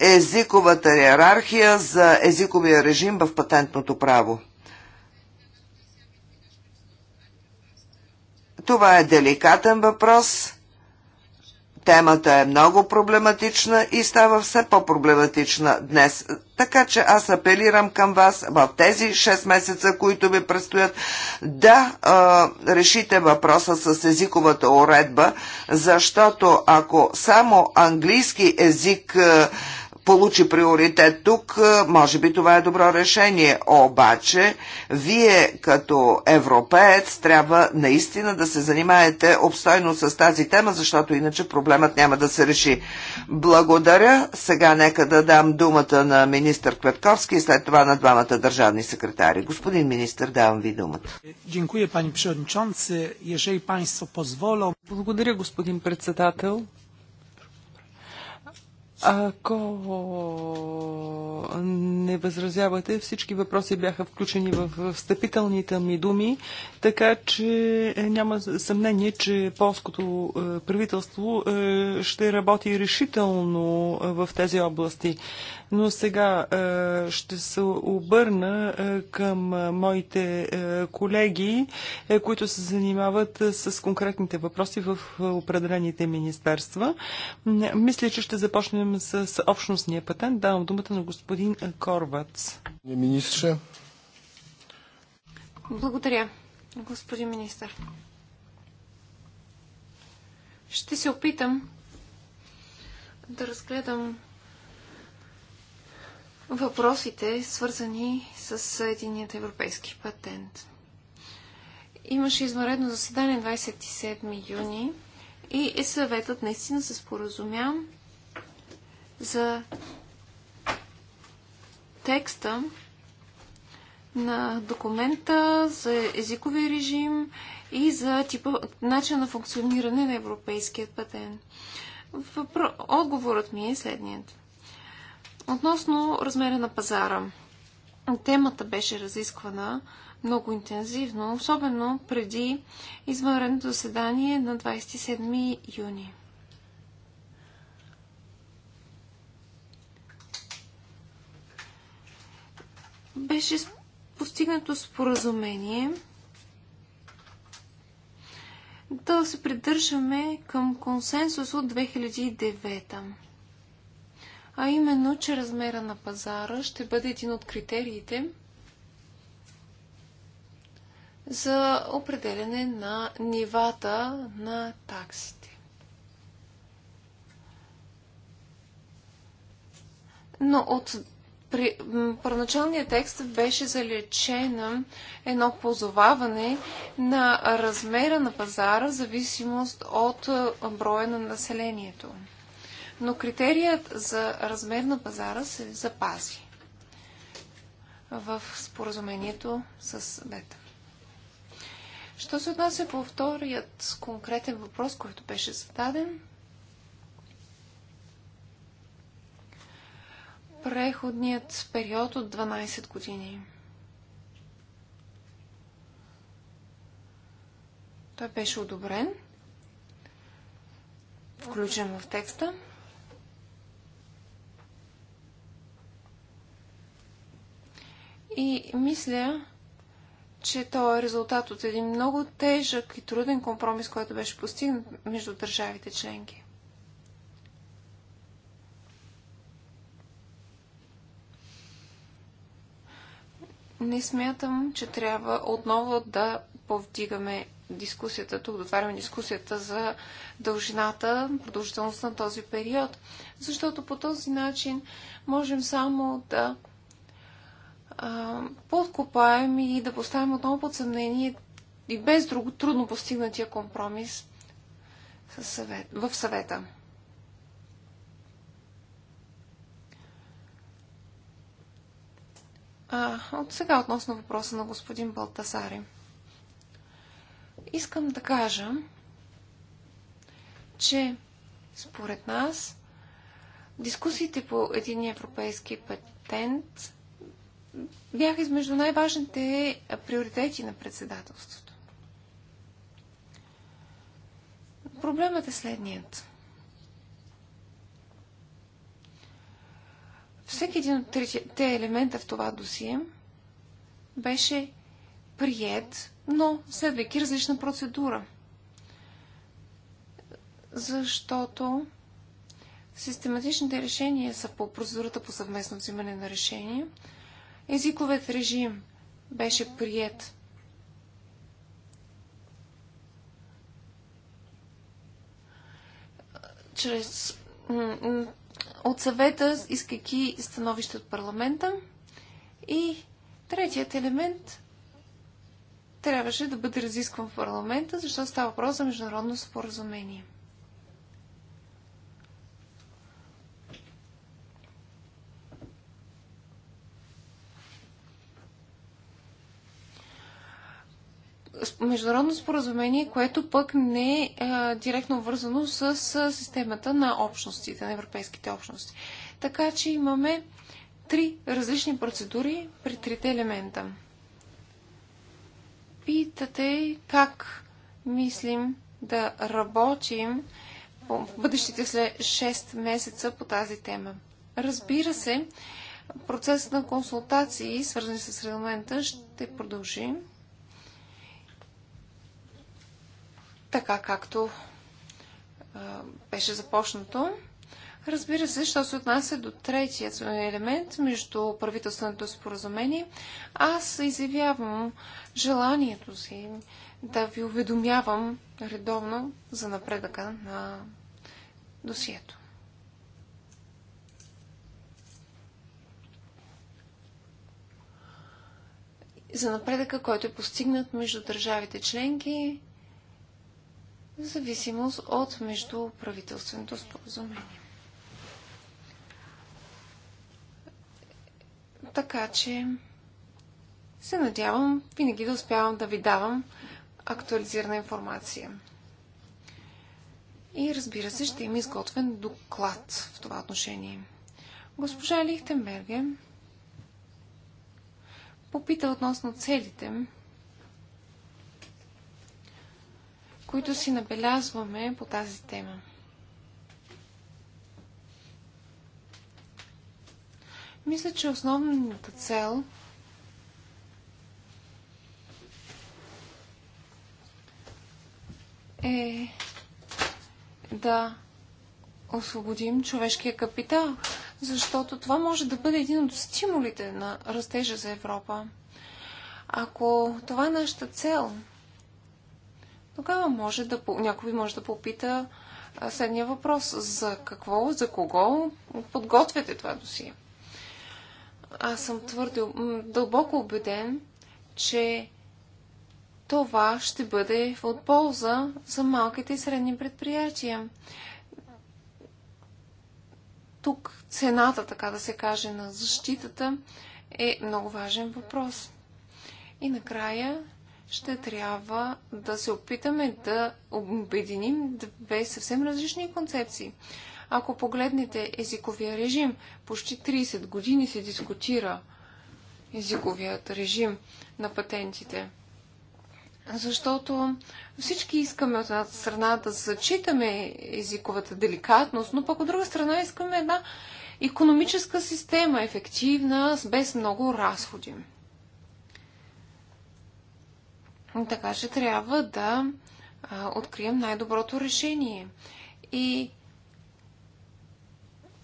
езиковата иерархия, за езиковия режим в патентното право. Това е деликатен въпрос – Темата е много проблематична и става все по-проблематична днес. Така че аз апелирам към вас в тези 6 месеца, които ви предстоят, да а, решите въпроса с езиковата уредба, защото ако само английски език а, получи приоритет тук, е, може би това е добро решение. Обаче, вие като европеец трябва наистина да се занимаете обстойно с тази тема, защото иначе проблемът няма да се реши. Благодаря. Сега нека да дам думата на министър Кветковски и след това на двамата държавни секретари. Господин министър, давам ви думата. Благодаря, господин председател. Ако не възразявате, всички въпроси бяха включени в встъпителните ми думи, така че няма съмнение, че полското е, правителство е, ще работи решително е, в тези области. Но сега е, ще се обърна е, към е, моите колеги, които се занимават с конкретните въпроси в определените министерства. Мисля, че ще започнем с общностния патент. Давам думата на господин Корвац. Министре. Благодаря, господин министър. Ще се опитам да разгледам въпросите, свързани с единият европейски патент. Имаше измаредно заседание 27 юни и е съветът наистина се споразумя за текста на документа за езикови режим и за типа, начин на функциониране на европейският патент. Въпро... Отговорът ми е следният. Относно размера на пазара. Темата беше разисквана много интензивно, особено преди извънредното заседание на 27 юни. Беше постигнато споразумение да се придържаме към консенсус от 2009 а именно, че размера на пазара ще бъде един от критериите за определене на нивата на таксите. Но от при, първоначалния текст беше залечено едно позоваване на размера на пазара в зависимост от броя на населението но критерият за размер на пазара се запази в споразумението с бета. Що се отнася по вторият конкретен въпрос, който беше зададен, преходният период от 12 години. Той беше одобрен, включен в текста. И мисля, че то е резултат от един много тежък и труден компромис, който беше постигнат между държавите членки. Не смятам, че трябва отново да повдигаме дискусията, тук отваряме дискусията за дължината, продължителност на този период, защото по този начин можем само да подкопаем и да поставим отново под съмнение и без друго трудно постигнатия компромис съвет, в съвета. А, от сега относно въпроса на господин Балтасари. Искам да кажа, че според нас дискусиите по един европейски патент бях измежду най-важните приоритети на председателството. Проблемът е следният. Всеки един от трите елемента в това досие беше прият, но следвайки различна процедура. Защото систематичните решения са по процедурата по съвместно взимане на решения – Езиковият режим беше прият. Чрез, от съвета, искайки становище от парламента. И третият елемент трябваше да бъде разискван в парламента, защото става въпрос за международно споразумение. международно споразумение, което пък не е директно вързано с, системата на общностите, на европейските общности. Така че имаме три различни процедури при трите елемента. Питате как мислим да работим в бъдещите след 6 месеца по тази тема. Разбира се, процесът на консултации, свързани с регламента, ще продължи. така както а, беше започнато. Разбира се, що се отнася до третия елемент между правителственото споразумение, аз изявявам желанието си да ви уведомявам редовно за напредъка на досието. За напредъка, който е постигнат между държавите членки в зависимост от междуправителственото споразумение. Така че се надявам винаги да успявам да ви давам актуализирана информация. И разбира се, ще има изготвен доклад в това отношение. Госпожа Лихтенберге попита относно целите които си набелязваме по тази тема. Мисля, че основната цел е да освободим човешкия капитал, защото това може да бъде един от стимулите на растежа за Европа. Ако това е нашата цел, тогава може да, някой може да попита следния въпрос. За какво, за кого подготвяте това досие? Аз съм твърде дълбоко убеден, че това ще бъде от полза за малките и средни предприятия. Тук цената, така да се каже, на защитата е много важен въпрос. И накрая ще трябва да се опитаме да обединим две съвсем различни концепции. Ако погледнете езиковия режим, почти 30 години се дискутира езиковият режим на патентите. Защото всички искаме от една страна да зачитаме езиковата деликатност, но пък от друга страна искаме една економическа система, ефективна, без много разходи. Така че трябва да открием най-доброто решение. И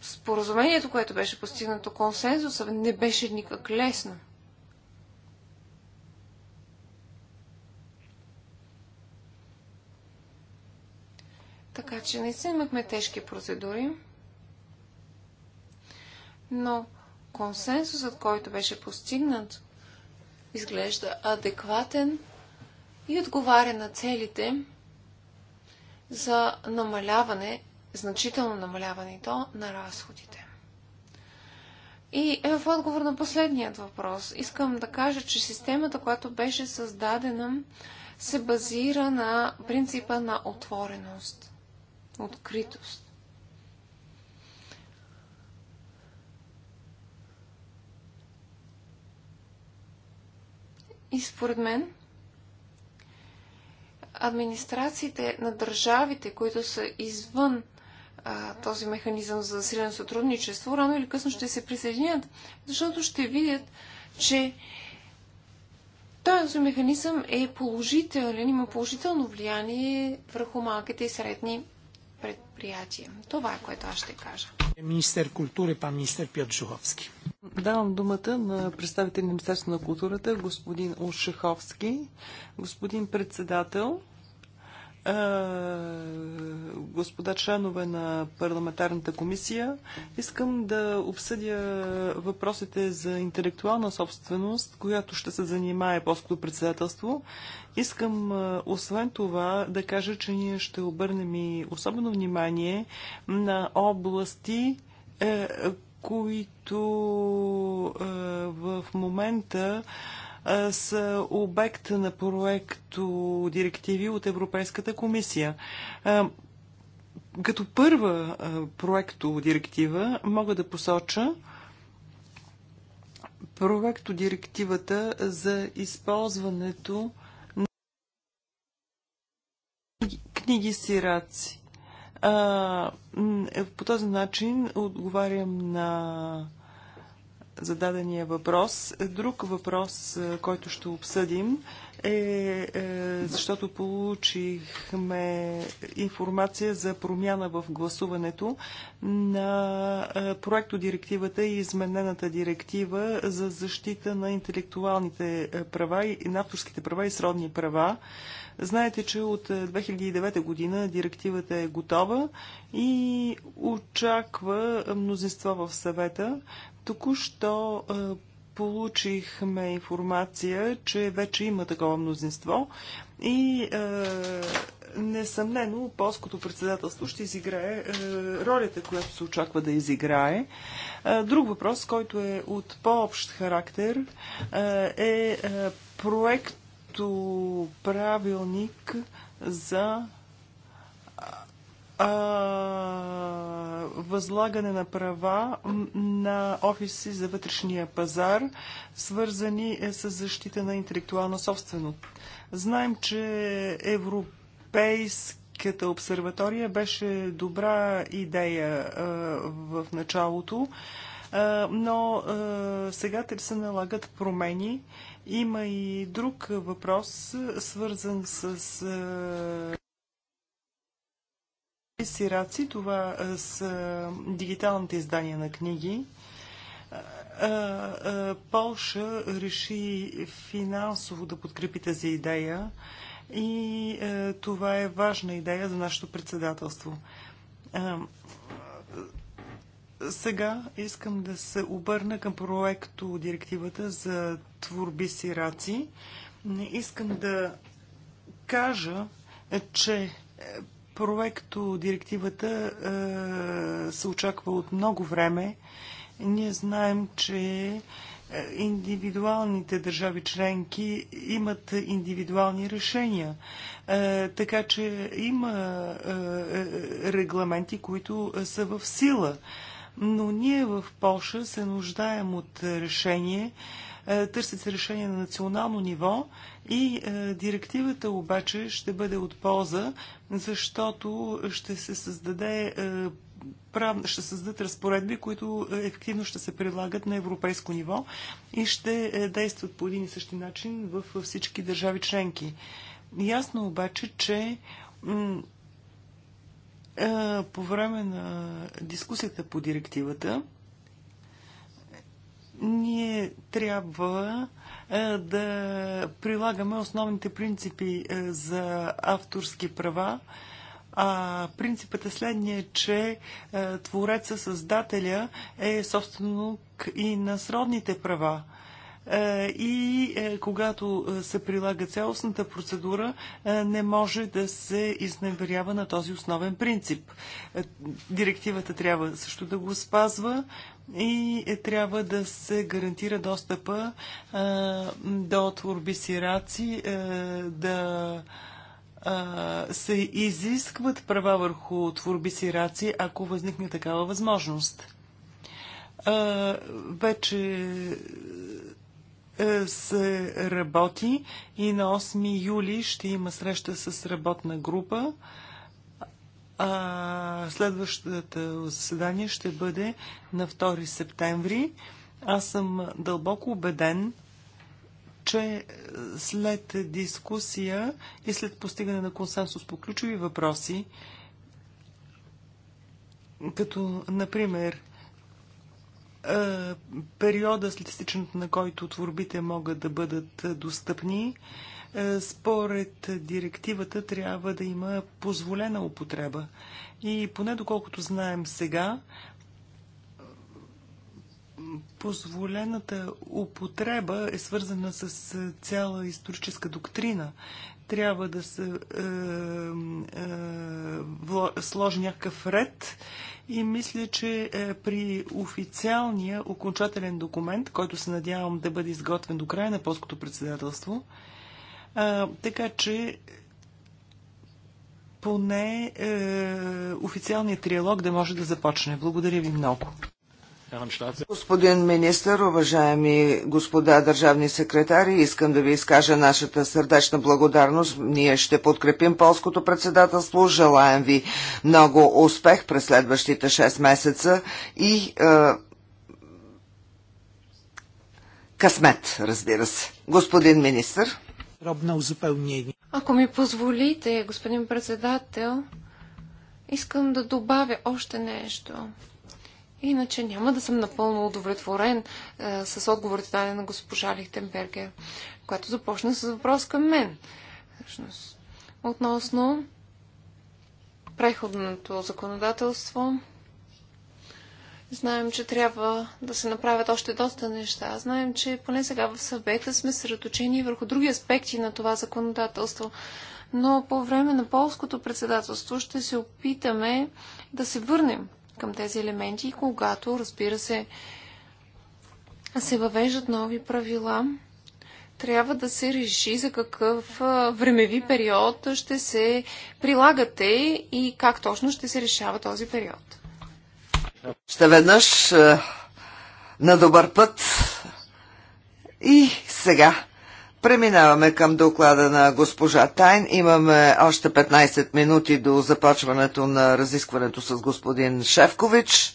споразумението, което беше постигнато консенсуса, не беше никак лесно. Така че наистина имахме тежки процедури, но консенсусът, който беше постигнат, изглежда адекватен и отговаря на целите за намаляване, значително намаляване то на разходите. И е в отговор на последният въпрос, искам да кажа, че системата, която беше създадена, се базира на принципа на отвореност, откритост. И според мен, администрациите на държавите, които са извън а, този механизъм за засилено сътрудничество, рано или късно ще се присъединят, защото ще видят, че този механизъм е положителен, има положително влияние върху малките и средни предприятие. Това е което аз ще кажа. Министър култури, пан министър Шуховски. Давам думата на представител на Министерството на културата, господин Ушеховски. Господин председател, господа членове на парламентарната комисия. Искам да обсъдя въпросите за интелектуална собственост, която ще се занимае полското председателство. Искам освен това да кажа, че ние ще обърнем и особено внимание на области, е, които е, в момента са обект на проекто директиви от Европейската комисия. Като първа проекто директива мога да посоча проекто директивата за използването на книги сираци. По този начин отговарям на зададения въпрос. Друг въпрос, е, който ще обсъдим, е, е, защото получихме информация за промяна в гласуването на е, проекто директивата и изменената директива за защита на интелектуалните права и на авторските права и сродни права. Знаете, че от 2009 година директивата е готова и очаква мнозинство в съвета. Току-що е, получихме информация, че вече има такова мнозинство и е, несъмнено полското председателство ще изиграе е, ролята, която се очаква да изиграе. Е, друг въпрос, който е от по-общ характер, е, е, е проекто правилник за възлагане на права на офиси за вътрешния пазар, свързани е, с защита на интелектуална собственост. Знаем, че Европейската обсерватория беше добра идея в началото, но сега те се налагат промени. Има и друг въпрос, свързан с сираци, това са дигиталните издания на книги. Полша реши финансово да подкрепи тази идея и това е важна идея за нашето председателство. сега искам да се обърна към проекто директивата за творби сираци. Искам да кажа, че Проекто директивата е, се очаква от много време. Ние знаем, че е, индивидуалните държави членки имат индивидуални решения. Е, така че има регламенти, които са в сила. Но ние в Польша се нуждаем от решение, е, търсят се решения на национално ниво и е, директивата обаче ще бъде от полза, защото ще се създаде е, ще създадат разпоредби, които ефективно ще се прилагат на европейско ниво и ще действат по един и същи начин в всички държави членки. Ясно обаче, че по време на дискусията по директивата ние трябва е, да прилагаме основните принципи е, за авторски права. А принципът е следния, че е, твореца, създателя е собственик и на сродните права и когато се прилага цялостната процедура, не може да се изневерява на този основен принцип. Директивата трябва също да го спазва и е, трябва да се гарантира достъпа а, до творби сираци, а, да а, се изискват права върху творби сираци, ако възникне такава възможност. А, вече се работи и на 8 юли ще има среща с работна група. А, а, следващото заседание ще бъде на 2 септември. Аз съм дълбоко убеден, че след дискусия и след постигане на консенсус по ключови въпроси, като, например, периода след стичането на който творбите могат да бъдат достъпни, е, според директивата трябва да има позволена употреба. И поне доколкото знаем сега, позволената употреба е свързана с е, цяла историческа доктрина. Трябва да се е, е, сложи някакъв ред и мисля, че е, при официалния окончателен документ, който се надявам да бъде изготвен до края на полското председателство, е, а, така че поне е, официалният триалог да може да започне. Благодаря ви много. Господин министр, уважаеми господа държавни секретари, искам да ви изкажа нашата сърдечна благодарност. Ние ще подкрепим полското председателство. Желаем ви много успех през следващите 6 месеца и е, късмет, разбира се. Господин министр дробно узупълнение. Ако ми позволите, господин председател, искам да добавя още нещо. Иначе няма да съм напълно удовлетворен е, с отговорите даден на госпожа Лихтенбергер, която започна с въпрос към мен. Всъщност, относно преходното законодателство Знаем, че трябва да се направят още доста неща. Знаем, че поне сега в съвета сме съсредоточени върху други аспекти на това законодателство. Но по време на полското председателство ще се опитаме да се върнем към тези елементи, когато, разбира се, се въвеждат нови правила, трябва да се реши за какъв времеви период ще се прилагате и как точно ще се решава този период. Ще веднъж е, на добър път. И сега преминаваме към доклада на госпожа Тайн. Имаме още 15 минути до започването на разискването с господин Шевкович.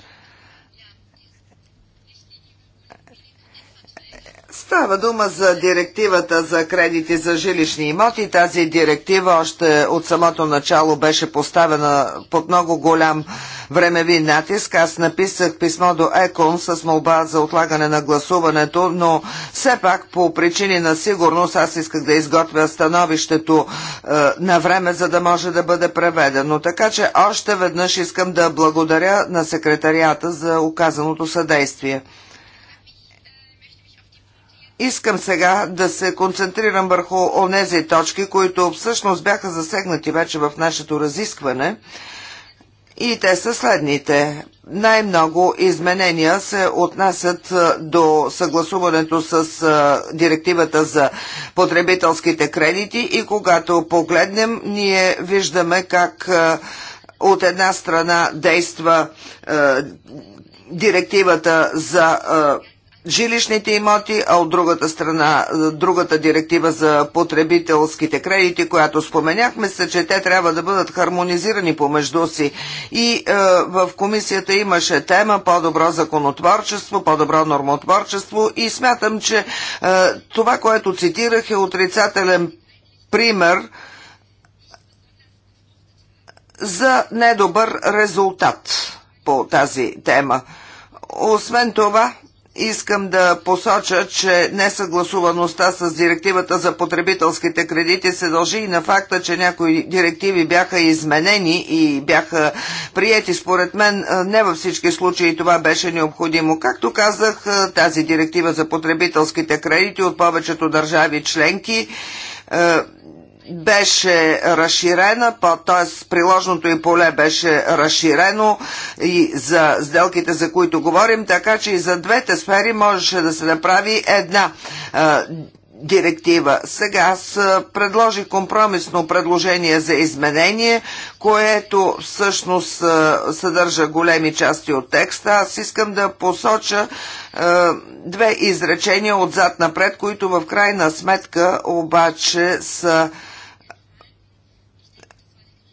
Става дума за директивата за кредити за жилищни имоти. Тази директива още от самото начало беше поставена под много голям времеви натиск. Аз написах писмо до ЕКОН с молба за отлагане на гласуването, но все пак по причини на сигурност аз исках да изготвя становището е, на време, за да може да бъде преведено. Така че още веднъж искам да благодаря на секретарията за оказаното съдействие. Искам сега да се концентрирам върху онези точки, които всъщност бяха засегнати вече в нашето разискване. И те са следните. Най-много изменения се отнасят до съгласуването с директивата за потребителските кредити и когато погледнем, ние виждаме как от една страна действа директивата за жилищните имоти, а от другата страна, другата директива за потребителските кредити, която споменяхме се, че те трябва да бъдат хармонизирани помежду си. И е, в комисията имаше тема по-добро законотворчество, по-добро нормотворчество и смятам, че е, това, което цитирах е отрицателен пример за недобър резултат по тази тема. Освен това, Искам да посоча, че несъгласуваността с директивата за потребителските кредити се дължи и на факта, че някои директиви бяха изменени и бяха приети. Според мен не във всички случаи това беше необходимо. Както казах, тази директива за потребителските кредити от повечето държави членки беше разширена, т.е. приложното им поле беше разширено и за сделките, за които говорим, така че и за двете сфери можеше да се направи една директива. Сега аз предложих компромисно предложение за изменение, което всъщност съдържа големи части от текста. Аз искам да посоча е, две изречения отзад напред, които в крайна сметка обаче са е,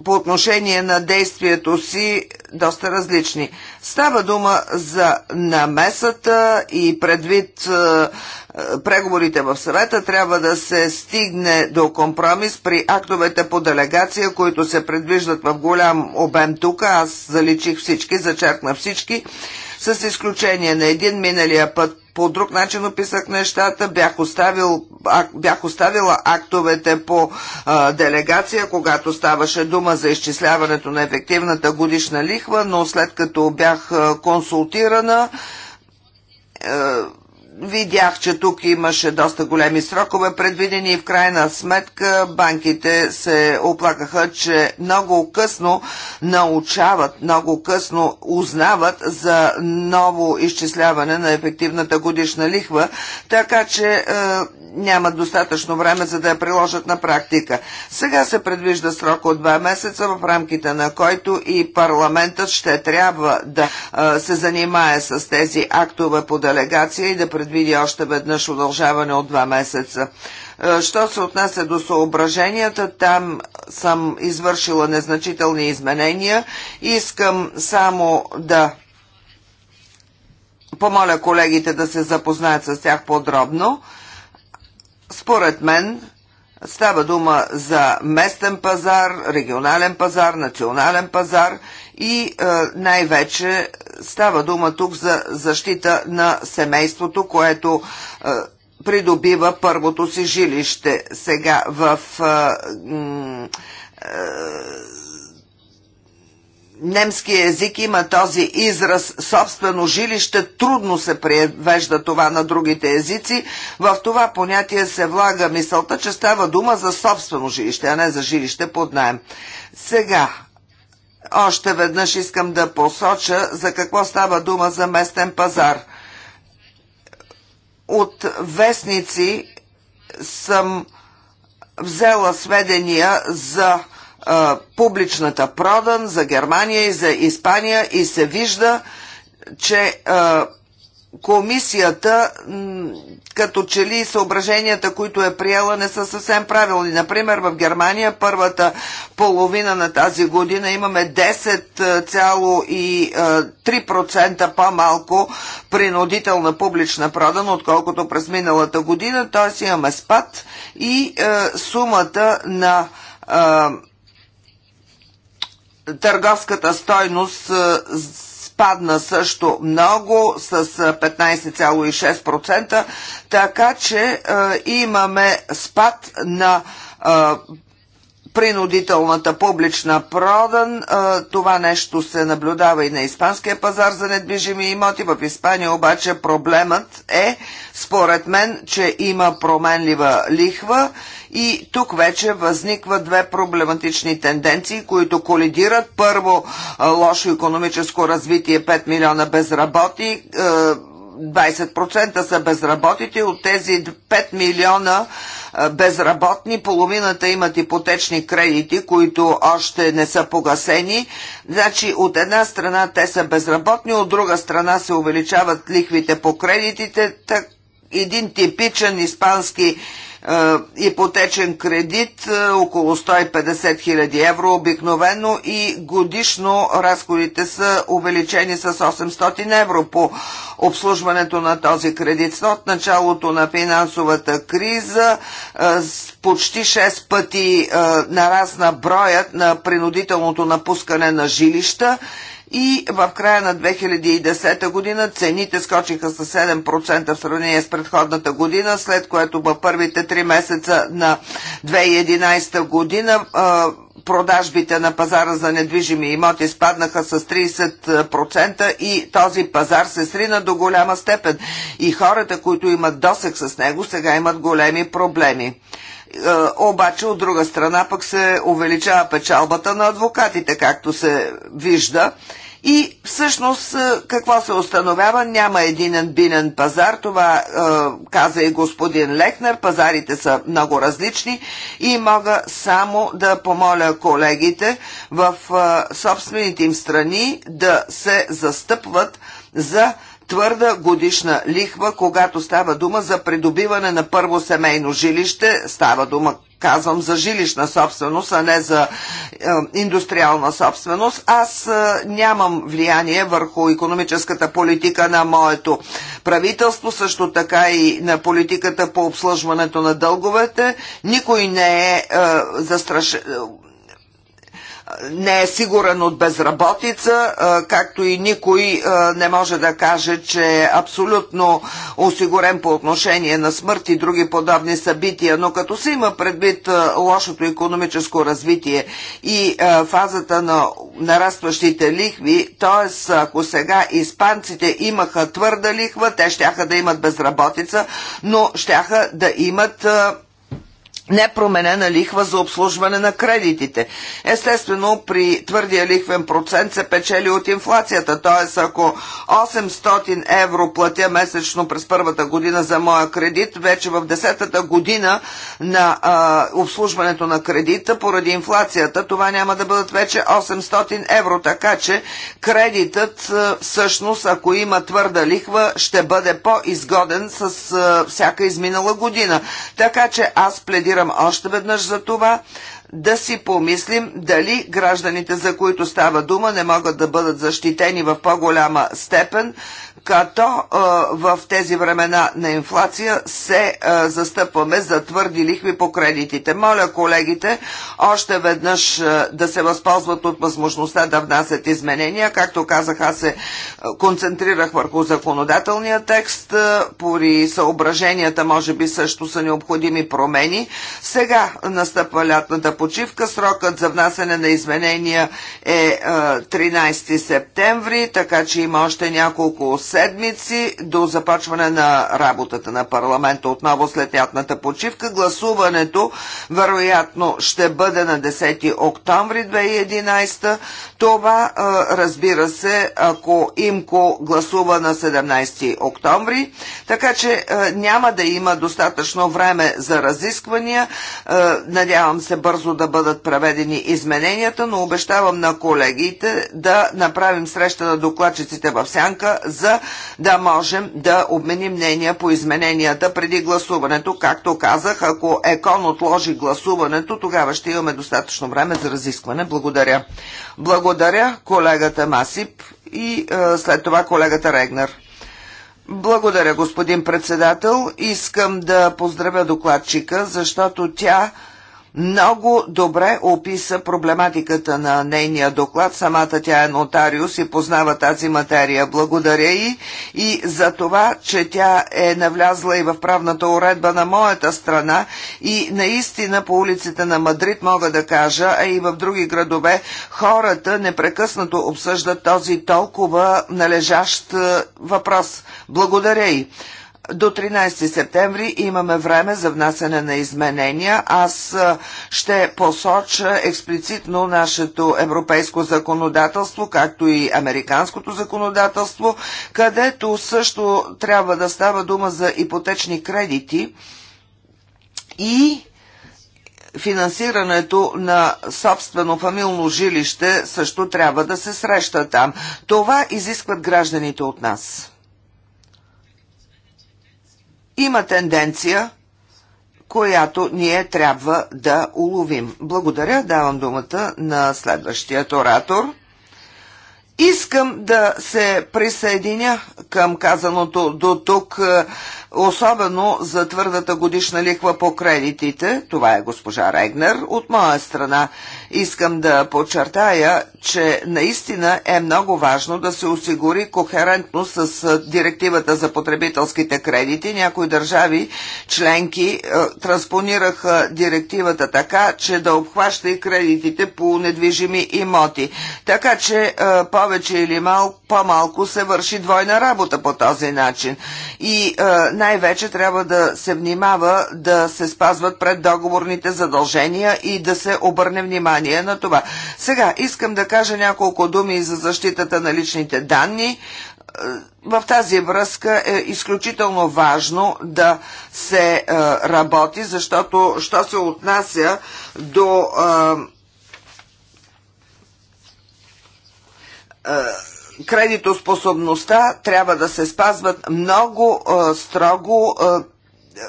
по отношение на действието си доста различни. Става дума за намесата и предвид е, е, преговорите в съвета трябва да се стигне до компромис при актовете по делегация, които се предвиждат в голям обем тук. Аз заличих всички, зачеркна всички с изключение на един миналия път по друг начин описах нещата, бях, оставил, бях оставила актовете по а, делегация, когато ставаше дума за изчисляването на ефективната годишна лихва, но след като бях консултирана, видях, че тук имаше доста големи срокове предвидени и в крайна сметка банките се оплакаха, че много късно научават, много късно узнават за ново изчисляване на ефективната годишна лихва, така че е, нямат достатъчно време за да я приложат на практика. Сега се предвижда срок от два месеца, в рамките на който и парламентът ще трябва да е, се занимае с тези актове по делегация и да предвижда предвиди още веднъж удължаване от два месеца. Е, що се отнася до съображенията, там съм извършила незначителни изменения. Искам само да помоля колегите да се запознаят с тях подробно. Според мен става дума за местен пазар, регионален пазар, национален пазар – и най-вече става дума тук за защита на семейството, което придобива първото си жилище. Сега в немски език има този израз собствено жилище, трудно се превежда това на другите езици. В това понятие се влага мисълта, че става дума за собствено жилище, а не за жилище под найем. Сега, още веднъж искам да посоча за какво става дума за местен пазар. От вестници съм взела сведения за а, публичната продан за Германия и за Испания и се вижда, че а, комисията, като че ли съображенията, които е приела, не са съвсем правилни. Например, в Германия първата половина на тази година имаме 10,3% е, по-малко принудителна публична продан, отколкото през миналата година, т.е. имаме спад и е, сумата на е, търговската стойност спадна също много с 15,6%, така че имаме спад на принудителната публична продан. Това нещо се наблюдава и на испанския пазар за недвижими имоти. В Испания обаче проблемът е, според мен, че има променлива лихва и тук вече възникват две проблематични тенденции, които колидират. Първо, лошо економическо развитие, 5 милиона безработи, 20% са безработите, от тези 5 милиона безработни, половината имат ипотечни кредити, които още не са погасени. Значи от една страна те са безработни, от друга страна се увеличават лихвите по кредитите. Так, един типичен испански е, ипотечен кредит е, около 150 хиляди евро обикновено и годишно разходите са увеличени с 800 евро по обслужването на този кредит. От началото на финансовата криза е, почти 6 пъти нарасна броят на принудителното напускане на жилища и в края на 2010 година цените скочиха с 7% в сравнение с предходната година, след което във първите 3 месеца на 2011 година продажбите на пазара за недвижими имоти спаднаха с 30% и този пазар се срина до голяма степен и хората, които имат досек с него, сега имат големи проблеми обаче от друга страна пък се увеличава печалбата на адвокатите, както се вижда. И всъщност е, какво се установява? Няма единен бинен пазар, това е, каза и господин Лекнер. пазарите са много различни и мога само да помоля колегите в е, собствените им страни да се застъпват за твърда годишна лихва, когато става дума за придобиване на първо семейно жилище, става дума казвам за жилищна собственост, а не за е, индустриална собственост. Аз е, нямам влияние върху економическата политика на моето правителство, също така и на политиката по обслужването на дълговете. Никой не е, е застрашен не е сигурен от безработица, както и никой не може да каже, че е абсолютно осигурен по отношение на смърт и други подобни събития, но като се има предвид лошото економическо развитие и фазата на нарастващите лихви, т.е. ако сега испанците имаха твърда лихва, те щяха да имат безработица, но щяха да имат непроменена лихва за обслужване на кредитите. Естествено, при твърдия лихвен процент се печели от инфлацията, т.е. ако 800 евро платя месечно през първата година за моя кредит, вече в десетата година на а, обслужването на кредита поради инфлацията, това няма да бъдат вече 800 евро, така че кредитът а, всъщност, ако има твърда лихва, ще бъде по-изгоден с а, всяка изминала година. Така че аз пледирам апелирам още веднъж за това да си помислим дали гражданите, за които става дума, не могат да бъдат защитени в по-голяма степен като в тези времена на инфлация се застъпваме за твърди лихви по кредитите. Моля колегите още веднъж да се възползват от възможността да внасят изменения. Както казах, аз се концентрирах върху законодателния текст. Пори съображенията може би също са необходими промени. Сега настъпва лятната почивка. Срокът за внасене на изменения е 13 септември, така че има още няколко седмици до започване на работата на парламента отново след ятната почивка. Гласуването вероятно ще бъде на 10 октомври 2011. Това разбира се, ако имко гласува на 17 октомври, така че няма да има достатъчно време за разисквания. Надявам се бързо да бъдат преведени измененията, но обещавам на колегите да направим среща на докладчиците в Сянка за да можем да обменим мнения по измененията преди гласуването. Както казах, ако ЕКОН отложи гласуването, тогава ще имаме достатъчно време за разискване. Благодаря. Благодаря колегата Масип и е, след това колегата Регнер. Благодаря, господин председател. Искам да поздравя докладчика, защото тя много добре описа проблематиката на нейния доклад. Самата тя е нотариус и познава тази материя. Благодаря и, и за това, че тя е навлязла и в правната уредба на моята страна и наистина по улиците на Мадрид мога да кажа, а и в други градове, хората непрекъснато обсъждат този толкова належащ въпрос. Благодаря и. До 13 септември имаме време за внасяне на изменения. Аз ще посоча експлицитно нашето европейско законодателство, както и американското законодателство, където също трябва да става дума за ипотечни кредити и финансирането на собствено фамилно жилище също трябва да се среща там. Това изискват гражданите от нас има тенденция, която ние трябва да уловим. Благодаря, давам думата на следващият оратор. Искам да се присъединя към казаното до тук особено за твърдата годишна лихва по кредитите. Това е госпожа Регнер. От моя страна искам да подчертая, че наистина е много важно да се осигури кохерентно с директивата за потребителските кредити. Някои държави членки транспонираха директивата така, че да обхваща и кредитите по недвижими имоти. Така че повече или по-малко се върши двойна работа по този начин. И най-вече трябва да се внимава да се спазват пред договорните задължения и да се обърне внимание на това. Сега искам да кажа няколко думи за защитата на личните данни. Е, в тази връзка е изключително важно да се е, работи, защото що се отнася до е, кредитоспособността трябва да се спазват много а, е, строго а, е,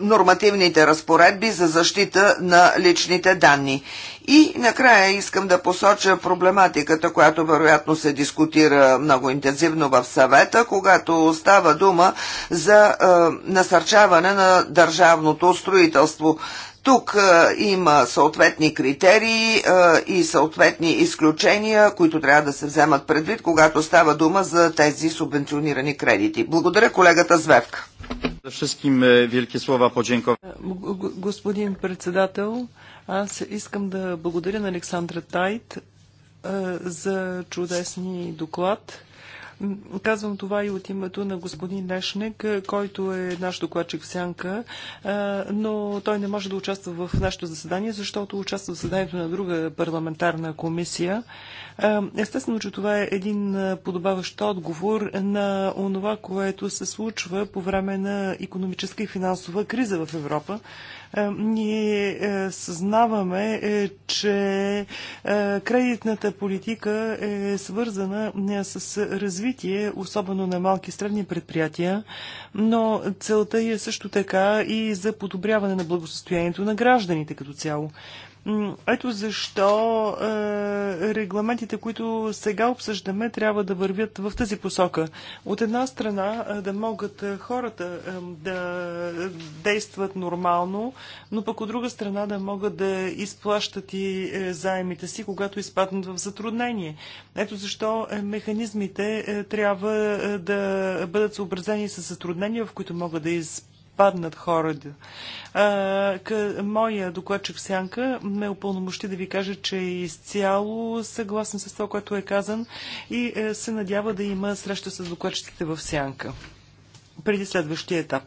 нормативните разпоредби за защита на личните данни. И накрая искам да посоча проблематиката, която вероятно се дискутира много интензивно в съвета, когато става дума за а, е, насърчаване на държавното строителство. Тук а, има съответни критерии а, и съответни изключения, които трябва да се вземат предвид, когато става дума за тези субвенционирани кредити. Благодаря колегата Звевка. Е, е, господин председател, аз искам да благодаря на Александра Тайт е, за чудесни доклад. Казвам това и от името на господин Лешник, който е наш докладчик в Сянка, но той не може да участва в нашето заседание, защото участва в заседанието на друга парламентарна комисия. Естествено, че това е един подобаващ отговор на онова, което се случва по време на економическа и финансова криза в Европа. Е, ние е, съзнаваме, е, че кредитната политика е свързана с развитие, особено на малки и средни предприятия, но целта е също така и за подобряване на благосостоянието на гражданите като цяло. Ето защо е, регламентите, които сега обсъждаме, трябва да вървят в тази посока. От една страна е, да могат е, хората да действат нормално, но пък от друга страна да могат да изплащат и заемите си, когато изпаднат в затруднение. Ето защо механизмите трябва да бъдат съобразени с затруднения, в които могат да изплащат паднат хората. Моя докладчик Сянка ме опълномощи да ви кажа, че е изцяло съгласен с това, което е казан и е, се надява да има среща с докладчиците в Сянка преди следващия етап.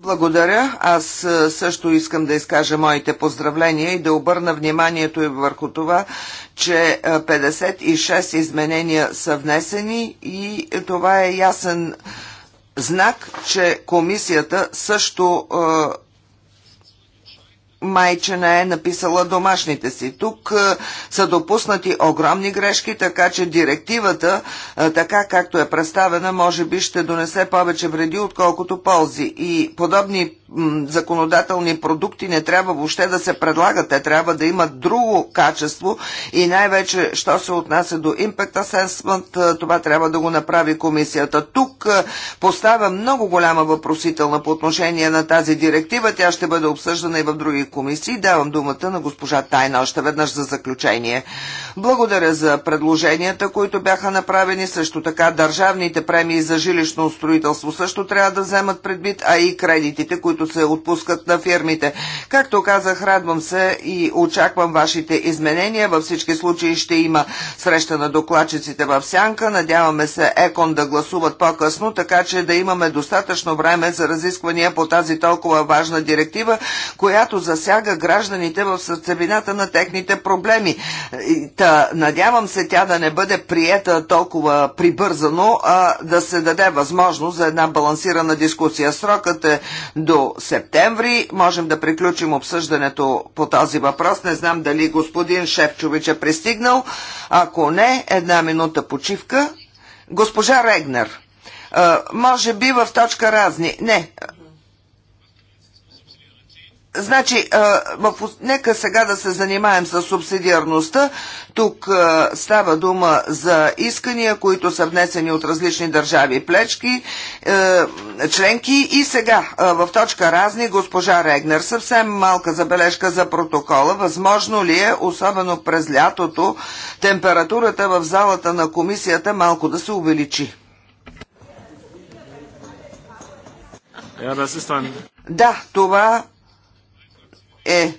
Благодаря. Аз е, също искам да изкажа моите поздравления и да обърна вниманието и върху това, че 56 изменения са внесени и това е ясен знак, че комисията също е, майчина е написала домашните си. Тук е, са допуснати огромни грешки, така че директивата, е, така както е представена, може би ще донесе повече вреди, отколкото ползи. И подобни законодателни продукти не трябва въобще да се предлагат. Те трябва да имат друго качество и най-вече, що се отнася до Impact Assessment, е, това трябва да го направи комисията. Тук поставя много голяма въпросителна по отношение на тази директива. Тя ще бъде обсъждана и в други комисии. Давам думата на госпожа Тайна още веднъж за заключение. Благодаря за предложенията, които бяха направени. Също така държавните премии за жилищно строителство също трябва да вземат предвид, а и кредитите, които се отпускат на фирмите. Както казах, радвам се и очаквам вашите изменения. Във всички случаи ще има среща на докладчиците в Сянка. Надяваме се ЕКОН да гласуват по-късно, така че да имаме достатъчно време за разисквания по тази толкова важна директива, която за засяга гражданите в сърцевината на техните проблеми. Та, надявам се тя да не бъде приета толкова прибързано, а да се даде възможност за една балансирана дискусия. Срокът е до септември. Можем да приключим обсъждането по този въпрос. Не знам дали господин Шепчович е пристигнал. Ако не, една минута почивка. Госпожа Регнер, може би в точка разни. Не, Значи, нека сега да се занимаем с субсидиарността. Тук става дума за искания, които са внесени от различни държави плечки, е, членки. И сега, в точка разни, госпожа Регнер, съвсем малка забележка за протокола. Възможно ли е, особено през лятото, температурата в залата на комисията малко да се увеличи? Да, това е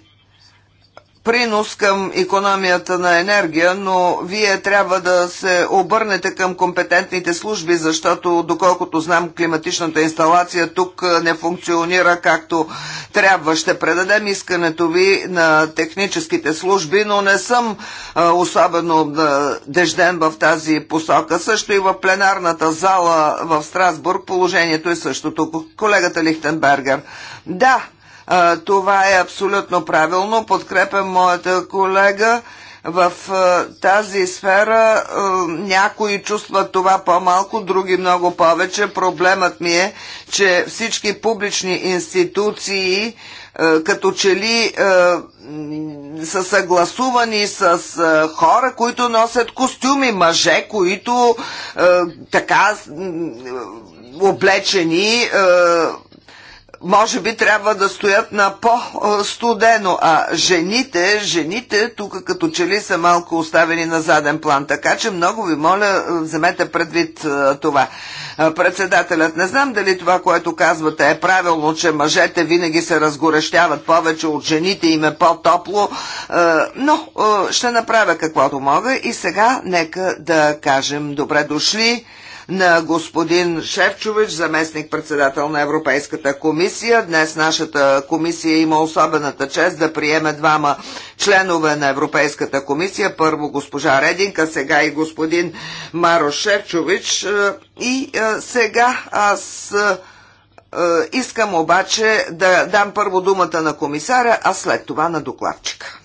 принос към економията на енергия, но вие трябва да се обърнете към компетентните служби, защото доколкото знам климатичната инсталация тук не функционира както трябва. Ще предадем искането ви на техническите служби, но не съм а, особено дежден в тази посока. Също и в пленарната зала в Страсбург положението е същото. Колегата Лихтенбергер. Да, това е абсолютно правилно. Подкрепям моята колега. В тази сфера някои чувстват това по-малко, други много повече. Проблемът ми е, че всички публични институции като че ли е, са съгласувани с е, хора, които носят костюми, мъже, които е, така облечени може би трябва да стоят на по-студено, а жените, жените тук като че ли са малко оставени на заден план, така че много ви моля, е, вземете предвид е, това. Е, председателят, не знам дали това, което казвате е правилно, че мъжете винаги се разгорещяват повече от жените, им е по-топло, но ще направя каквото мога и сега нека да кажем добре дошли на господин Шевчович, заместник-председател на Европейската комисия. Днес нашата комисия има особената чест да приеме двама членове на Европейската комисия. Първо госпожа Рединка, сега и господин Маро Шевчович. Е, и е, сега аз е, искам обаче да дам първо думата на комисаря, а след това на докладчика.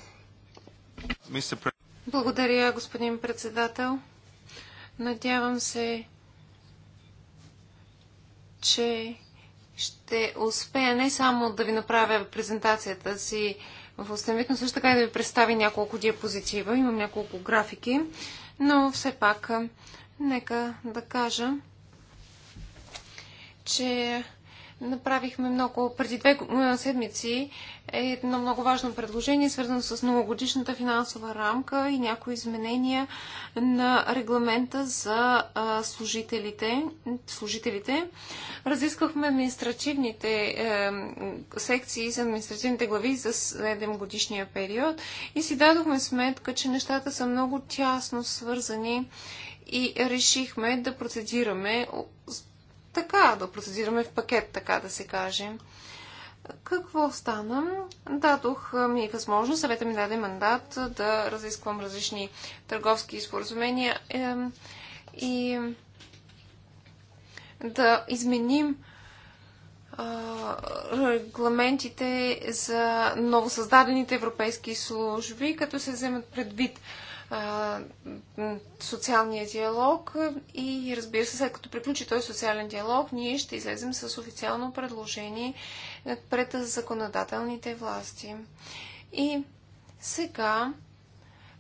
Благодаря, господин председател. Надявам се, че ще успея не само да ви направя презентацията си в устен но също така и да ви представя няколко диапозитива. Имам няколко графики, но все пак нека да кажа, че направихме много, преди две седмици, едно много важно предложение, свързано с многогодишната финансова рамка и някои изменения на регламента за служителите. служителите. Разисквахме административните е, секции за административните глави за 7 годишния период и си дадохме сметка, че нещата са много тясно свързани и решихме да процедираме така, да процедираме в пакет, така да се каже. Какво стана? Дадох ми възможност, съвета ми даде мандат да разисквам различни търговски споразумения е, и да изменим регламентите за новосъздадените европейски служби, като се вземат предвид социалния диалог и разбира се, след като приключи този социален диалог, ние ще излезем с официално предложение пред законодателните власти. И сега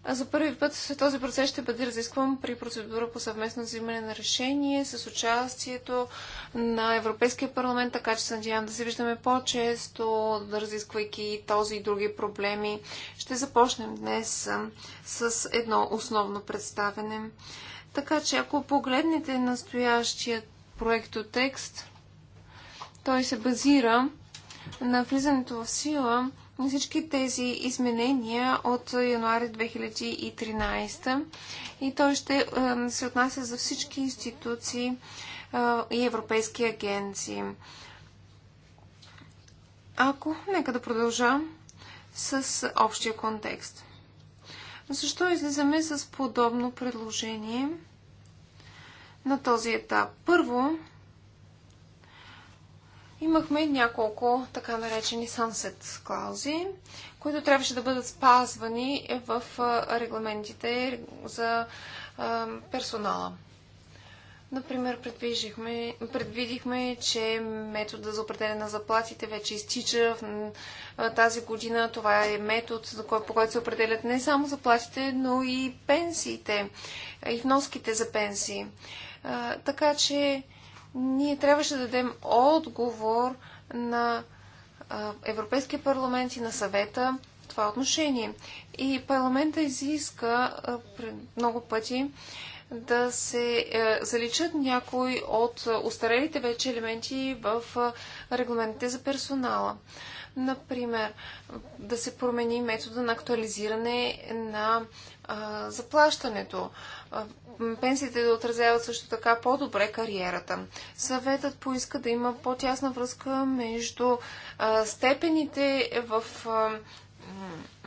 а за първи път този процес ще бъде разискван при процедура по съвместно взимане на решение с участието на Европейския парламент, така че се надявам да се виждаме по-често, да разисквайки този и други проблеми. Ще започнем днес с едно основно представене. Така че ако погледнете настоящият проектотекст, той се базира на влизането в сила на всички тези изменения от януари 2013 и той ще е, се отнася за всички институции е, и европейски агенции. Ако, нека да продължа с общия контекст. Защо излизаме с подобно предложение на този етап? Първо, имахме няколко така наречени sunset клаузи, които трябваше да бъдат спазвани в регламентите за персонала. Например, предвидихме, че метода за определяне на заплатите вече изтича в тази година. Това е метод, по който се определят не само заплатите, но и пенсиите и вноските за пенсии. Така че ние трябваше да дадем отговор на Европейския парламент и на съвета в това отношение. И парламента изиска много пъти да се е, заличат някои от устарелите вече елементи в регламентите за персонала. Например, да се промени метода на актуализиране на а, заплащането. А, пенсиите да отразяват също така по-добре кариерата. Съветът поиска да има по-тясна връзка между а, степените в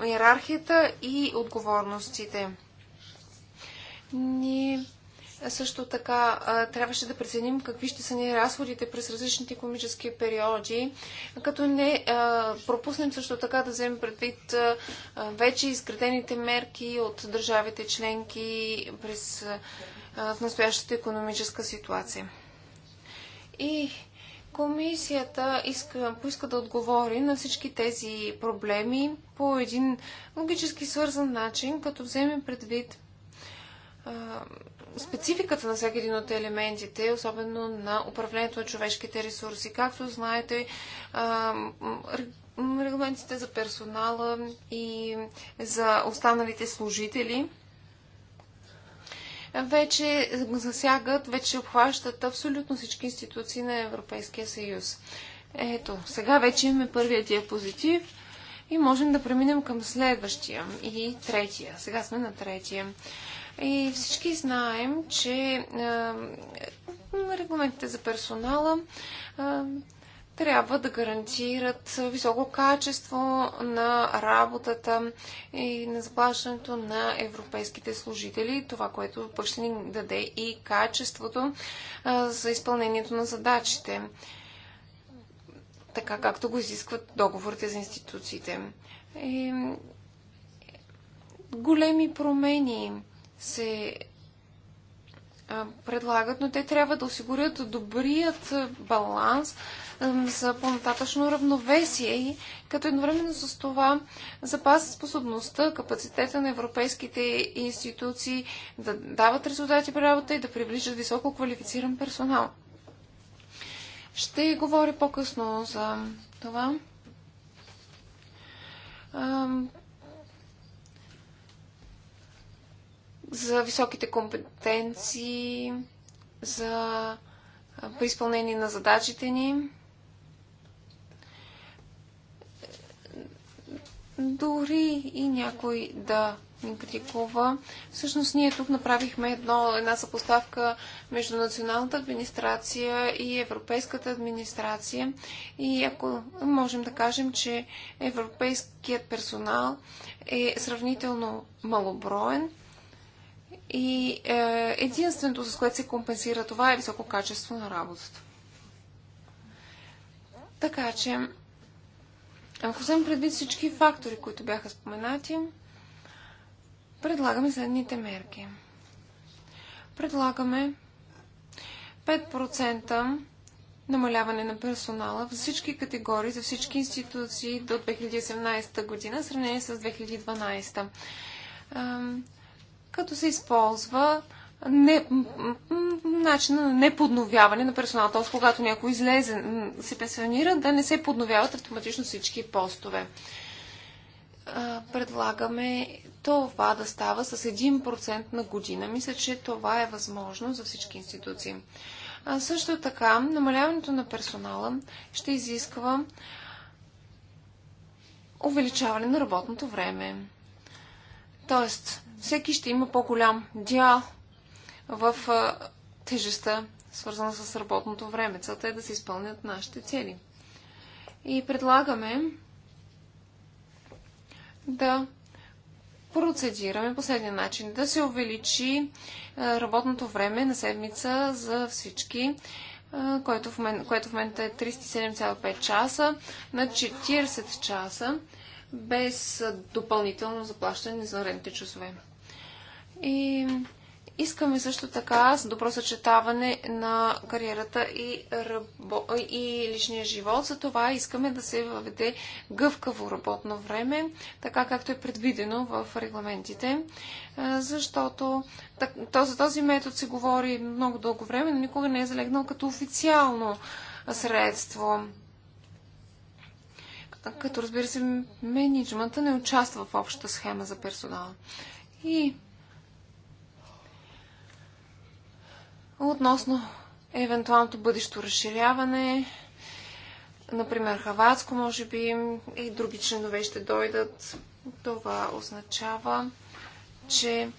иерархията и отговорностите. Ние също така трябваше да преценим какви ще са ни разходите през различните економически периоди, като не пропуснем също така да вземем предвид вече изградените мерки от държавите членки през в настоящата економическа ситуация. И комисията иска, поиска да отговори на всички тези проблеми по един логически свързан начин, като вземе предвид спецификата на всеки един от елементите, особено на управлението на човешките ресурси. Както знаете, регламентите за персонала и за останалите служители вече засягат, вече обхващат абсолютно всички институции на Европейския съюз. Ето, сега вече имаме първия диапозитив и можем да преминем към следващия и третия. Сега сме на третия. И всички знаем, че регламентите за персонала трябва да гарантират високо качество на работата и на заплащането на европейските служители. Това, което пък ще ни даде и качеството а, за изпълнението на задачите, така както го изискват договорите за институциите. И, големи промени се предлагат, но те трябва да осигурят добрият баланс за по-нататъчно равновесие и като едновременно с това запазят способността, капацитета на европейските институции да дават резултати при работа и да приближат високо квалифициран персонал. Ще говоря по-късно за това. за високите компетенции, за при изпълнение на задачите ни. Дори и някой да ни критикува. Всъщност ние тук направихме едно, една съпоставка между националната администрация и европейската администрация. И ако можем да кажем, че европейският персонал е сравнително малоброен, и е, единственото, с което се компенсира това, е високо качество на работата. Така че, ако вземем предвид всички фактори, които бяха споменати, предлагаме следните мерки. Предлагаме 5% намаляване на персонала за всички категории, за всички институции до 2017 година, сравнение с 2012 като се използва не, начина на неподновяване на персонал. Т.е. когато някой излезе, се пенсионира, да не се подновяват автоматично всички постове. Предлагаме това да става с 1% на година. Мисля, че това е възможно за всички институции. А също така, намаляването на персонала ще изисква увеличаване на работното време. Тоест, всеки ще има по-голям дял в тежеста, свързана с работното време. Целта е да се изпълнят нашите цели. И предлагаме да процедираме последния начин. Да се увеличи работното време на седмица за всички, което в, мен, което в момента е 37,5 часа на 40 часа без допълнително заплащане за редните часове. И искаме също така с добро съчетаване на кариерата и, рабо... и личния живот. За това искаме да се въведе гъвкаво работно време, така както е предвидено в регламентите, е, защото този, този метод се говори много дълго време, но никога не е залегнал като официално средство като разбира се, менеджмента не участва в общата схема за персонала. И Относно евентуалното бъдещо разширяване, например Хаватско, може би и други членове ще дойдат. Това означава, че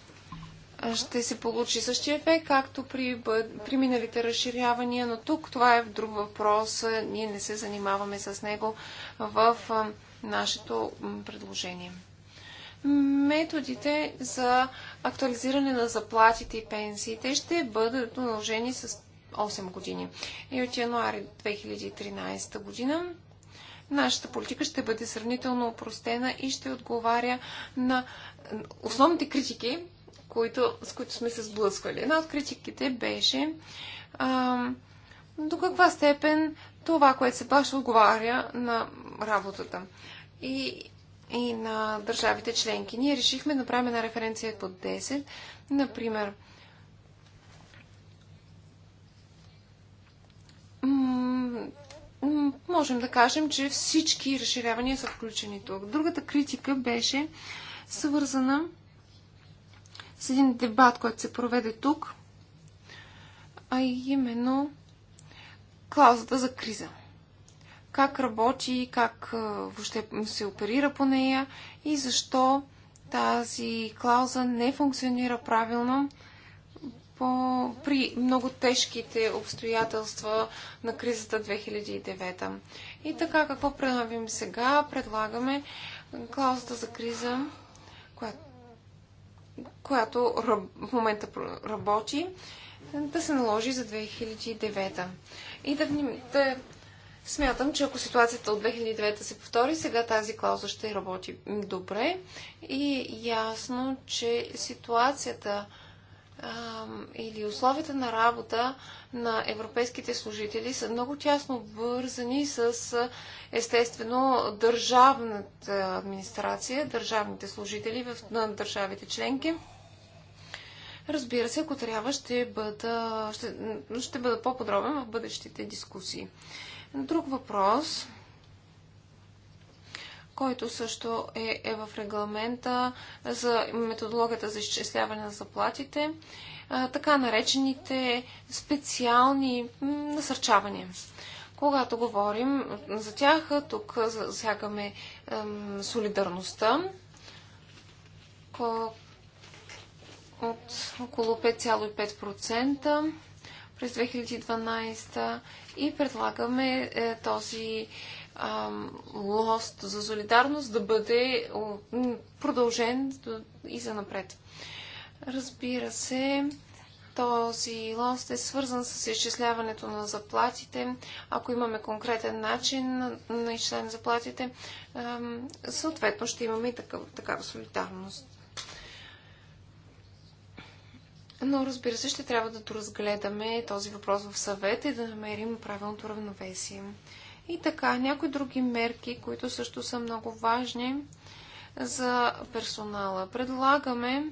ще се получи същия ефект, както при, бъд... при миналите разширявания, но тук това е друг въпрос. Ние не се занимаваме с него в нашето предложение методите за актуализиране на заплатите и пенсиите ще бъдат удължени с 8 години. И от януари 2013 година нашата политика ще бъде сравнително упростена и ще отговаря на основните критики, които, с които сме се сблъсквали. Една от критиките беше а, до каква степен това, което се плаща, отговаря на работата. И и на държавите членки. Ние решихме да направим една референция по 10. Например, можем да кажем, че всички разширявания са включени тук. Другата критика беше свързана с един дебат, който се проведе тук, а именно клаузата за криза как работи, как въобще се оперира по нея и защо тази клауза не функционира правилно по, при много тежките обстоятелства на кризата 2009. И така, какво правим сега? Предлагаме клаузата за криза, която, която в момента работи, да се наложи за 2009. И да, да Смятам, че ако ситуацията от 2009 се повтори, сега тази клауза ще работи добре и ясно, че ситуацията а, или условията на работа на европейските служители са много тясно вързани с естествено държавната администрация, държавните служители в, на държавите членки. Разбира се, ако трябва, ще бъда, ще, ще бъда по-подробен в бъдещите дискусии. Друг въпрос, който също е, е в регламента за методологията за изчисляване на заплатите, така наречените специални насърчавания. Когато говорим за тях, тук засягаме солидарността от около 5,5% през 2012 и предлагаме е, този лост за солидарност да бъде продължен и за напред. Разбира се, този лост е свързан с изчисляването на заплатите. Ако имаме конкретен начин на изчисляване на заплатите, съответно ще имаме и такава солидарност. Но разбира се, ще трябва да разгледаме този въпрос в съвет и да намерим правилното равновесие. И така, някои други мерки, които също са много важни за персонала. Предлагаме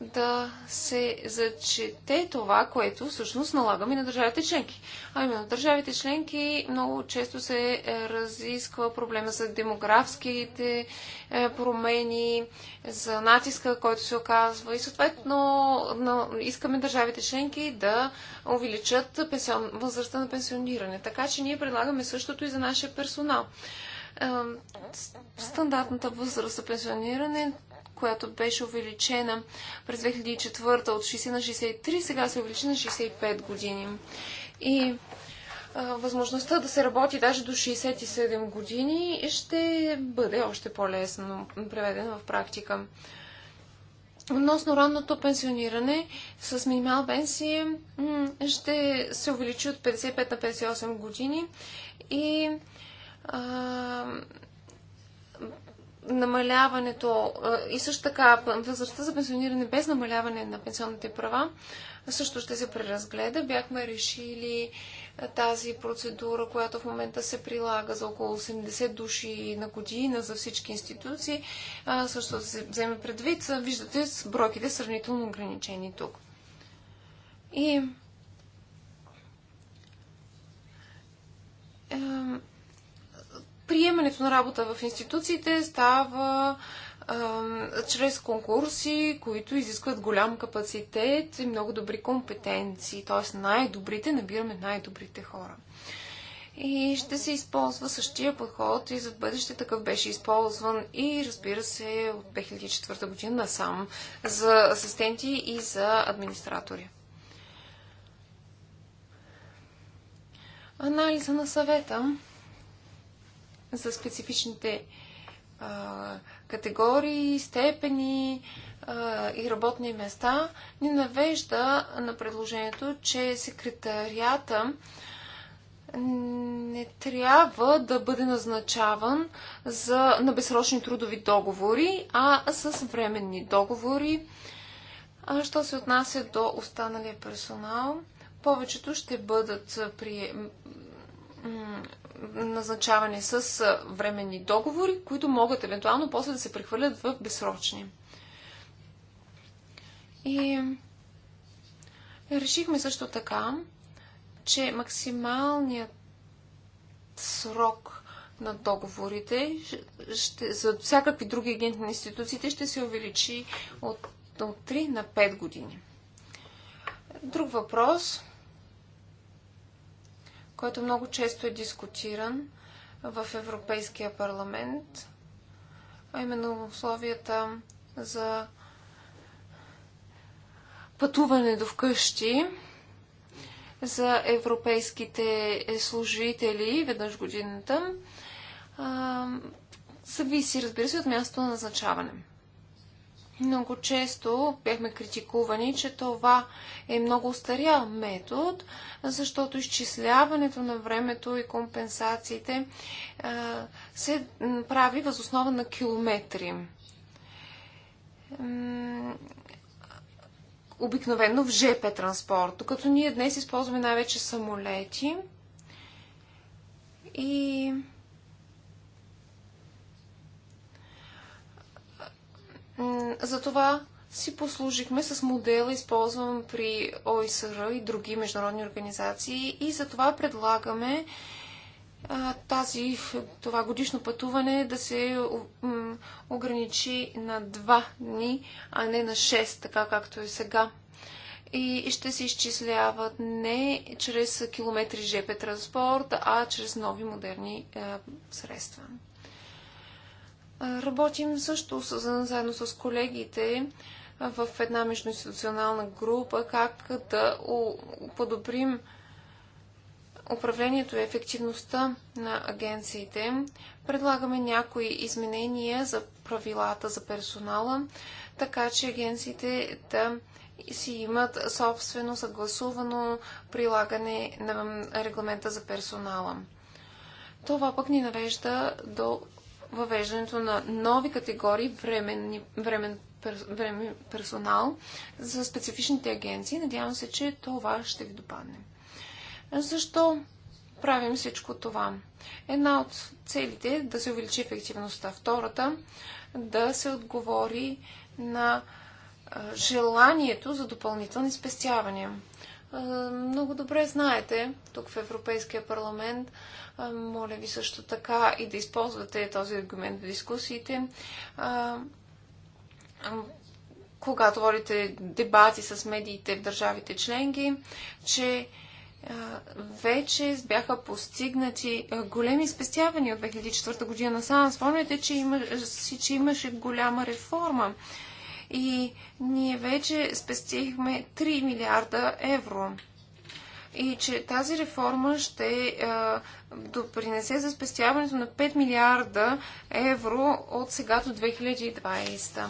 да се зачете това, което всъщност налагаме на държавите членки. А именно, държавите членки много често се е, разисква проблема за демографските е, промени, за натиска, който се оказва и съответно искаме държавите членки да увеличат пенсион, възрастта на пенсиониране. Така че ние предлагаме същото и за нашия персонал стандартната възраст за пенсиониране която беше увеличена през 2004 от 60 на 63, сега се увеличи на 65 години. И възможността да се работи даже до 67 години ще бъде още по-лесно преведена в практика. Относно ранното пенсиониране с минимал пенсия ще се увеличи от 55 на 58 години и намаляването и също така възрастта за пенсиониране без намаляване на пенсионните права също ще се преразгледа. Бяхме решили тази процедура, която в момента се прилага за около 80 души на година за всички институции, също да се вземе предвид. Виждате, бройките сравнително ограничени тук. И приемането на работа в институциите става а, чрез конкурси, които изискват голям капацитет и много добри компетенции. Т.е. най-добрите набираме най-добрите хора. И ще се използва същия подход и за бъдеще такъв беше използван и разбира се от 2004 година насам за асистенти и за администратори. Анализа на съвета за специфичните а, категории, степени а, и работни места, ни навежда на предложението, че секретарията не трябва да бъде назначаван за, на безсрочни трудови договори, а с временни договори. А, що се отнася до останалия персонал, повечето ще бъдат при, назначавани с временни договори, които могат евентуално после да се прехвърлят в безсрочни. И решихме също така, че максималният срок на договорите ще, за всякакви други агенти на институциите ще се увеличи от, от 3 на 5 години. Друг въпрос който много често е дискутиран в Европейския парламент, а именно условията за пътуване до вкъщи за европейските служители веднъж годината. А, зависи, разбира се, от място на назначаване. Много често бяхме критикувани, че това е много старял метод, защото изчисляването на времето и компенсациите се прави възоснова на километри. Обикновено в ЖП транспорт, докато ние днес използваме най-вече самолети и Затова си послужихме с модела, използван при ОИСР и други международни организации и затова предлагаме тази, това годишно пътуване да се ограничи на два дни, а не на 6, така както е сега. И ще се изчисляват не чрез километри ЖП транспорт, а чрез нови модерни средства. Работим също заедно с колегите в една междуинституционална група как да подобрим управлението и ефективността на агенциите. Предлагаме някои изменения за правилата за персонала, така че агенциите да си имат собствено съгласувано прилагане на регламента за персонала. Това пък ни навежда до въвеждането на нови категории временни, времен, пер, времен персонал за специфичните агенции. Надявам се, че това ще ви допадне. Защо правим всичко това? Една от целите е да се увеличи ефективността. Втората да се отговори на желанието за допълнителни спестявания. Много добре знаете тук в Европейския парламент моля ви също така и да използвате този аргумент в дискусиите. Когато водите дебати с медиите в държавите членки, че вече бяха постигнати големи спестявания от 2004 година Само Спомняте, че, има, че имаше голяма реформа и ние вече спестихме 3 милиарда евро и че тази реформа ще е, допринесе за спестяването на 5 милиарда евро от сега до 2020.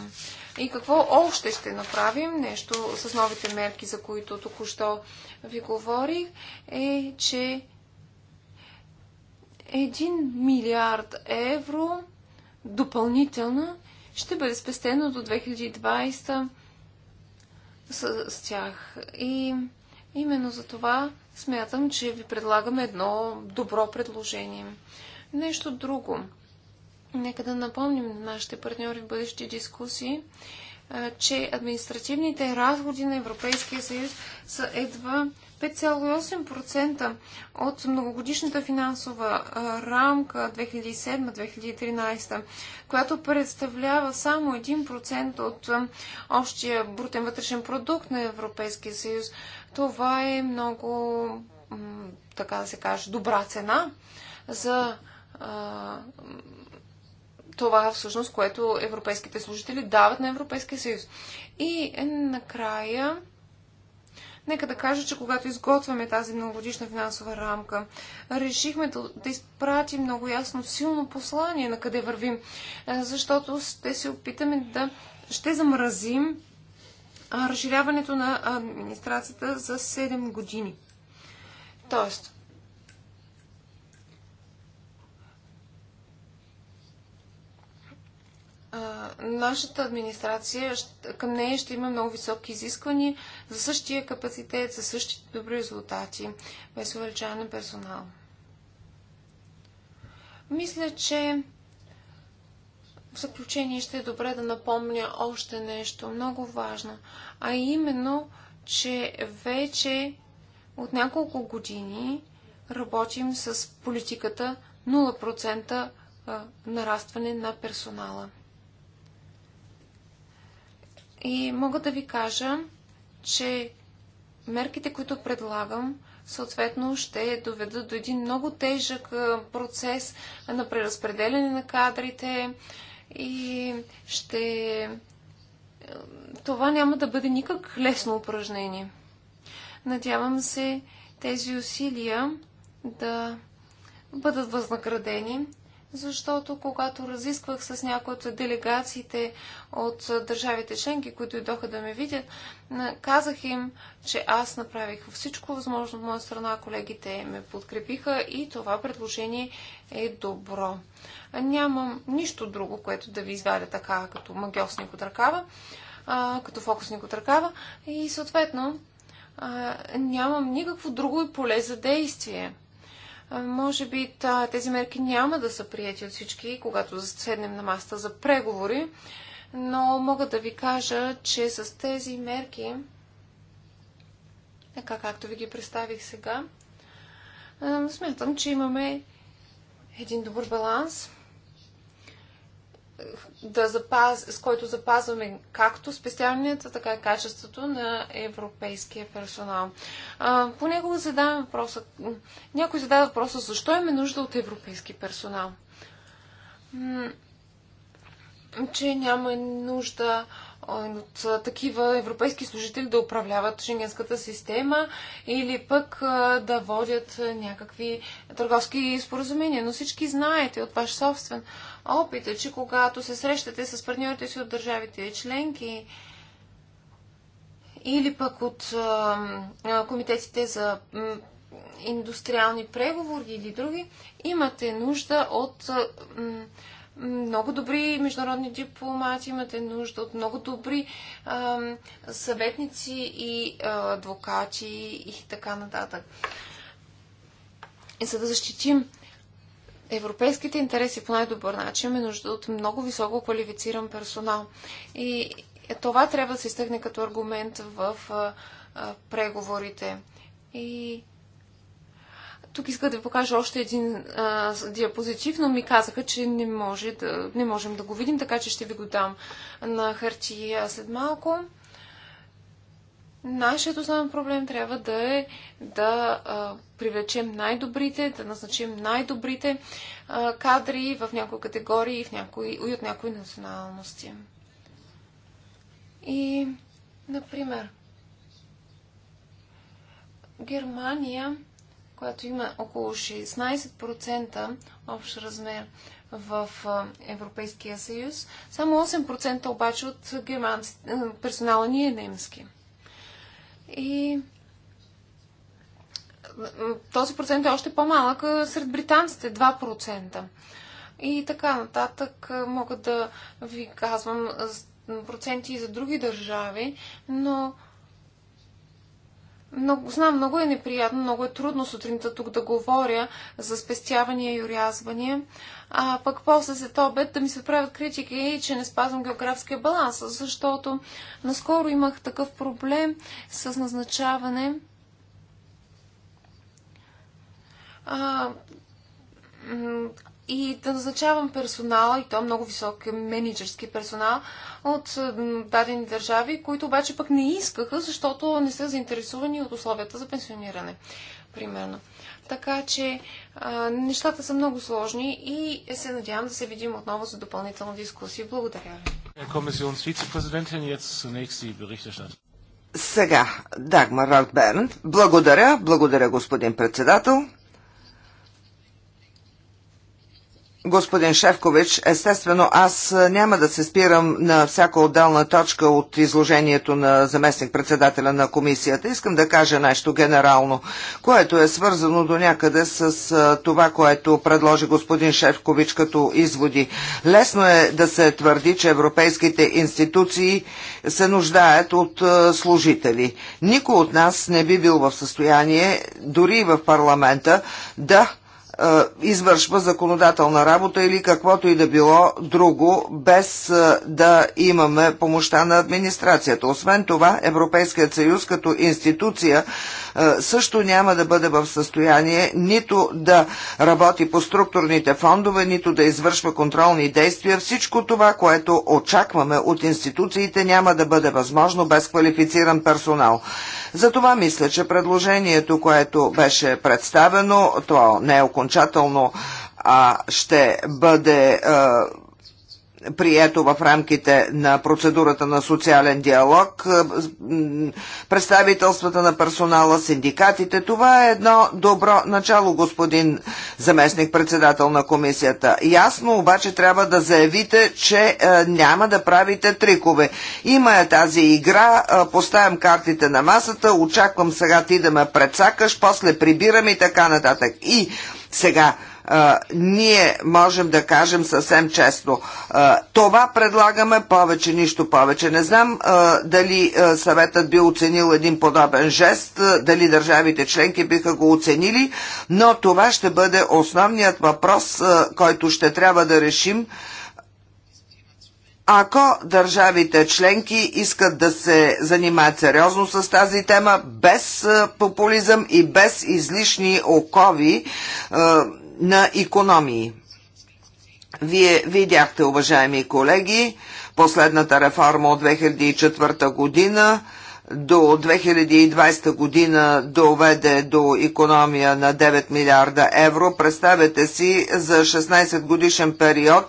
И какво още ще направим, нещо с новите мерки, за които току-що ви говорих, е, че 1 милиард евро допълнителна ще бъде спестено до 2020 с, с тях. И Именно за това смятам, че ви предлагаме едно добро предложение. Нещо друго. Нека да напомним на нашите партньори в бъдещи дискусии, че административните разходи на Европейския съюз са едва 5,8% от многогодишната финансова рамка 2007-2013, която представлява само 1% от общия брутен вътрешен продукт на Европейския съюз. Това е много, така да се каже, добра цена за а, това всъщност, което европейските служители дават на Европейския съюз. И накрая, нека да кажа, че когато изготвяме тази многогодишна финансова рамка, решихме да, да изпратим много ясно, силно послание на къде вървим, защото ще се опитаме да ще замразим разширяването на администрацията за 7 години. Тоест, нашата администрация, към нея ще има много високи изисквания за същия капацитет, за същите добри резултати, без увеличаване на персонал. Мисля, че в заключение ще е добре да напомня още нещо много важно, а именно, че вече от няколко години работим с политиката 0% нарастване на персонала. И мога да ви кажа, че мерките, които предлагам, съответно ще доведат до един много тежък процес на преразпределяне на кадрите, и ще... Това няма да бъде никак лесно упражнение. Надявам се тези усилия да бъдат възнаградени защото когато разисквах с някои от делегациите от държавите членки, които идоха да ме видят, казах им, че аз направих всичко възможно от моя страна. Колегите ме подкрепиха и това предложение е добро. Нямам нищо друго, което да ви извадя така като магиосник от ръкава, като фокусник от ръкава и съответно нямам никакво друго и поле за действие. Може би тези мерки няма да са прияти от всички, когато седнем на маста за преговори, но мога да ви кажа, че с тези мерки, така както ви ги представих сега, смятам, че имаме един добър баланс да запаз, с който запазваме както спестяванията, така и качеството на европейския персонал. А, понякога задавам въпроса, някой задава въпроса, защо имаме нужда от европейски персонал? М- че няма нужда от такива европейски служители да управляват шенгенската система или пък да водят някакви търговски споразумения. Но всички знаете от ваш собствен опита, че когато се срещате с партньорите си от държавите членки или пък от комитетите за индустриални преговори или други, имате нужда от много добри международни дипломати, имате нужда от много добри а, съветници и а, адвокати и така нататък. И за да защитим европейските интереси по най-добър начин е нужда от много високо квалифициран персонал. И това трябва да се изтъкне като аргумент в а, а, преговорите. И тук иска да ви покажа още един а, диапозитив, но ми казаха, че не, може да, не можем да го видим, така че ще ви го дам на хартия след малко. Нашият основен проблем трябва да е да а, привлечем най-добрите, да назначим най-добрите кадри в някои категории в някои, и от някои националности. И, например, Германия, която има около 16% общ размер в Европейския съюз, само 8% обаче от персонала ни е немски. И този процент е още по-малък сред британците 2%. И така нататък мога да ви казвам проценти и за други държави, но много, знам, много е неприятно, много е трудно сутринта тук да говоря за спестявания и урязвания, а пък после след обед да ми се правят критики, че не спазвам географския баланс, защото наскоро имах такъв проблем с назначаване. А, и да назначавам персонал, и то много висок менеджерски персонал от дадени държави, които обаче пък не искаха, защото не са заинтересувани от условията за пенсиониране, примерно. Така че а, нещата са много сложни и се надявам да се видим отново за допълнителна дискусия. Благодаря ви. Сега, Дагмар Ротберн. Благодаря, благодаря господин председател. господин Шевкович. Естествено, аз е, няма да се спирам на всяка отделна точка от изложението на заместник-председателя на комисията. Искам да кажа нещо генерално, което е свързано до някъде с е, това, което предложи господин Шевкович като изводи. Лесно е да се твърди, че европейските институции се нуждаят от е, служители. Никой от нас не би бил в състояние, дори в парламента, да е, извършва законодателна работа или каквото и да било друго, без е, да имаме помощта на администрацията. Освен това, Европейският съюз като институция е, също няма да бъде в състояние нито да работи по структурните фондове, нито да извършва контролни действия. Всичко това, което очакваме от институциите, няма да бъде възможно без квалифициран персонал. Затова мисля, че предложението, което беше представено, то не е окончателно окончателно, а ще бъде прието в рамките на процедурата на социален диалог, е, представителствата на персонала, синдикатите. Това е едно добро начало, господин заместник председател на комисията. Ясно обаче трябва да заявите, че е, няма да правите трикове. Има е тази игра, е, поставям картите на масата, очаквам сега ти да ме предсакаш, после прибирам и така нататък. И сега ние можем да кажем съвсем честно, това предлагаме повече, нищо повече. Не знам дали съветът би оценил един подобен жест, дали държавите членки биха го оценили, но това ще бъде основният въпрос, който ще трябва да решим. Ако държавите членки искат да се занимаят сериозно с тази тема, без популизъм и без излишни окови, на економии. Вие видяхте, уважаеми колеги, последната реформа от 2004 година до 2020 година доведе до економия на 9 милиарда евро. Представете си за 16 годишен период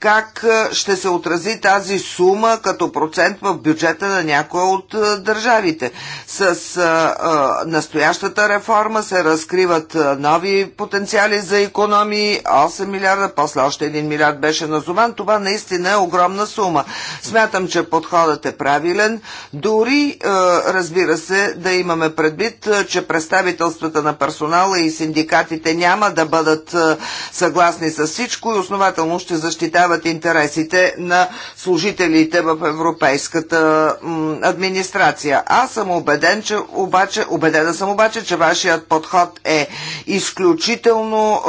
как е, ще се отрази тази сума като процент в бюджета на някоя от е, държавите. С е, настоящата реформа се разкриват нови потенциали за економии, 8 милиарда, после още 1 милиард беше назован. Това наистина е огромна сума. Смятам, че подходът е правилен. Дори, разбира се, да имаме предвид, че представителствата на персонала и синдикатите няма да бъдат съгласни с всичко и основателно ще защитават защитават интересите на служителите в европейската администрация. Аз съм убеден, че обаче, убедена съм обаче, че вашият подход е изключително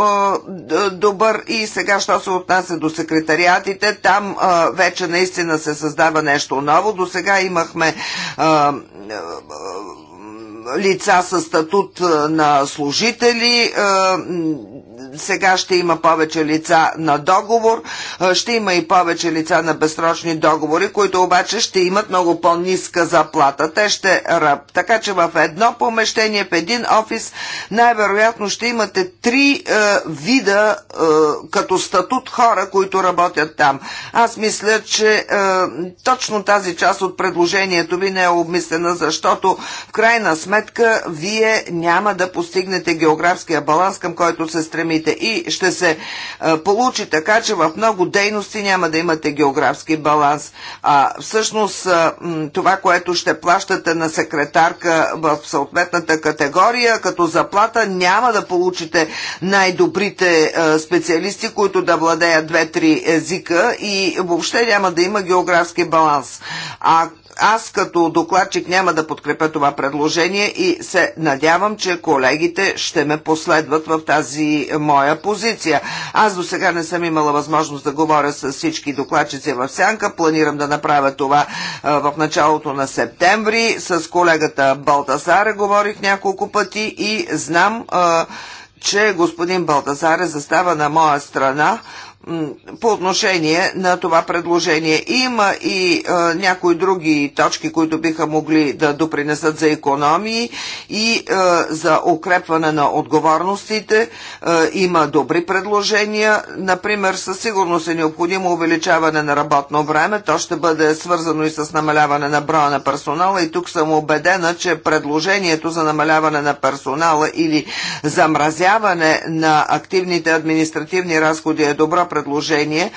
е, добър и сега, що се отнася до секретариатите, там е, вече наистина се създава нещо ново. До сега имахме е, лица с статут на служители, сега ще има повече лица на договор, ще има и повече лица на безсрочни договори, които обаче ще имат много по-ниска заплата. Те ще ръб. Така че в едно помещение, в един офис, най-вероятно ще имате три е, вида е, като статут хора, които работят там. Аз мисля, че е, точно тази част от предложението ви не е обмислена, защото в крайна сметка вие няма да постигнете географския баланс, към който се стремите програмите и ще се е, получи така, че в много дейности няма да имате географски баланс. А всъщност е, това, което ще плащате на секретарка в съответната категория, като заплата няма да получите най-добрите е, специалисти, които да владеят две-три езика и въобще няма да има географски баланс. А аз като докладчик няма да подкрепя това предложение и се надявам, че колегите ще ме последват в тази моя позиция. Аз до сега не съм имала възможност да говоря с всички докладчици в Сянка. Планирам да направя това в началото на септември. С колегата Балтасара говорих няколко пъти и знам, че господин Балтазаре застава на моя страна, по отношение на това предложение. Има и а, някои други точки, които биха могли да допринесат за економии и а, за укрепване на отговорностите. А, има добри предложения. Например, със сигурност е необходимо увеличаване на работно време. То ще бъде свързано и с намаляване на броя на персонала. И тук съм убедена, че предложението за намаляване на персонала или замразяване на активните административни разходи е добро предложение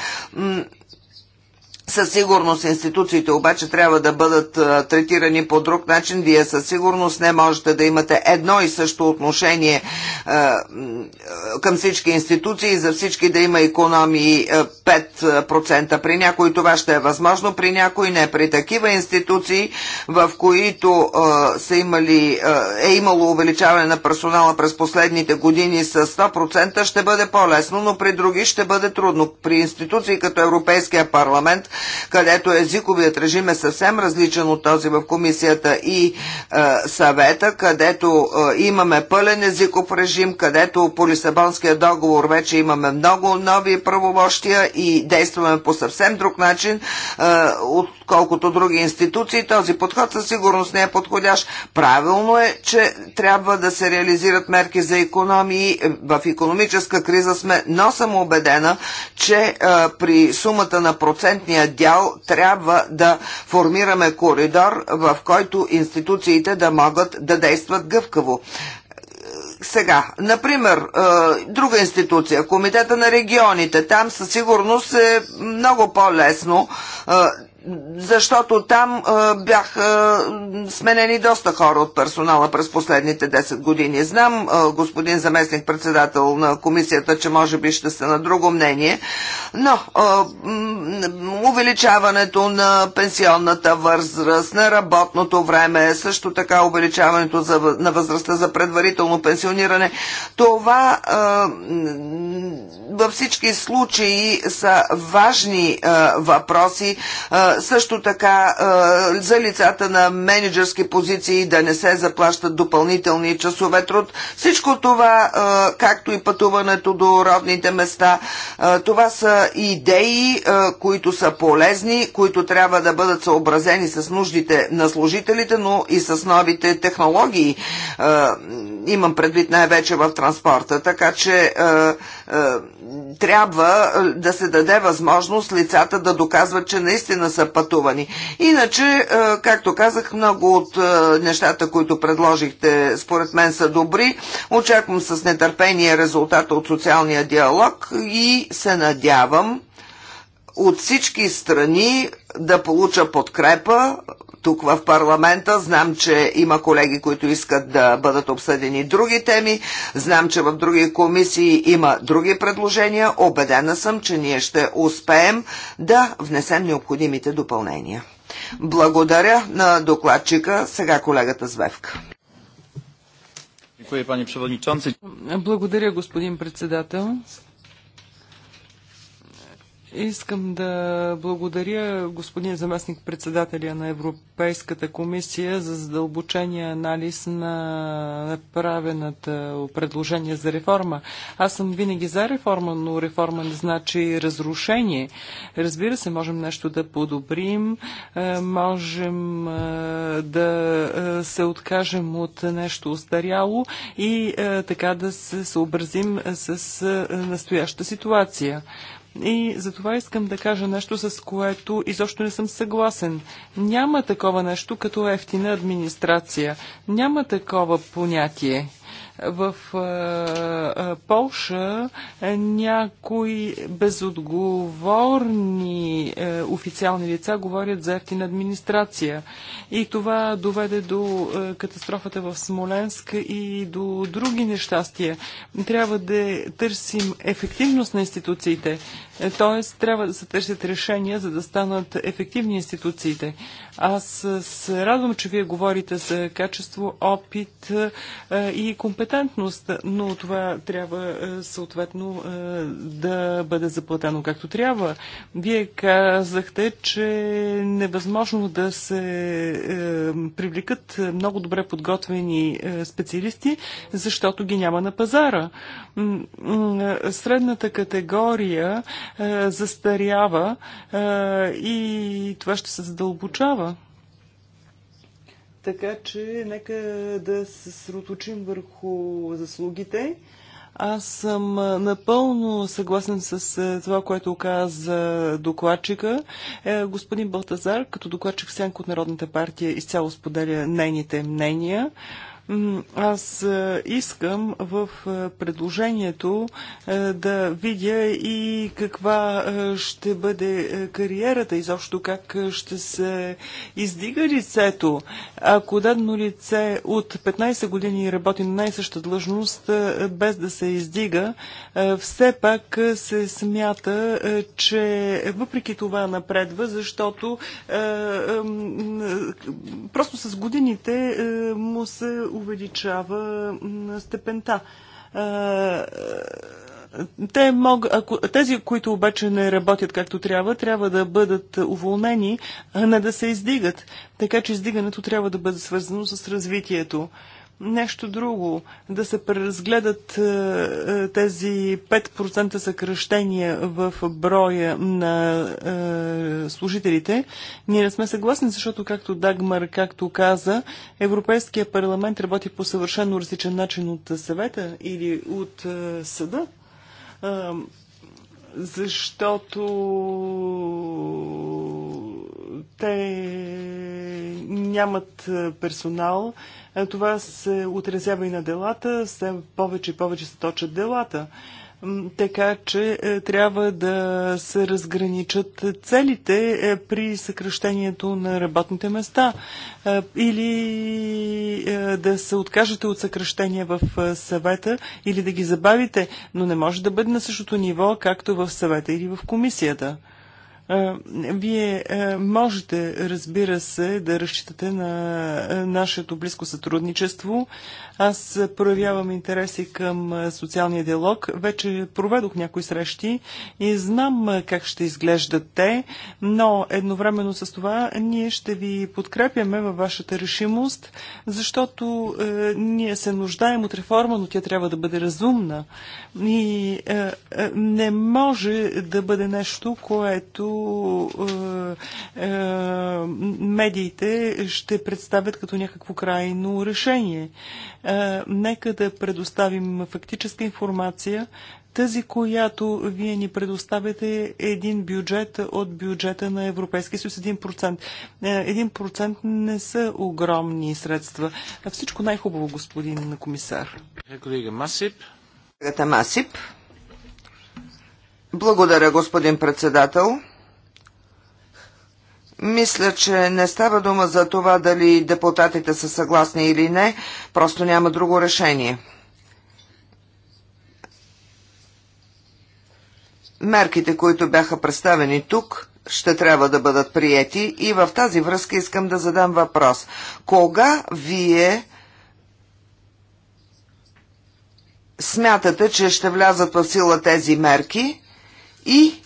със сигурност институциите обаче трябва да бъдат а, третирани по друг начин. Вие със сигурност не можете да имате едно и също отношение а, към всички институции, за всички да има економии 5%. При някои това ще е възможно, при някои не. При такива институции, в които а, са имали, е имало увеличаване на персонала през последните години с 100%, ще бъде по-лесно, но при други ще бъде трудно. При институции като Европейския парламент, където езиковият режим е съвсем различен от този в комисията и е, съвета, където е, имаме пълен езиков режим, където по Лисабонския договор вече имаме много нови правомощия и действаме по съвсем друг начин е, от отколкото други институции. Този подход със сигурност не е подходящ. Правилно е, че трябва да се реализират мерки за економии. В економическа криза сме, но съм убедена, че а, при сумата на процентния дял трябва да формираме коридор, в който институциите да могат да действат гъвкаво. Сега, например, друга институция, Комитета на регионите, там със сигурност е много по-лесно защото там а, е, бяха сменени доста хора от персонала през последните 10 години. Знам, а, е, господин заместник председател на комисията, че може би ще сте на друго мнение, но а, е, увеличаването на пенсионната възраст, на работното време, също така увеличаването за, на възрастта за предварително пенсиониране, това а, във всички случаи са важни а, въпроси, а, също така за лицата на менеджерски позиции да не се заплащат допълнителни часове труд. Всичко това, както и пътуването до родните места, това са идеи, които са полезни, които трябва да бъдат съобразени с нуждите на служителите, но и с новите технологии. Имам предвид най-вече в транспорта, така че трябва да се даде възможност лицата да доказват, че наистина са са пътувани. Иначе, е, както казах, много от е, нещата, които предложихте, според мен са добри. Очаквам с нетърпение резултата от социалния диалог и се надявам, от всички страни да получа подкрепа тук в парламента. Знам, че има колеги, които искат да бъдат обсъдени други теми. Знам, че в други комисии има други предложения. Обедена съм, че ние ще успеем да внесем необходимите допълнения. Благодаря на докладчика, сега колегата Звевка. Благодаря, господин председател. Искам да благодаря господин заместник председателя на Европейската комисия за задълбочения анализ на направената предложение за реформа. Аз съм винаги за реформа, но реформа не значи разрушение. Разбира се, можем нещо да подобрим, е, можем е, да е, се откажем от нещо устаряло и така да се съобразим с настояща ситуация. И за това искам да кажа нещо, с което изобщо не съм съгласен. Няма такова нещо като ефтина администрация. Няма такова понятие. В е, е, Полша някои безотговорни е, официални лица говорят за ефтина администрация. И това доведе до катастрофата в Смоленск и до други нещастия. Трябва да търсим ефективност на институциите. т.е. трябва да се търсят решения, за да станат ефективни институциите. Аз се радвам, че вие говорите за качество, опит и компетентност компетентност, но това трябва е, съответно е, да бъде заплатено както трябва. Вие казахте, че е невъзможно да се привлекат много добре подготвени специалисти, защото ги няма на пазара. Средната категория застарява и това ще се задълбочава. Така че нека да се сроточим върху заслугите. Аз съм напълно съгласен с това, което каза докладчика. Е, господин Балтазар, като докладчик Сянко от Народната партия, изцяло споделя нейните мнения. Аз е, искам в е, предложението е, да видя и каква ще бъде кариерата, изобщо как ще се издига лицето. Ако дадено лице от 15 години работи на най-съща длъжност, без да се издига, все пак се смята, че въпреки това напредва, защото просто с годините му се увеличава степента. Те мог, ако, тези, които обаче не работят както трябва, трябва да бъдат уволнени, а не да се издигат. Така че издигането трябва да бъде свързано с развитието. Нещо друго, да се преразгледат е, е, тези 5% съкръщения в броя на е, служителите. Ние не сме съгласни, защото, както Дагмар, както каза, Европейския парламент работи по съвършено различен начин от съвета или от съда защото те нямат персонал, е, това се отразява и на делата. Все повече и повече се точат делата. Така че е, трябва да се разграничат целите е, при съкръщението на работните места или да се откажете от съкръщения в съвета или да ги забавите, но не може да бъде на същото ниво, както в съвета или в комисията. Вие можете, разбира се, да разчитате на нашето близко сътрудничество. Аз проявявам интереси към социалния диалог. Вече проведох някои срещи и знам как ще изглеждат те, но едновременно с това ние ще ви подкрепяме във вашата решимост, защото е, ние се нуждаем от реформа, но тя трябва да бъде разумна. И е, е, не може да бъде нещо, което е, е, медиите ще представят като някакво крайно решение. Е, нека да предоставим фактическа информация, тази, която вие ни предоставяте е един бюджет от бюджета на Европейския съюз 1%. 1% е, не са огромни средства. Всичко най-хубаво, господин комисар. Колега Масип. Колегата Масип. Благодаря, господин председател. Мисля, че не става дума за това дали депутатите са съгласни или не, просто няма друго решение. Мерките, които бяха представени тук, ще трябва да бъдат приети и в тази връзка искам да задам въпрос. Кога вие смятате, че ще влязат в сила тези мерки и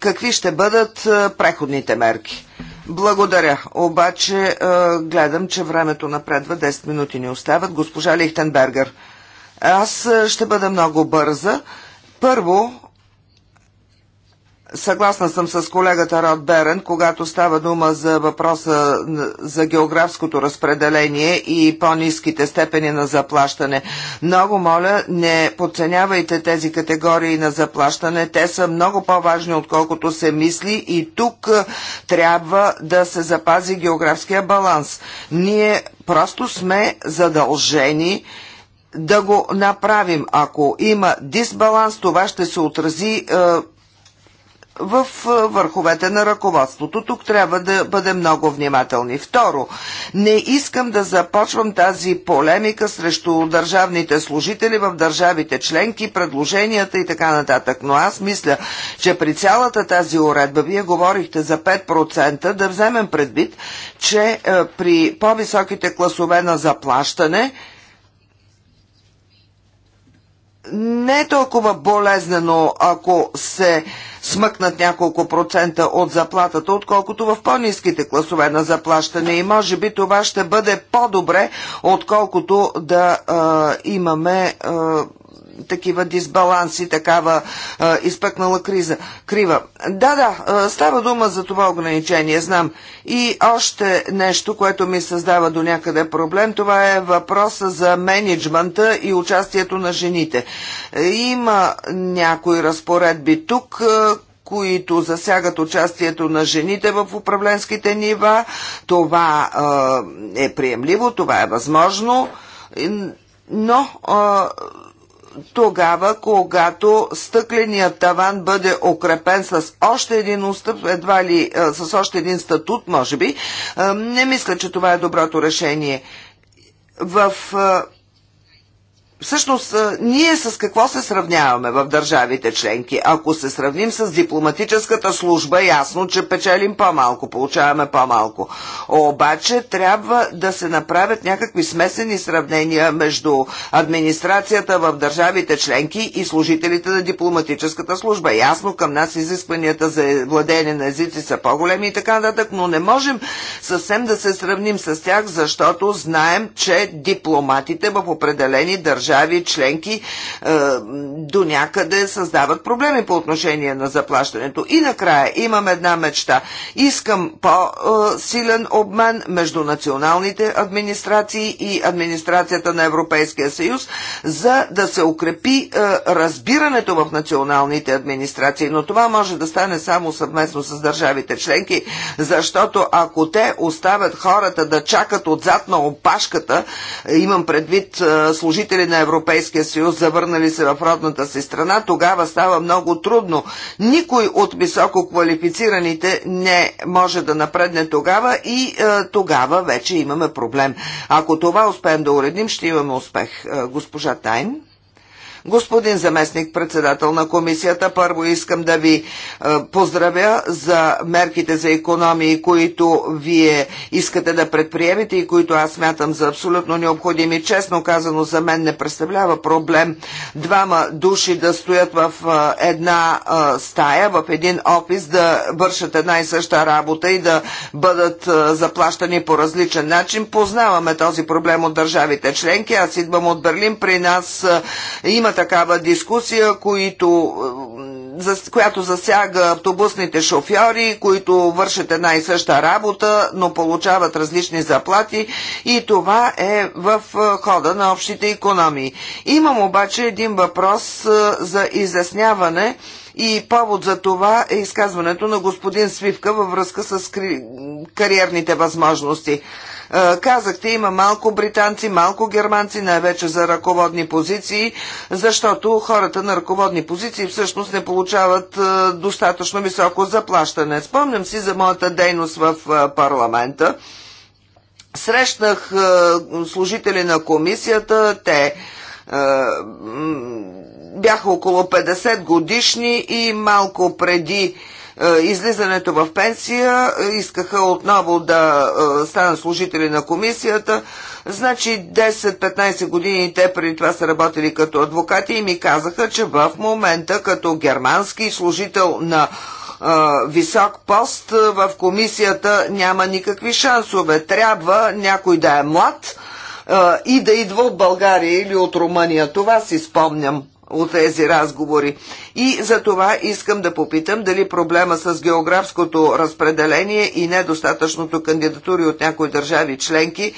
какви ще бъдат е, преходните мерки. Благодаря. Обаче е, гледам, че времето напредва. 10 минути ни остават. Госпожа Лихтенбергер. Аз е, ще бъда много бърза. Първо, Съгласна съм с колегата Род Берен, когато става дума за въпроса за географското разпределение и по-низките степени на заплащане. Много моля, не подценявайте тези категории на заплащане. Те са много по-важни, отколкото се мисли и тук е, трябва да се запази географския баланс. Ние просто сме задължени да го направим. Ако има дисбаланс, това ще се отрази е, в върховете на ръководството. Тук трябва да бъдем много внимателни. Второ, не искам да започвам тази полемика срещу държавните служители в държавите членки, предложенията и така нататък. Но аз мисля, че при цялата тази уредба, вие говорихте за 5%, да вземем предвид, че при по-високите класове на заплащане, не е толкова болезнено, ако се смъкнат няколко процента от заплатата, отколкото в по-низките класове на заплащане. И може би това ще бъде по-добре, отколкото да а, имаме а, такива дисбаланси, такава а, изпъкнала криза. Крива. Да, да, става дума за това ограничение, знам. И още нещо, което ми създава до някъде проблем, това е въпроса за менеджмента и участието на жените. Има някои разпоредби тук, които засягат участието на жените в управленските нива. Това е, е приемливо, това е възможно, но а, тогава, когато стъкленият таван бъде укрепен с още един устъп, едва ли е, с още един статут, може би, е, не мисля, че това е доброто решение. В е, Всъщност, ние с какво се сравняваме в държавите членки? Ако се сравним с дипломатическата служба, ясно, че печелим по-малко, получаваме по-малко. Обаче трябва да се направят някакви смесени сравнения между администрацията в държавите членки и служителите на дипломатическата служба. Ясно, към нас изискванията за владение на езици са по-големи и така нататък, но не можем съвсем да се сравним с тях, защото знаем, че дипломатите в определени държави държави членки е, до някъде създават проблеми по отношение на заплащането. И накрая имам една мечта. Искам по-силен обмен между националните администрации и администрацията на Европейския съюз, за да се укрепи е, разбирането в националните администрации. Но това може да стане само съвместно с държавите членки, защото ако те оставят хората да чакат отзад на опашката, имам предвид е, служители на Европейския съюз, завърнали се в родната си страна, тогава става много трудно. Никой от високо квалифицираните не може да напредне тогава и е, тогава вече имаме проблем. Ако това успеем да уредим, ще имаме успех. Е, госпожа Тайн. Господин заместник председател на комисията, първо искам да ви е, поздравя за мерките за економии, които вие искате да предприемете и които аз смятам за абсолютно необходими. Честно казано, за мен не представлява проблем двама души да стоят в е, една е, стая, в един офис, да вършат една и съща работа и да бъдат заплащани по различен начин. Познаваме този проблем от държавите членки. Аз идвам от Берлин. При нас има има такава дискусия, които, за, която засяга автобусните шофьори, които вършат една и съща работа, но получават различни заплати и това е в хода на общите економии. Имам обаче един въпрос за изясняване и повод за това е изказването на господин Свивка във връзка с кариерните възможности. Е, казахте, има малко британци, малко германци, най-вече за ръководни позиции, защото хората на ръководни позиции всъщност не получават е, достатъчно високо заплащане. Спомням си за моята дейност в е, парламента. Срещнах служители на комисията, те е, бяха около 50 годишни и малко преди е, излизането в пенсия искаха отново да е, станат служители на комисията. Значи 10-15 години те преди това са работили като адвокати и ми казаха, че в момента като германски служител на висок пост в комисията няма никакви шансове. Трябва някой да е млад, и да идва от България или от Румъния. Това си спомням от тези разговори. И за това искам да попитам дали проблема с географското разпределение и недостатъчното кандидатури от някои държави членки,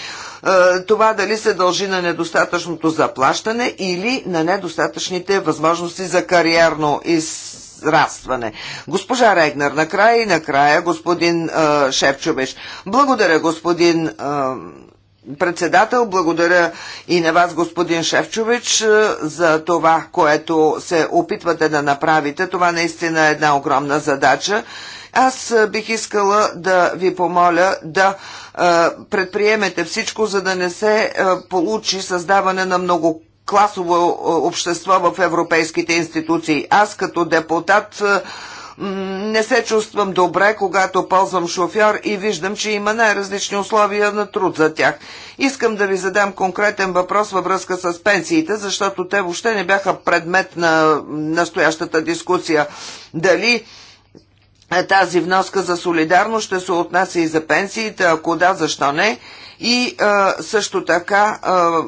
това дали се дължи на недостатъчното заплащане или на недостатъчните възможности за кариерно из израстване. Госпожа Регнер, накрая и накрая господин е, Шепчовеш. Благодаря, господин е, председател. Благодаря и на вас, господин Шевчович, е, за това, което се опитвате да направите. Това наистина е една огромна задача. Аз е, бих искала да ви помоля да е, предприемете всичко, за да не се получи създаване на много класово общество в европейските институции. Аз като депутат не се чувствам добре, когато ползвам шофьор и виждам, че има най-различни условия на труд за тях. Искам да ви задам конкретен въпрос във връзка с пенсиите, защото те въобще не бяха предмет на настоящата дискусия. Дали е, тази вноска за солидарност ще се отнася и за пенсиите, ако да, защо не? И а, е, също така а, е,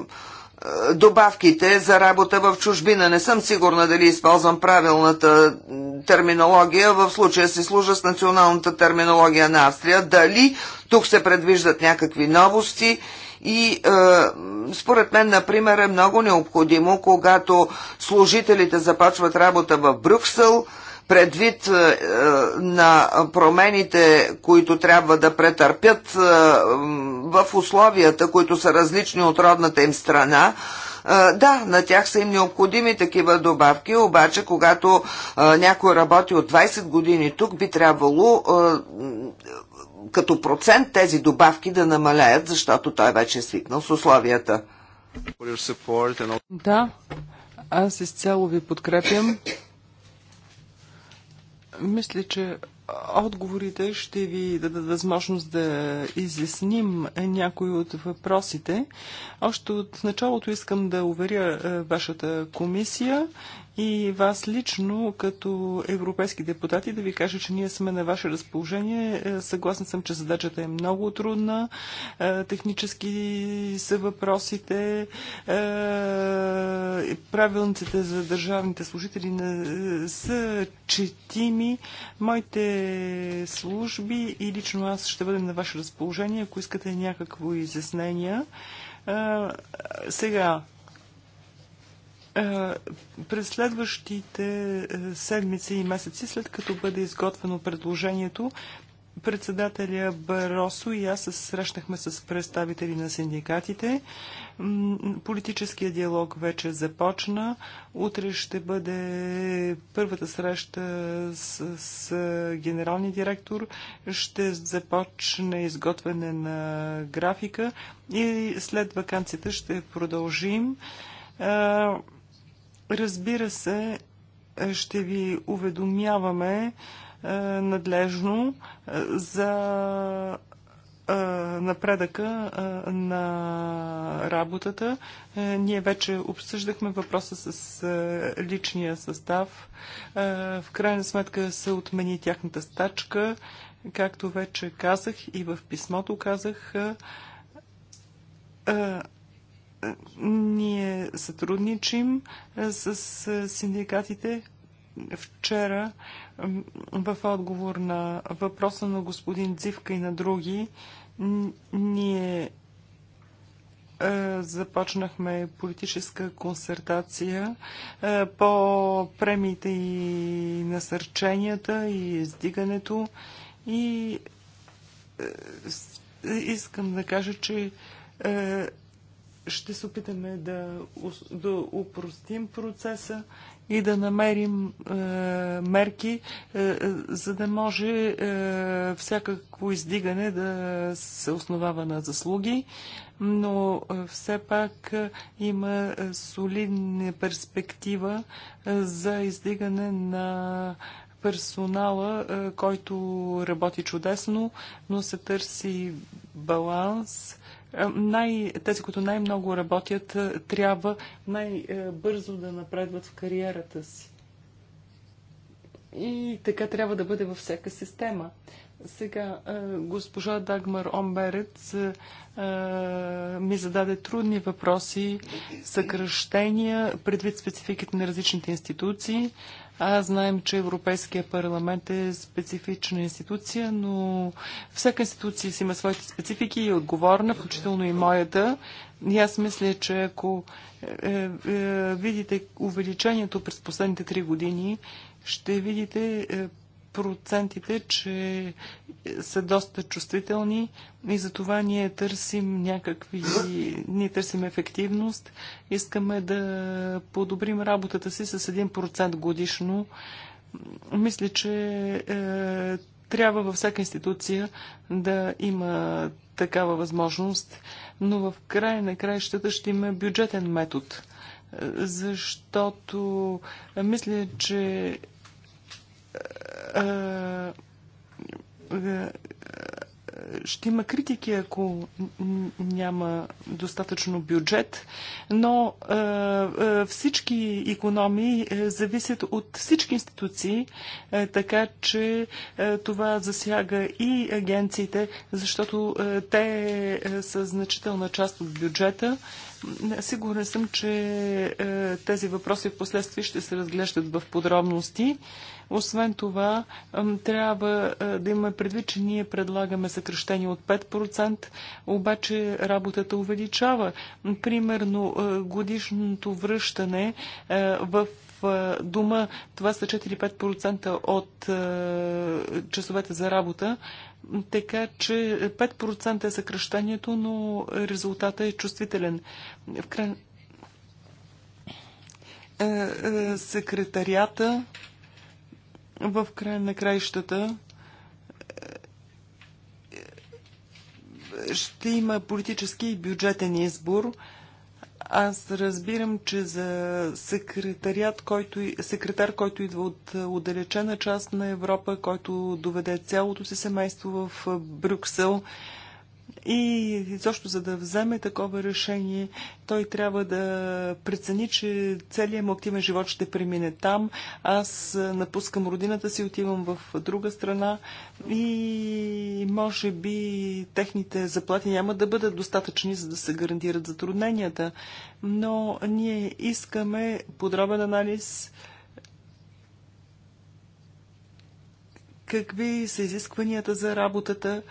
добавките за работа в чужбина. Не съм сигурна дали използвам правилната терминология. В случая се служа с националната терминология на Австрия. Дали тук се предвиждат някакви новости? И е, според мен, например, е много необходимо, когато служителите започват работа в Брюксел – предвид е, на промените, които трябва да претърпят е, в условията, които са различни от родната им страна, е, да, на тях са им необходими такива добавки, обаче когато някой работи от 20 години тук, би трябвало като процент тези добавки да намаляят, защото той вече е свикнал с условията. Да, аз изцяло ви подкрепям мисля, че отговорите ще ви дадат възможност да изясним някои от въпросите. Още от началото искам да уверя е, вашата комисия и вас лично, като европейски депутати, да ви кажа, че ние сме на ваше разположение. Е, съгласна съм, че задачата е много трудна. Е, технически са въпросите. Е, правилниците за държавните служители не са четими. Моите служби и лично аз ще бъдем на ваше разположение, ако искате някакво изяснение. Сега, е, през следващите е, седмици и месеци, след като бъде изготвено предложението, председателя Баросо и аз се срещнахме с представители на синдикатите. Политическия диалог вече започна. Утре ще бъде първата среща с, с генералния директор. Ще започне изготвяне на графика и след вакансията ще продължим. Е, Разбира се, ще ви уведомяваме е, надлежно е, за е, напредъка на работата. Ние вече обсъждахме въпроса с личния състав. В крайна сметка се отмени тяхната стачка. Както вече казах и в писмото казах, ние сътрудничим с синдикатите. Вчера в отговор на въпроса на господин Дзивка и на други, ние започнахме политическа консертация по премиите и насърченията и издигането и искам да кажа, че ще се опитаме да, да упростим процеса и да намерим е, мерки, е, за да може е, всякакво издигане да се основава на заслуги, но е, все пак е, има е, солидна перспектива е, за издигане на персонала, е, който работи чудесно, но се търси баланс най, тези, които най-много работят, е, трябва най-бързо да напредват в кариерата си. И така трябва да бъде във всяка система. Сега, е, госпожа Дагмар Омберец е, ми зададе трудни въпроси, съкръщения, предвид спецификите на различните институции. А знаем, че Европейския парламент е специфична институция, но всяка институция си има своите специфики и е отговорна, включително и моята. И аз мисля, че ако е, е, е видите увеличението през последните три години, ще видите е, процентите, че са доста чувствителни и за това ние търсим някакви, ние търсим ефективност. Искаме да подобрим работата си с 1% годишно. Мисля, че е, трябва във всяка институция да има такава възможност, но в края на краищата ще има бюджетен метод, е, защото мисля, че е, е, ще има критики, ако няма достатъчно бюджет, но е, всички економии зависят от всички институции, така че това засяга и агенциите, защото те са значителна част от бюджета. Сигурен съм, че е, тези въпроси в последствие ще се разглеждат в подробности. Освен това, трябва е, да имаме предвид, че ние предлагаме съкръщение от 5%, обаче работата увеличава. Примерно е, годишното връщане в дома, това са 4-5% от часовете за работа, така че 5% е съкръщението, но резултата е чувствителен. В край... Е, е, секретарията в край на краищата е, ще има политически и бюджетен избор – аз разбирам, че за секретарят, който, секретар, който идва от е, отдалечена част на Европа, който доведе цялото си семейство в е, Брюксел, и защо за да вземе такова решение, той трябва да прецени, че целият му активен живот ще премине там. Аз напускам родината си, отивам в друга страна и може би техните заплати няма да бъдат достатъчни, за да се гарантират затрудненията. Но ние искаме подробен анализ какви са изискванията за работата,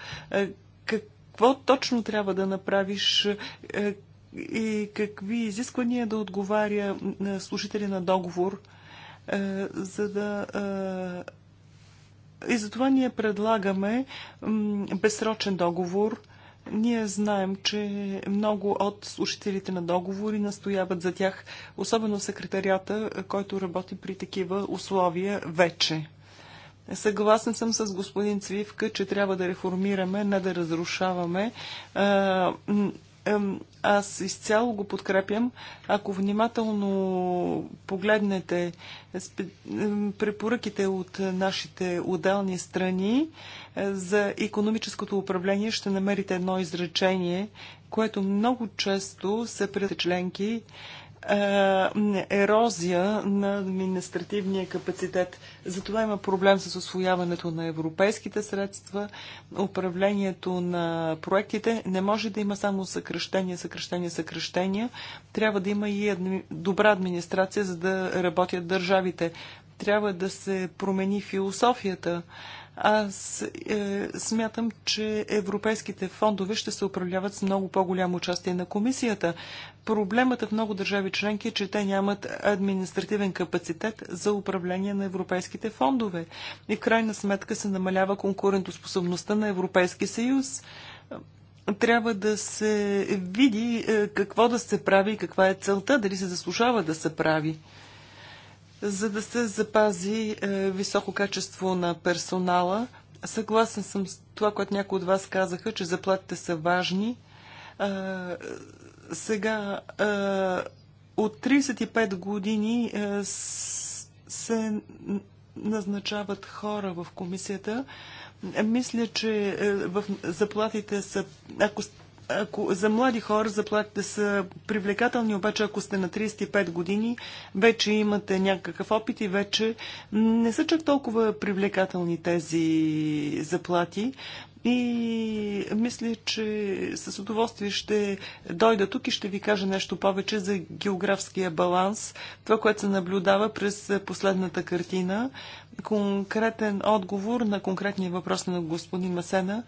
какво точно трябва да направиш е, и какви изисквания да отговаря на е, служители на договор, е, за да и затова ние предлагаме безсрочен договор. Ние знаем, че много от слушателите на договори настояват за тях, особено секретарията, който работи при такива условия вече. Съгласен съм с господин Цвивка, че трябва да реформираме, не да разрушаваме. Аз изцяло го подкрепям. Ако внимателно погледнете препоръките от нашите отделни страни за економическото управление, ще намерите едно изречение, което много често се пред членки е, ерозия на административния капацитет. Затова има проблем с освояването на европейските средства, управлението на проектите. Не може да има само съкръщения, съкръщения, съкръщения. Трябва да има и добра администрация, за да работят държавите. Трябва да се промени философията. Аз е, смятам, че европейските фондове ще се управляват с много по-голямо участие на комисията. Проблемът е в много държави членки е, че те нямат административен капацитет за управление на европейските фондове. И в крайна сметка се намалява конкурентоспособността на Европейския съюз трябва да се види е, какво да се прави и каква е целта, дали се заслужава да се прави за да се запази е, високо качество на персонала. Съгласен съм с това, което някои от вас казаха, че заплатите са важни. Е, сега, е, от 35 години се назначават хора в комисията. Мисля, че в заплатите са, ако ако за млади хора заплатите са привлекателни, обаче ако сте на 35 години, вече имате някакъв опит и вече не са чак толкова привлекателни тези заплати. И мисля, че с удоволствие ще дойда тук и ще ви кажа нещо повече за географския баланс, това, което се наблюдава през последната картина, конкретен отговор на конкретния въпрос на господин Масена.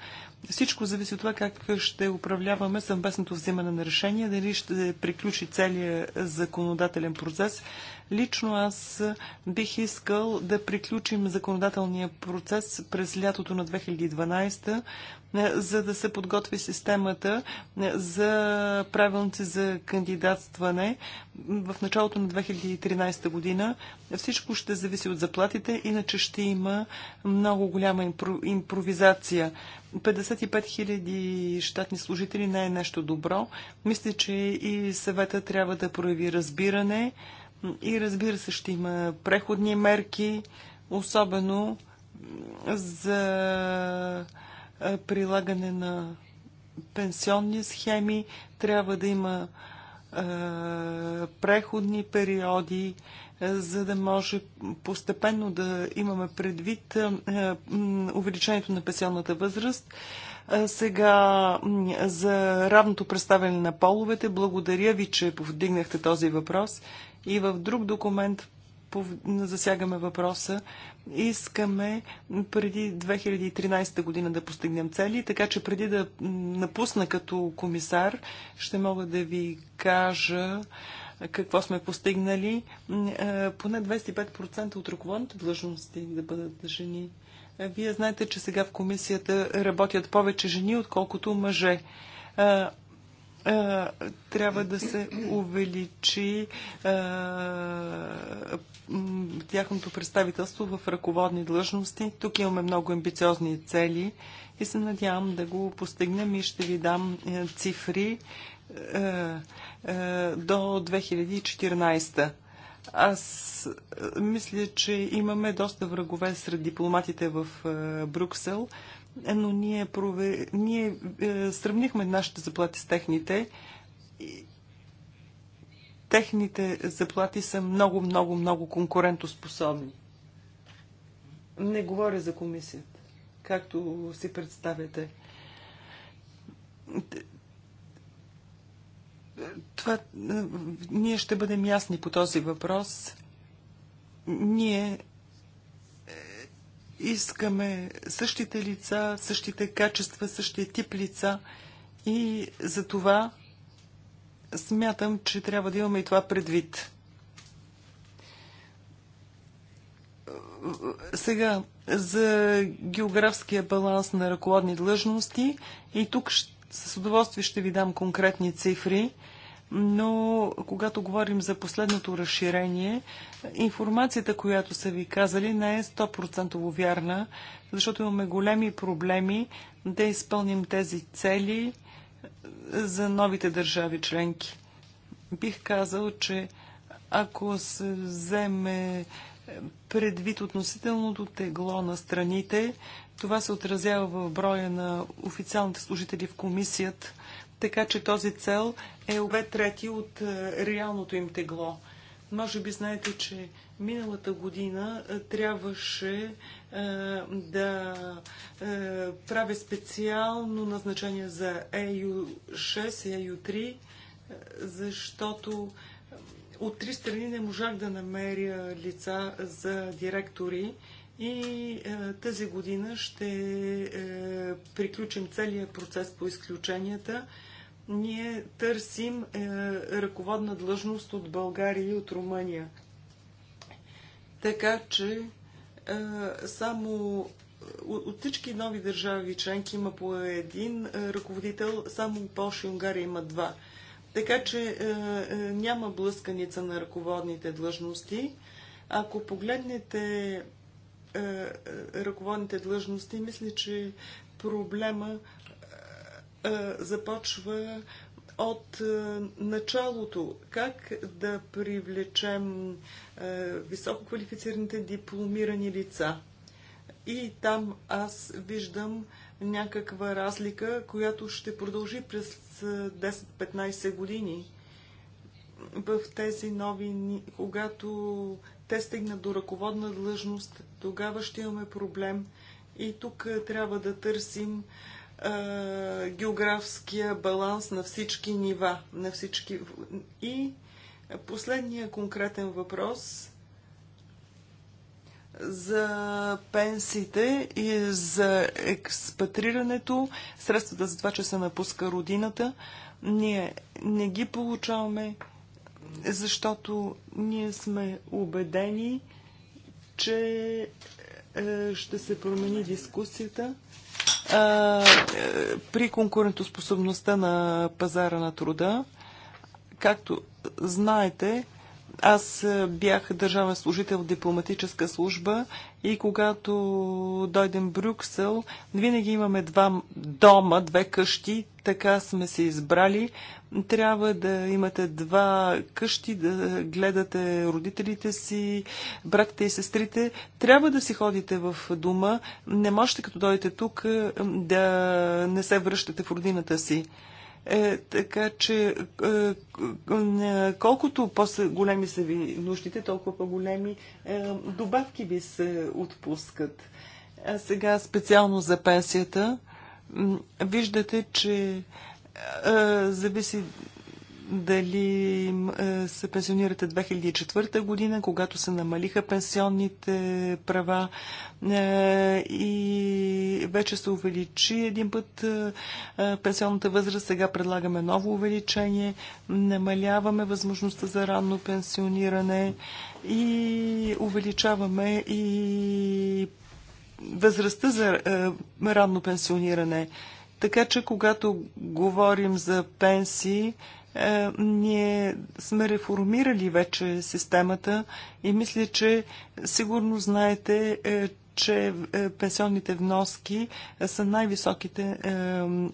Всичко зависи от това как ще управляваме съвместното взимане на решения, дали ще приключи целият законодателен процес Лично аз бих искал да приключим законодателния процес през лятото на 2012, е, за да се подготви системата е, за правилници за кандидатстване в началото на 2013 година. Всичко ще зависи от заплатите, иначе ще има много голяма импровизация. 55 000 щатни служители не е нещо добро. Мисля, че и съвета трябва да прояви разбиране. И разбира се, ще има преходни мерки, особено за прилагане на пенсионни схеми. Трябва да има преходни периоди, за да може постепенно да имаме предвид увеличението на пенсионната възраст. Сега за равното представяне на половете, благодаря ви, че повдигнахте този въпрос. И в друг документ засягаме въпроса. Искаме преди 2013 година да постигнем цели, така че преди да напусна като комисар, ще мога да ви кажа какво сме постигнали. Е, поне 25% от ръководните длъжности да бъдат жени. Е, вие знаете, че сега в комисията работят повече жени, отколкото мъже. Е, трябва да се увеличи тяхното представителство в ръководни длъжности. Тук имаме много амбициозни цели и се надявам да го постигнем и ще ви дам е, цифри е, е, до 2014. Аз мисля, че имаме доста врагове сред дипломатите в Брюксел но ние, провер... ние е, сравнихме нашите заплати с техните. И... Техните заплати са много, много, много конкурентоспособни. Не говоря за комисията, както си представяте. Това, е, ние ще бъдем ясни по този въпрос. Ние искаме същите лица, същите качества, същия тип лица и за това смятам, че трябва да имаме и това предвид. Сега, за географския баланс на ръководни длъжности и тук с удоволствие ще ви дам конкретни цифри но когато говорим за последното разширение, информацията, която са ви казали, не е 100% вярна, защото имаме големи проблеми да изпълним тези цели е, за новите държави членки. Бих казал, че ако се вземе предвид относителното тегло на страните, това се отразява в броя на официалните служители в комисията – така че този цел е обе трети от е, реалното им тегло. Може би знаете, че миналата година е, трябваше е, да е, правя специално назначение за EU6 и EU3, е, защото от три страни не можах да намеря лица за директори и е, тази година ще е, приключим целият процес по изключенията ние търсим е, ръководна длъжност от България и от Румъния. Така че е, само е, от всички нови държави членки има по един е, ръководител, само Польша и Унгария има два. Така че е, е, няма блъсканица на ръководните длъжности. Ако погледнете е, е ръководните длъжности, мисля, че проблема е, започва от е, началото. Как да привлечем е, висококвалифицираните дипломирани лица? И там аз виждам някаква разлика, която ще продължи през 10-15 години в тези нови, когато те стигнат до ръководна длъжност, тогава ще имаме проблем. И тук трябва да търсим географския баланс на всички нива, на всички. И последния конкретен въпрос за пенсиите и за експатрирането, средствата за това, че се напуска родината, ние не ги получаваме, защото ние сме убедени, че е, ще се промени дискусията при конкурентоспособността на пазара на труда. Както знаете, аз е, бях държавен служител в дипломатическа служба и когато дойдем в Брюксел, винаги имаме два дома, две къщи, така сме се избрали. Трябва да имате два къщи, да гледате родителите си, братите и сестрите. Трябва да си ходите в дома. Не можете, като дойдете тук, е, да не се връщате в родината си. Е така че е, е, колкото по-големи са ви нуждите, толкова по-големи е, добавки ви се отпускат. А сега специално за пенсията, виждате, че зависи дали е, се пенсионирате 2004 година, когато се намалиха пенсионните права е, и вече се увеличи един път е, пенсионната възраст, сега предлагаме ново увеличение, намаляваме възможността за ранно пенсиониране и увеличаваме и възрастта за ранно пенсиониране. Така че, когато говорим за пенсии, е, ние сме реформирали вече системата и мисля, че сигурно знаете, е, че е, пенсионните вноски са най-високите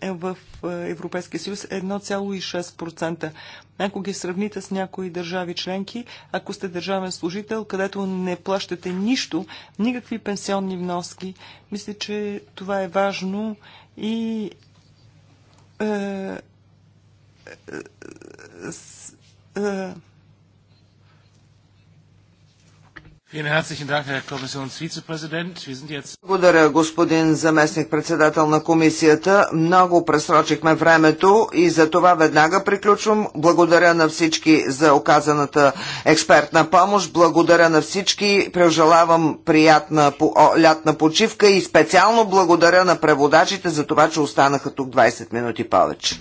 в Европейския съюз 1,6%. Ако ги сравните с някои държави членки, ако сте държавен служител, където не плащате нищо, никакви пенсионни вноски, мисля, че това е важно и е, благодаря, господин заместник-председател на комисията. Много пресрочихме времето и за това веднага приключвам. Благодаря на всички за оказаната експертна помощ. Благодаря на всички. Прежелавам приятна лятна почивка и специално благодаря на преводачите за това, че останаха тук 20 минути повече.